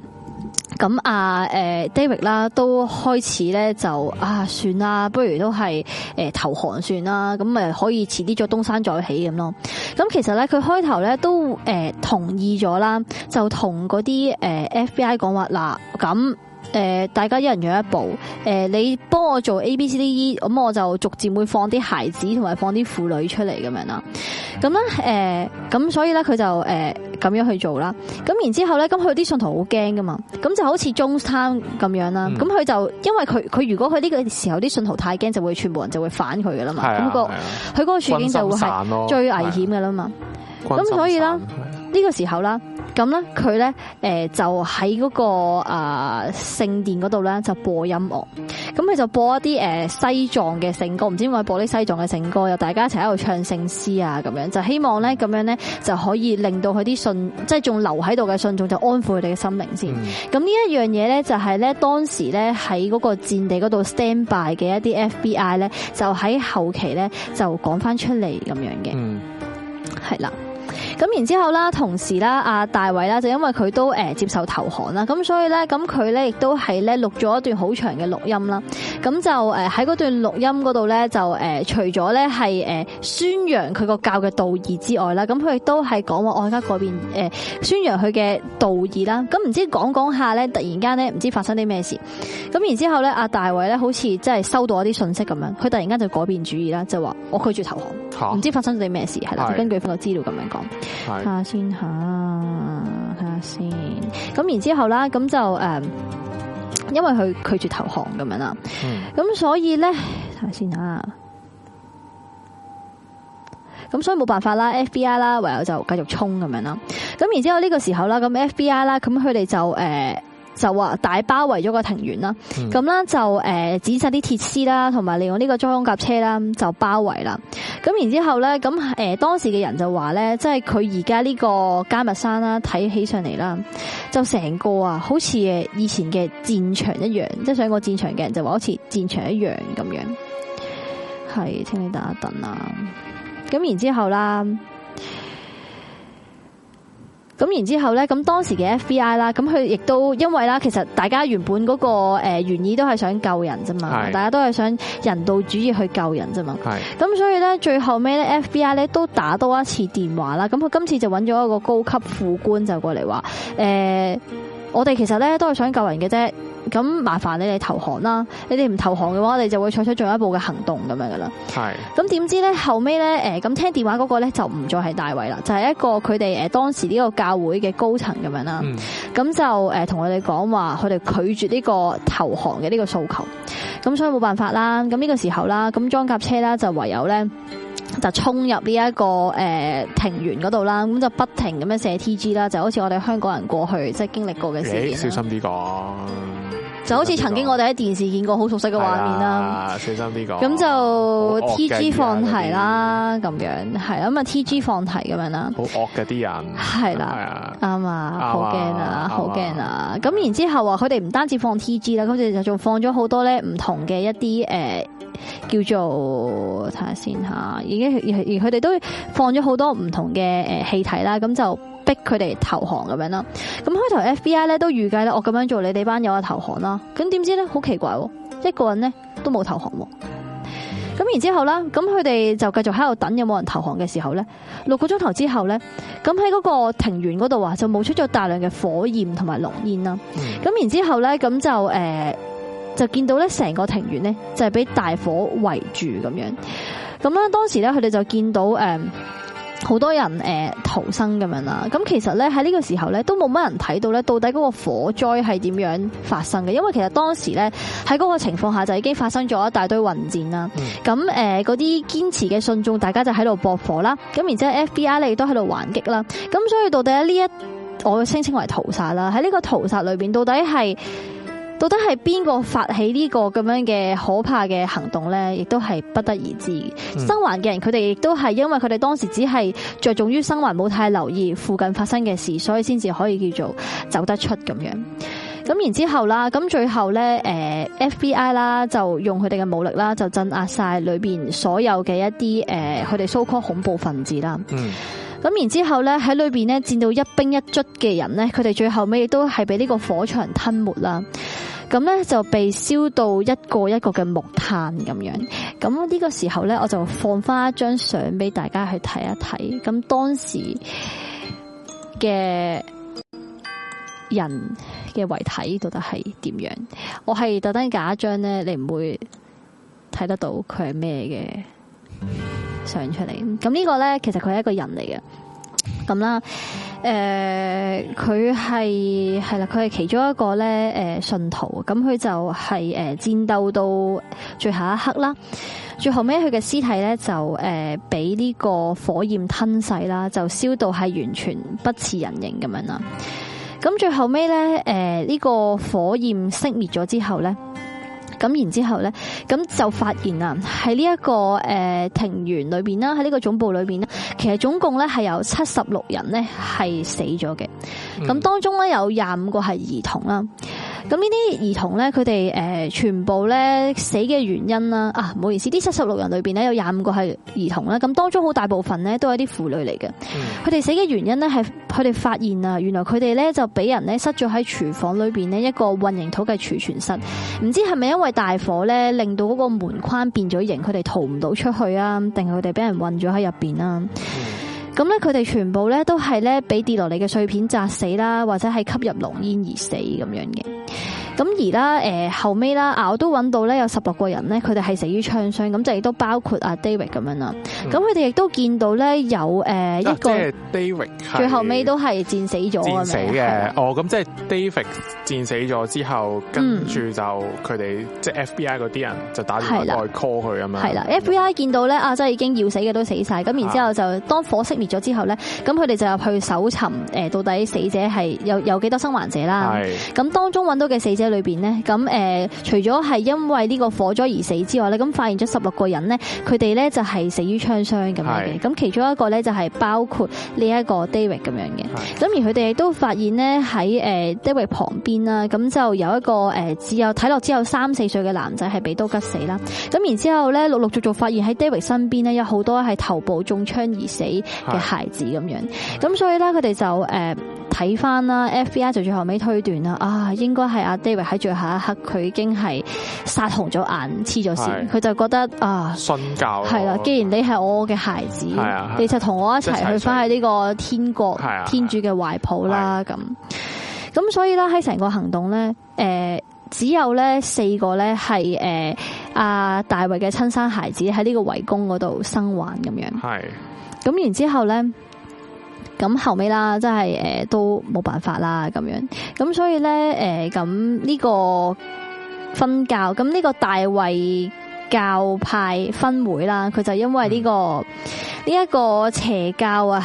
咁啊，誒，David 啦，uh, Derek，都開始咧就啊，算啦，不如都係誒、uh，投降算啦，咁咪可以遲啲再東山再起咁咯。咁其實咧，佢開頭咧都誒同意咗啦，就同嗰啲誒 FBI 講話嗱咁。誒，大家人一人用一部，誒，你幫我做 A、B、C、D、E，咁我就逐漸會放啲孩子同埋放啲婦女出嚟咁樣啦。咁咧，誒，咁所以咧，佢就誒咁樣去做啦。咁然之後咧，咁佢啲信徒好驚噶嘛，咁就好似中餐咁樣啦。咁佢、嗯、就因為佢佢如果佢呢個時候啲信徒太驚，就會全部人就會反佢噶啦嘛。咁佢嗰個處境就會係最危險噶啦嘛。咁所以啦，呢個時候啦。咁咧，佢咧，誒就喺嗰個啊聖殿嗰度咧，就播音樂。咁佢就播一啲誒西藏嘅聖歌，唔知點解播啲西藏嘅聖歌，又大家一齊喺度唱聖詩啊，咁樣就希望咧，咁樣咧就可以令到佢啲信，即係仲留喺度嘅信眾就安撫佢哋嘅心靈先。咁呢一樣嘢咧，就係咧當時咧喺嗰個戰地嗰度 stand by 嘅一啲 FBI 咧，就喺後期咧就講翻出嚟咁樣嘅。嗯，係啦。咁然之後啦，同時啦，阿大衛啦，就因為佢都接受投降啦，咁所以咧，咁佢咧亦都係咧錄咗一段好長嘅錄音啦。咁就喺嗰段錄音嗰度咧，就除咗咧係誒宣揚佢個教嘅道義之外啦，咁佢亦都係講話我而家改變誒宣揚佢嘅道義啦。咁唔知講講下咧，突然間咧唔知發生啲咩事。咁然之後咧，阿大衛咧好似真係收到一啲信息咁樣，佢突然間就改變主意啦，就話我拒絕投降，唔知發生咗啲咩事，係啦，根據翻個資料咁樣講。睇下先吓，睇下先。咁然之後啦，咁就誒，因為佢拒絕投降咁樣啦，咁、嗯、所以咧，睇下先吓。咁所以冇辦法啦，FBI 啦，FBI，唯有就繼續衝咁樣啦。咁然之後呢個時候啦，咁 FBI 啦，咁佢哋就誒。就話大包圍咗個庭園啦，咁咧、嗯、就誒，扯啲鐵絲啦，同埋利用呢個裝甲車啦，就包圍啦。咁然之後咧，咁誒，當時嘅人就話咧，即係佢而家呢個加密山啦，睇起上嚟啦，就成個啊，好似以前嘅戰場一樣，即係上過戰場嘅人就話好似戰場一樣咁樣，係請你等一等啦。咁然之後啦。咁然之後咧，咁當時嘅 FBI 啦，咁佢亦都因為啦，其實大家原本嗰個誒原意都係想救人啫嘛，大家都係想人道主義去救人啫嘛。係。咁所以咧，最後尾咧 FBI 咧都打多一次電話啦。咁佢今次就揾咗一個高級副官就過嚟話：誒，我哋其實咧都係想救人嘅啫。咁麻煩你哋投降啦，你哋唔投降嘅話，我哋就會採取進一步嘅行動咁樣噶啦。係。咁點知咧後尾咧，誒，咁聽電話嗰個咧就唔再係大衛啦，就係一個佢哋誒當時呢個教會嘅高層咁樣啦。咁就誒同我哋講話，佢哋拒絕呢個投降嘅呢個訴求。咁所以冇辦法啦。咁呢個時候啦，咁裝甲車啦就唯有咧。就衝入呢一個誒庭園嗰度啦，咁就不停咁樣寫 TG 啦，就好似我哋香港人過去即係經歷過嘅事件。小心啲講。就好似曾經我哋喺電視見過好熟悉嘅畫面啦，小心啲講就。咁就 T G 放題啦，咁樣係咁啊 T G 放題咁樣啦。好惡嘅啲人。係啦。係啊。啱啊對吧。好驚啊！好驚啊！咁然之後話佢哋唔單止放 T G 啦，咁佢哋就仲放咗好多咧唔同嘅一啲叫做睇下先嚇，已經佢哋都放咗好多唔同嘅氣體啦，咁就。逼佢哋投降咁樣啦，咁開頭 FBI 咧都預計咧，我咁樣做，你哋班友啊投降啦。咁點知咧，好奇怪，一個人咧都冇投降喎。咁然之後咧，咁佢哋就繼續喺度等，有冇人投降嘅時候咧，六個鐘頭之後咧，咁喺嗰個庭園嗰度啊，就冒出咗大量嘅火焰同埋濃煙啦。咁、嗯、然之後咧，咁就誒、呃，就見到咧成個庭園咧就係俾大火圍住咁樣。咁咧當時咧佢哋就見到誒。呃好多人誒逃生咁樣啦，咁其實咧喺呢個時候咧都冇乜人睇到咧，到底嗰個火災係點樣發生嘅？因為其實當時咧喺嗰個情況下就已經發生咗一大堆混戰啦。咁誒嗰啲堅持嘅信眾，大家就喺度駁火啦。咁然之後 FBI 你都喺度還擊啦。咁所以到底呢一我稱稱為屠殺啦。喺呢個屠殺裏邊，到底係。到底係邊個發起呢個咁樣嘅可怕嘅行動呢？亦都係不得而知。生還嘅人，佢哋亦都係因為佢哋當時只係着重於生還，冇太留意附近發生嘅事，所以先至可以叫做走得出咁樣。咁然之後啦，咁最後呢、呃、FBI 啦就用佢哋嘅武力啦，就鎮壓晒裏邊所有嘅一啲誒，佢哋蘇科恐怖分子啦。咁、嗯、然之後，然之後呢喺裏邊呢，戰到一兵一卒嘅人呢，佢哋最後尾亦都係被呢個火場吞沒啦。咁咧就被燒到一個一個嘅木炭咁樣，咁呢個時候咧我就放翻一張相俾大家去睇一睇，咁當時嘅人嘅遺體到底係點樣？我係特登揀一張咧，你唔會睇得到佢係咩嘅相出嚟。咁呢個咧其實佢係一個人嚟嘅，咁啦。誒，佢係係啦，佢係其中一個咧，誒，信徒，咁佢就係誒，戰鬥到最後一刻啦，最後尾，佢嘅屍體咧就誒，俾呢個火焰吞噬啦，就燒到係完全不似人形咁樣啦，咁最後尾咧，誒，呢個火焰熄滅咗之後咧。咁然之後咧，咁就發現啦，喺呢一個誒庭園裏邊啦，喺呢個總部裏邊咧，其實總共咧係有七十六人咧係死咗嘅，咁、嗯、當中咧有廿五個係兒童啦。咁呢啲兒童咧，佢哋誒，全部咧死嘅原因啦啊，唔好意思，啲七十六人裏邊咧有廿五個係兒童啦。咁當中好大部分咧都係啲婦女嚟嘅，佢哋、嗯、死嘅原因咧係佢哋發現啊，原來佢哋咧就俾人咧塞咗喺廚房裏邊呢一個混凝土嘅儲存室，唔知係咪因為大火咧令到嗰個門框變咗形，佢哋逃唔到出去啊，定係佢哋俾人困咗喺入邊啊？嗯咁咧，佢哋全部咧都係咧，俾跌落嚟嘅碎片砸死啦，或者係吸入濃煙而死咁樣嘅。咁而啦，誒後尾啦，我都揾到咧有十六個人咧，佢哋係死於槍傷，咁就亦都包括阿 David 咁樣啦。咁佢哋亦都見到咧有誒一個，啊、即係 David 最後尾都係戰死咗。死嘅的，吧哦，咁即係 David 戰死咗之後，跟住、嗯、就佢哋即係 FBI 嗰啲人就打電話再 call 佢咁樣。係啦，FBI 見到咧啊，即係已經要死嘅都死曬，咁、啊、然之後就當火熄滅咗之後咧，咁佢哋就入去搜尋誒到底死者係有有幾多生還者啦。咁了當中揾到嘅死者。裏邊呢，咁誒，除咗係因為呢個火災而死之外咧，咁發現咗十六個人咧，佢哋咧就係死於槍傷咁樣嘅。咁其中一個咧就係包括呢一個 David 咁樣嘅。咁而佢哋亦都發現咧喺誒 David 旁邊啦，咁是的 就有一個誒只有睇落只有三四歲嘅男仔係俾刀㓤死啦。咁然之後咧，陸陸續續發現喺 David 身邊咧有好多係頭部中槍而死嘅孩子咁是的 樣。咁所以咧佢哋就誒睇翻，啦，FBI 就最後尾推斷啦，啊應該係阿以為喺最後一刻佢已經係殺紅咗眼黐咗線，佢就覺得啊，信教係啦。既然你係我嘅孩子，你就同我一齊去返喺呢個天國的的的天主嘅懷抱啦。咁咁所以咧喺成個行動咧，誒，只有咧四個咧係誒阿大衛嘅親生孩子喺呢個圍攻嗰度生還咁樣。係咁，然之後咧。咁後尾啦，真係誒都冇辦法啦，咁樣咁所以咧誒，咁呢個分教，咁呢個大衛教派分會啦，佢就因為呢個呢一個邪教啊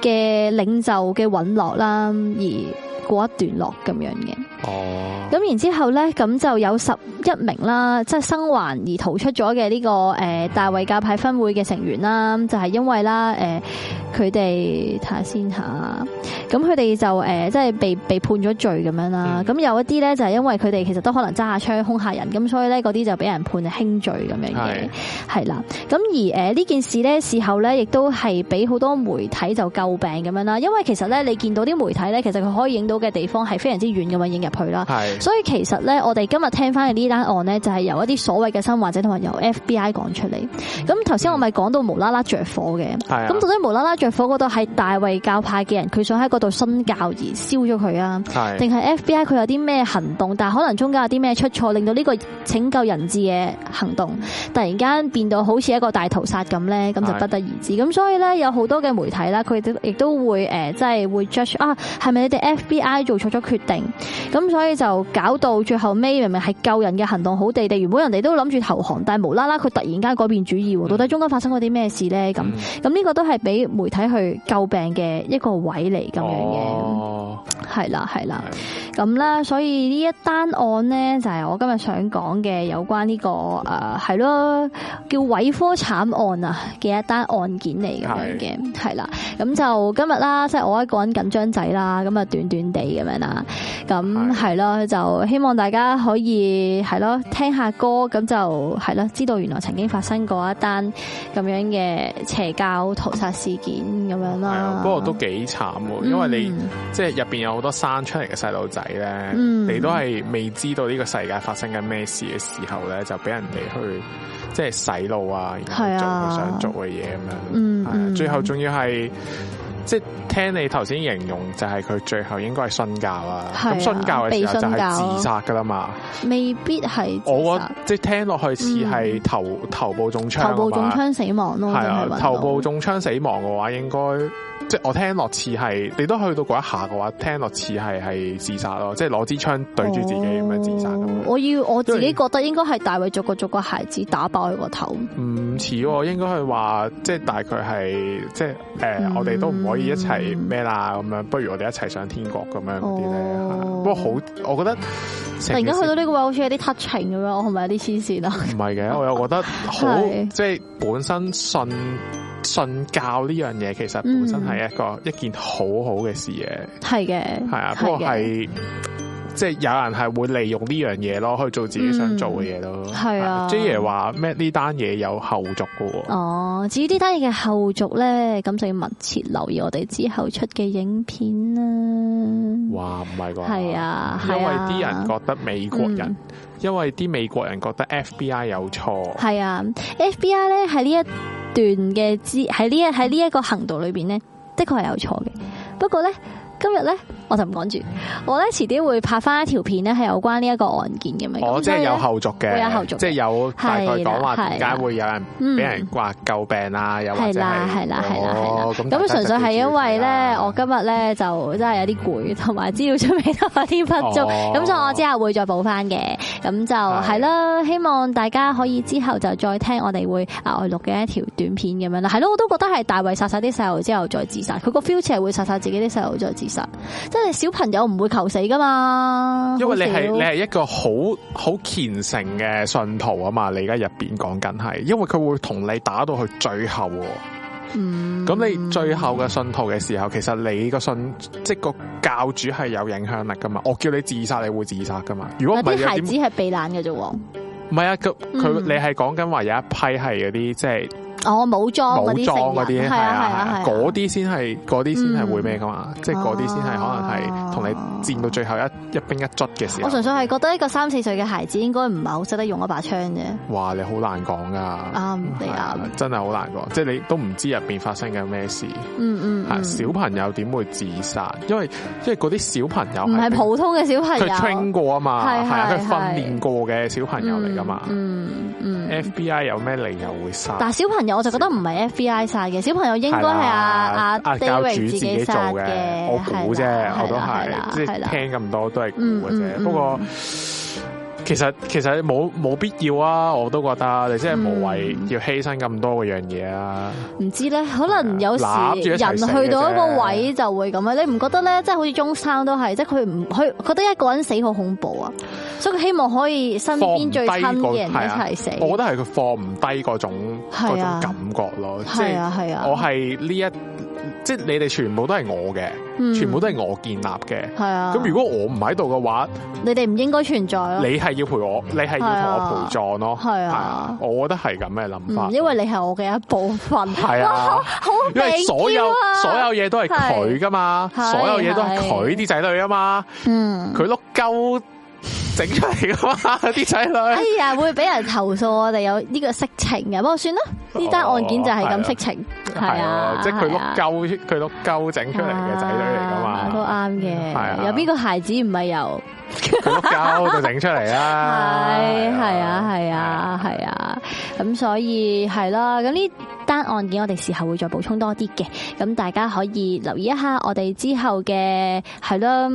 嘅領袖嘅隕落啦而。過一段落咁樣嘅，哦，咁然之後咧，咁就有十一名啦，即係生還而逃出咗嘅呢個誒大衛教派分會嘅成員啦，就係因為啦，誒佢哋睇下先吓，咁佢哋就誒即係被被判咗罪咁樣啦，咁有一啲咧就係因為佢哋其實都可能揸下槍恐嚇人，咁所以咧嗰啲就俾人判輕罪咁樣嘅，係啦，咁而誒呢件事咧事後咧亦都係俾好多媒體就詬病咁樣啦，因為其實咧你見到啲媒體咧其實佢可以到嘅地方係非常之遠嘅，咪影入去啦。所以其實咧，我哋今日聽翻嘅呢單案呢，就係由一啲所謂嘅生還者同埋由 FBI 講出嚟。咁頭先我咪講到無啦啦着火嘅，咁到底無啦啦着火嗰度係大衛教派嘅人，佢想喺嗰度殉教而燒咗佢啊，定係 FBI 佢有啲咩行動？但係可能中間有啲咩出錯，令到呢個拯救人質嘅行動突然間變到好似一個大屠殺咁呢，咁就不得而知。咁所以呢，有好多嘅媒體啦，佢亦都會誒，即係會 judge 啊，係咪你哋 FBI？做錯咗決定，咁所以就搞到最後尾明明係救人嘅行動好地地，原本人哋都諗住投降，但係無啦啦佢突然間改變主意，到底中間發生過啲咩事咧？咁咁呢個都係俾媒體去詬病嘅一個位嚟，咁樣嘅，哦，係啦係啦。咁咧的，所以呢一單案咧就係、是、我今日想講嘅有關呢、這個誒係咯叫偉科慘案啊嘅一單案件嚟，咁樣嘅係啦。咁的就今日啦，即、就、係、是、我一個人緊張仔啦，咁啊短短。地咁樣啦，咁係咯，就希望大家可以係咯聽下歌，咁就係咯，知道原來曾經發生過一單咁樣嘅邪教屠殺事件咁樣啦。不過都幾慘，因為你、嗯、即係入邊有好多生出嚟嘅細路仔咧，嗯、你都係未知道呢個世界發生緊咩事嘅時候咧，就俾人哋去即係洗腦啊，做想做嘅嘢咁樣。吧嗯，最後仲要係。即係聽你頭先形容，就係、是、佢最後應該係殉教啦，咁殉教嘅時候就係自殺噶啦嘛。未必係我，即、就、係、是、聽落去似係頭、嗯、頭部中槍，頭部中槍死亡咯。係啊，頭部中槍死亡嘅話應該，應該即係我聽落似係，你都去到嗰一下嘅話，聽落似係係自殺咯。即係攞支槍對住自己咁、哦、樣自殺。我要我自己為覺得應該係大衛逐，逐個逐個孩子打爆佢個頭像。唔似、嗯，應該係話即係大概係即係誒，我哋都唔會。可以一齊咩啦咁樣，不如我哋一齊上天國咁樣嗰啲咧。哦、不過好，我覺得突然間去到呢個位，好似有啲 c u 色情咁樣，我係咪有啲黐線啊？唔係嘅，我又覺得好，即係本身信信教呢樣嘢，其實本身係一個一件好好嘅事嘅。係嘅，係啊，不過係。即係有人係會利用呢樣嘢咯，可以做自己想做嘅嘢咯。係啊，J 爺話咩呢單嘢有後續嘅。哦，至於呢單嘢嘅後續咧，咁就要密切留意我哋之後出嘅影片啦。哇，唔係啩？係啊，啊因為啲人覺得美國人，嗯、因為啲美國人覺得有錯，啊、FBI 有錯。係啊，FBI 咧喺呢一段嘅喺呢喺呢一個行動裏邊咧，的確係有錯嘅。不過咧。今日咧，我就唔講住。我咧遲啲會拍翻一條片咧，係有關呢一個案件咁樣。哦，即係有後續嘅，會有後續，即係有大概講話，點解會有人俾人掛救病啊，有係啦，係啦，係啦，咁咁純粹係因為咧，我今日咧就真係有啲攰，同埋資料準備得快啲不足，咁所以我之後會再補翻嘅。咁就係啦，希望大家可以之後就再聽我哋會外錄嘅一條短片咁樣啦。係咯，我都覺得係大衛殺晒啲細路之後再自殺，佢個 future 會殺晒自己啲細路再自殺。即係小朋友唔會求死噶嘛。因為你係你係一個好好虔誠嘅信徒啊嘛。你而家入邊講緊係，因為佢會同你打到去最後。嗯，咁你最後嘅信徒嘅時候，其實你個信、嗯、即個教主係有影響力噶嘛。我叫你自殺，你會自殺噶嘛？如果唔係，啲孩子係點避懶嘅啫。唔係啊，佢佢、嗯、你係講緊話有一批係嗰啲即係。就是我冇裝嗰啲，係啊，係啊，嗰啲先係嗰啲先係會咩噶嘛？即係嗰啲先係可能係同你戰到最後一一兵一卒嘅事。我純粹係覺得一個三四歲嘅孩子應該唔係好識得用一把槍嘅。哇，你好難講噶，啱啱真係好難講，即係你都唔知入邊發生緊咩事。嗯嗯，小朋友點會自殺？因為因為嗰啲小朋友唔係普通嘅小朋友，佢 train 過啊嘛，係啊，佢訓練過嘅小朋友嚟噶嘛。FBI 有咩理由會殺？但小朋友。我就覺得唔係 FBI 殺嘅，小朋友應該係阿阿 David 自己做嘅，我估啫，我都係即係聽咁多都係估嘅啫，不過。其實其實冇冇必要啊，我都覺得你真係無謂要犧牲咁多嗰樣嘢啊！唔知咧，可能有時人去到一個位就會咁樣。你唔覺得咧？即係好似中生都係，即係佢唔佢覺得一個人死好恐怖啊，所以佢希望可以身邊最親嘅人一齊死，那個。我覺得係佢放唔低嗰種嗰種感覺咯。係啊係啊，是我係呢一。即係你哋全部都係我嘅，全部都係我建立嘅。係啊。咁如果我唔喺度嘅話，你哋唔應該存在。你係要陪我，你係要同我陪葬咯。係啊，我覺得係咁嘅諗法。因為你係我嘅一部分的。係啊，好，因為所有所有嘢都係佢噶嘛，所有嘢都係佢啲仔女啊嘛。嗯，佢碌鳩整出嚟噶嘛，啲仔女。嗯、哎呀，會俾人投訴我哋有呢個色情嘅，不過算啦。呢單案件就係咁色情，係啊對了，即係佢碌鳩，佢碌鳩整出嚟嘅仔女嚟噶嘛，都啱嘅。有邊個孩子唔係由碌鳩就整出嚟啦？係係啊係啊係啊，咁對了 所以係咯。咁呢單案件我哋事後會再補充多啲嘅，咁大家可以留意一下我哋之後嘅係咯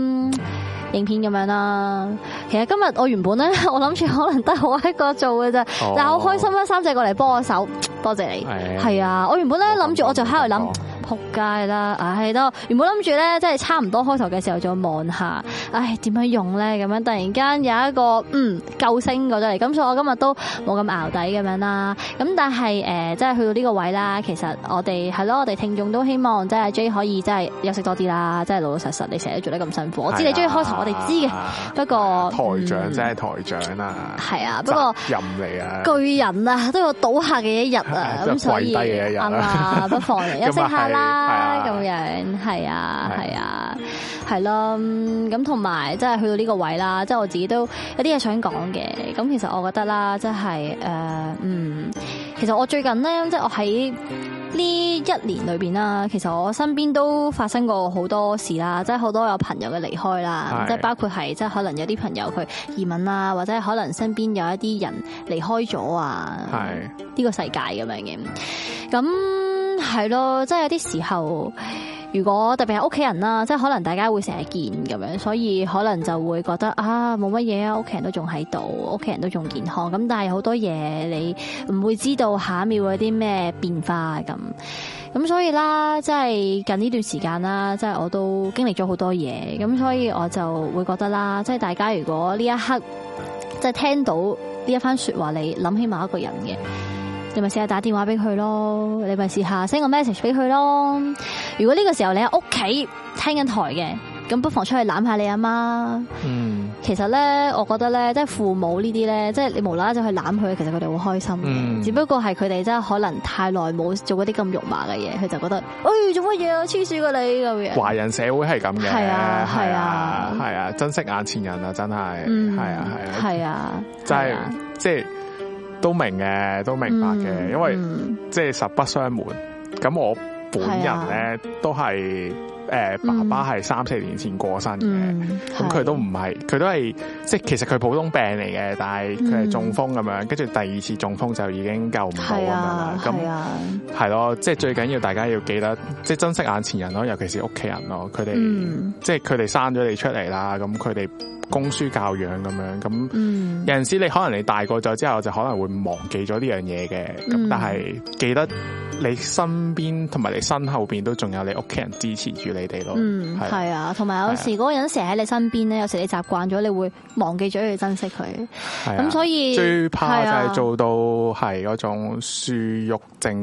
影片咁樣啦。其實今日我原本咧，我諗住可能得我一個做嘅啫，但係好開心啦，三隻過嚟幫我手。多謝你，係啊！我原本咧諗住，我就喺度諗。仆街啦，唉都原本諗住咧，即係差唔多開頭嘅時候再望下，唉點樣用咧？咁樣突然間有一個嗯救星過咗嚟，咁所以我今日都冇咁淆底咁樣啦。咁但係誒，即係去到呢個位啦，其實我哋係咯，我哋聽眾都希望即係 J 可以即係休息多啲啦，即係老老實實你成日都做得咁辛苦，我知你中意開頭，啊、我哋知嘅。啊、不過台長、嗯、真係台長啦、啊，係啊，不過任嚟啊，巨人啊都有倒下嘅一日 啊，咁所以啊，不妨休息下啦。 咁樣，係啊，係啊，係咯，咁同埋，即係去到呢個位啦，即係我自己都有啲嘢想講嘅。咁其實我覺得啦，即係誒，嗯、呃，其實我最近咧，即係我喺。呢一年裏邊啦，其實我身邊都發生過好多事啦，即係好多有朋友嘅離開啦，即係包括係即係可能有啲朋友佢移民啊，或者係可能身邊有一啲人離開咗啊，呢個世界咁樣嘅，咁係咯，即係有啲時候。如果特別係屋企人啦，即係可能大家會成日見咁樣，所以可能就會覺得啊冇乜嘢啊，屋企人都仲喺度，屋企人都仲健康咁，但係好多嘢你唔會知道下一秒會有啲咩變化咁，咁所以啦，即係近呢段時間啦，即係我都經歷咗好多嘢，咁所以我就會覺得啦，即係大家如果呢一刻即係聽到呢一番說話，你諗起某一個人嘅。你咪試下打電話俾佢咯，你咪試下 send 個 message 俾佢咯。如果呢個時候你喺屋企聽緊台嘅，咁不妨出去攬下你阿媽。其實咧，我覺得咧，即係父母呢啲咧，即係你無啦啦就去攬佢，其實佢哋好開心。只不過係佢哋真係可能太耐冇做嗰啲咁肉麻嘅嘢，佢就覺得誒做乜嘢黐線噶你咁樣。華人社會係咁嘅，係啊，係啊，係啊，珍惜眼前人啊，真係，係啊，係啊，係啊，就係即係。都明嘅，都明白嘅，嗯、因為即係實不相瞞。咁、嗯、我本人咧是、啊、都係。誒爸爸係三四年前過身嘅，咁佢、嗯、都唔係，佢都係，即係其實佢普通病嚟嘅，但係佢係中風咁樣，跟住、嗯、第二次中風就已經救唔到咁樣啦。咁係咯，即係最緊要大家要記得，即係珍惜眼前人咯，尤其是屋企人咯。佢哋、嗯、即係佢哋生咗你出嚟啦，咁佢哋供書教養咁樣，咁、嗯、有陣時你可能你大個咗之後就可能會忘記咗呢樣嘢嘅。咁、嗯、但係記得你身邊同埋你身後邊都仲有你屋企人支持住你。嗯，係啊，同埋有時嗰個人成日喺你身邊咧，有時你習慣咗，你會忘記咗去珍惜佢。咁所以最怕就係做到係嗰種樹欲靜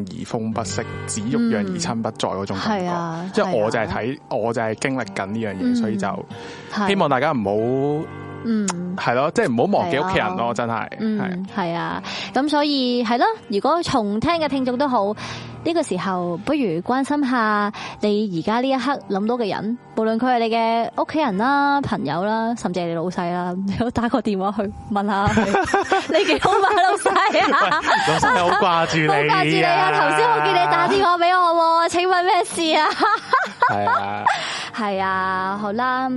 而風不息，子欲養而親不在嗰種感覺。即係我就係睇，我就係經歷緊呢樣嘢，所以就希望大家唔好，嗯，係咯，即係唔好忘記屋企人咯，真係。係，係啊，咁所以係咯，如果重聽嘅聽眾都好。呢個時候，不如關心下你而家呢一刻諗到嘅人，無論佢係你嘅屋企人啦、朋友啦，甚至係你老細啦，都打個電話去問下你幾好嘛？老細啊，我好掛住你，好掛住你啊！頭先我見你打電話俾我，請問咩事啊？係啊，係啊，好啦，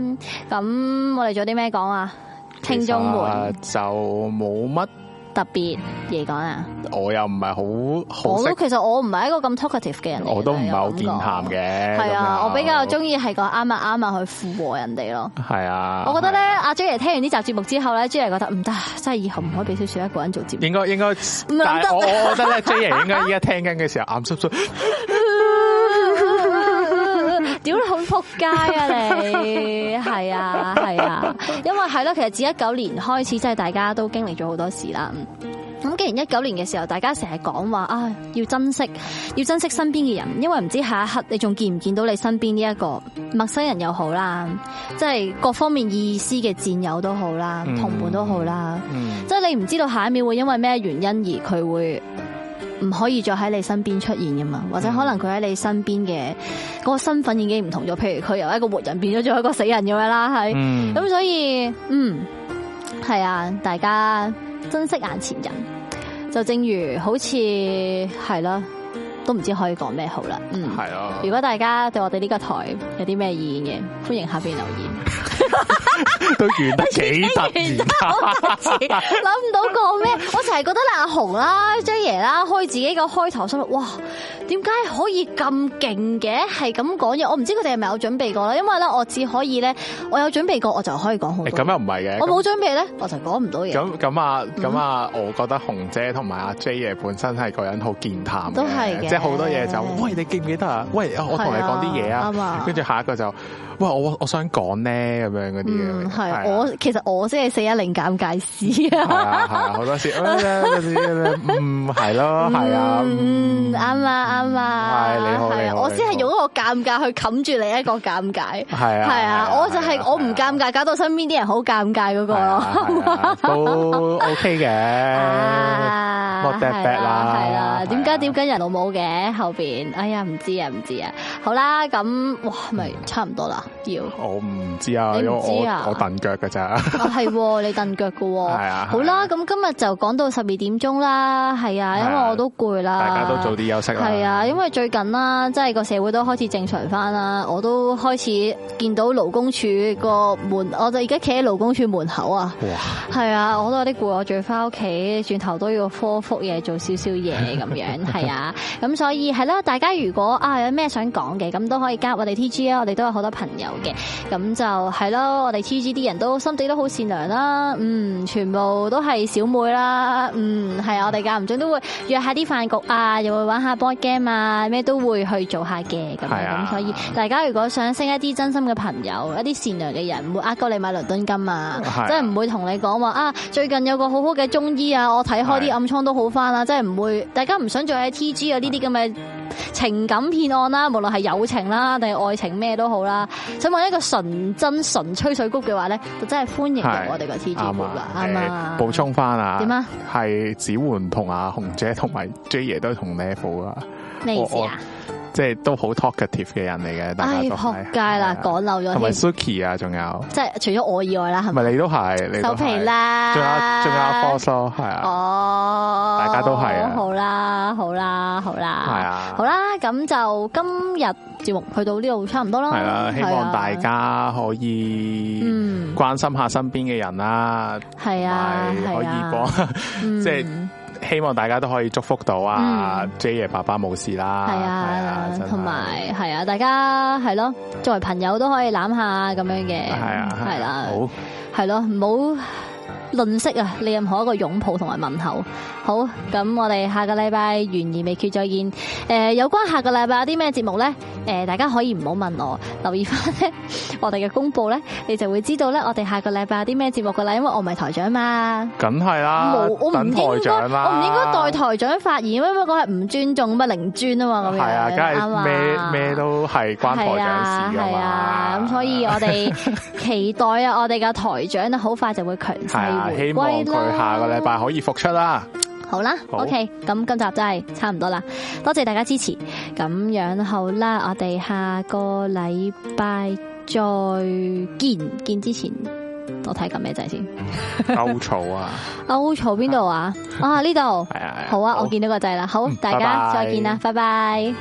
咁我哋做啲咩講啊？青中門就冇乜。特別嚟講啊！我又唔係好，我都其實我唔係一個咁 talkative 嘅人，我都唔係好健談嘅。係啊，對就我比較中意係個啱啊啱啊去附和人哋咯。係啊，我覺得咧，阿 Jay 聽完呢集節目之後咧，Jay 覺得唔得，真係以後唔可以俾少少一個人做節目。應該應該，但我我覺得咧，Jay 應該依家聽緊嘅時候眼濕濕。 屌，你好仆街啊，你係 啊，係啊，因為係咯，其實自一九年開始，即係大家都經歷咗好多事啦。咁既然一九年嘅時候，大家成日講話啊，要珍惜，要珍惜身邊嘅人，因為唔知下一刻你仲見唔見到你身邊呢一個陌生人又好啦，即係各方面意思嘅戰友都好啦，同伴都好啦，即係你唔知道下一秒會因為咩原因而佢會。唔可以再喺你身邊出現㗎嘛，或者可能佢喺你身邊嘅嗰個身份已經唔同咗，譬如佢由一個活人變咗做一個死人咁樣啦，係，咁所以，嗯，係啊，大家珍惜眼前人，就正如好似，係啦。都唔知可以講咩好啦，嗯，如果大家對我哋呢個台有啲咩意見嘅，歡迎下邊留言 都原。都完 得幾多，諗唔到講咩，我就係覺得阿紅啦，J 爺啦，開自己個開頭，心諗哇，點解可以咁勁嘅，係咁講嘢，我唔知佢哋係咪有準備過啦，因為咧我只可以咧，我有準備過，我就可以講好多。咁又唔係嘅，我冇準備咧，那我就講唔到嘢。咁咁啊，咁啊，我覺得紅姐同埋阿 J 爺本身係個人好健談，都係嘅。好多嘢就，喂，你記唔記得啊？喂，我同你講啲嘢啊，啱啊！跟住下一個就，喂，我我想講呢，咁樣嗰啲嘢，係、啊、我其實我先係四一零尷尬師啊，係好、啊、多時， 嗯，係咯，係啊，啱啊，啱啦，係，你好，係啊，我先係用一個尷尬去冚住你一個尷尬，係啊，係啊，啊我就係、是啊、我唔尷尬，搞到身邊啲人好尷尬嗰個咯、啊啊，都 OK 嘅。擘掟掟啦，係啦，點解點緊人老母嘅後邊？哎呀，唔知啊，唔知啊。好啦，咁哇，咪差唔多啦，要我唔知啊，你唔知啊？我蹬腳㗎咋？係，你蹬腳㗎。係啊。好啦，咁今日就講到十二點鐘啦。係啊，因為我都攰啦，大家都早啲休息啦。係啊，因為最近啦，即係個社會都開始正常翻啦，我都開始見到勞工處個門，我就而家企喺勞工處門口啊。哇！係啊，我都有啲攰，我仲要翻屋企，轉頭都要 four。幅嘢做少少嘢咁樣，係啊，咁 所以係咯，大家如果啊有咩想講嘅，咁都可以加我哋 TG 啊，我哋都有好多朋友嘅，咁就係咯，我哋 TG 啲人都心地都好善良啦，嗯，全部都係小妹啦，嗯，係啊，我哋間唔中都會約下啲飯局啊，又會玩下 board game 啊，咩都會去做下嘅，咁咁吧，所以大家如果想升一啲真心嘅朋友，一啲善良嘅人，唔會呃過你買倫敦金啊，吧真係唔會同你講話啊，最近有個好好嘅中醫啊，我睇開啲暗瘡都好翻啦，即係唔會，大家唔想再喺 T G 啊呢啲咁嘅情感騙案啦，無論係友情啦，定係愛情咩都好啦。想話一個純真純吹水谷嘅話咧，就真係歡迎我哋個 T G 寶噶。啊嘛，補充翻啊，點啊樣？係子煥同阿紅姐同埋 J 爺都同你 level 啊。咩意思啊？即係都好 talkative 嘅人嚟嘅，大家都係。唉，仆街啦，講漏咗。同埋 Suki 啊，仲有。即係除咗我以外啦。係咪你都係，你都係，收皮啦！仲有，仲有阿方叔，係啊。哦。大家都係。好啦，好啦，好啦。係啊。好啦，咁就今日節目去到呢度差唔多啦。係啦，希望大家可以，關心下身邊嘅人啦。係啊，可以講，即係。希望大家都可以祝福到啊，J 爺爸爸冇事啦對，係啊，同埋係啊，大家係咯，作為朋友都可以攬下咁樣嘅，係啊，係啦，好，係咯，唔好吝嗇啊，你任何一個擁抱同埋問候。好，咁我哋下個禮拜懸而未決再見。誒、呃，有關下個禮拜有啲咩節目咧？誒、呃，大家可以唔好問我，留意翻咧，我哋嘅公布咧，你就會知道咧，我哋下個禮拜有啲咩節目噶啦。因為我唔係台長嘛，梗係啦，冇，我唔台長啦，我唔應該代台長發言，因為嗰係唔尊重，乜零尊啊嘛。係啊，梗係咩咩都係關台長事噶嘛。係啊，咁 所以我哋期待啊，我哋嘅台長咧，好快就會強勢回歸 希望佢下個禮拜可以復出啦。好啦，OK，咁今集就係差唔多啦，多謝大家支持，咁樣好啦，我哋下個禮拜再見，見之前我睇緊咩掣先？歐槽啊！歐槽邊度啊？哦，呢度係啊，好啊，我見到個掣啦，好，大家再見啦，拜拜。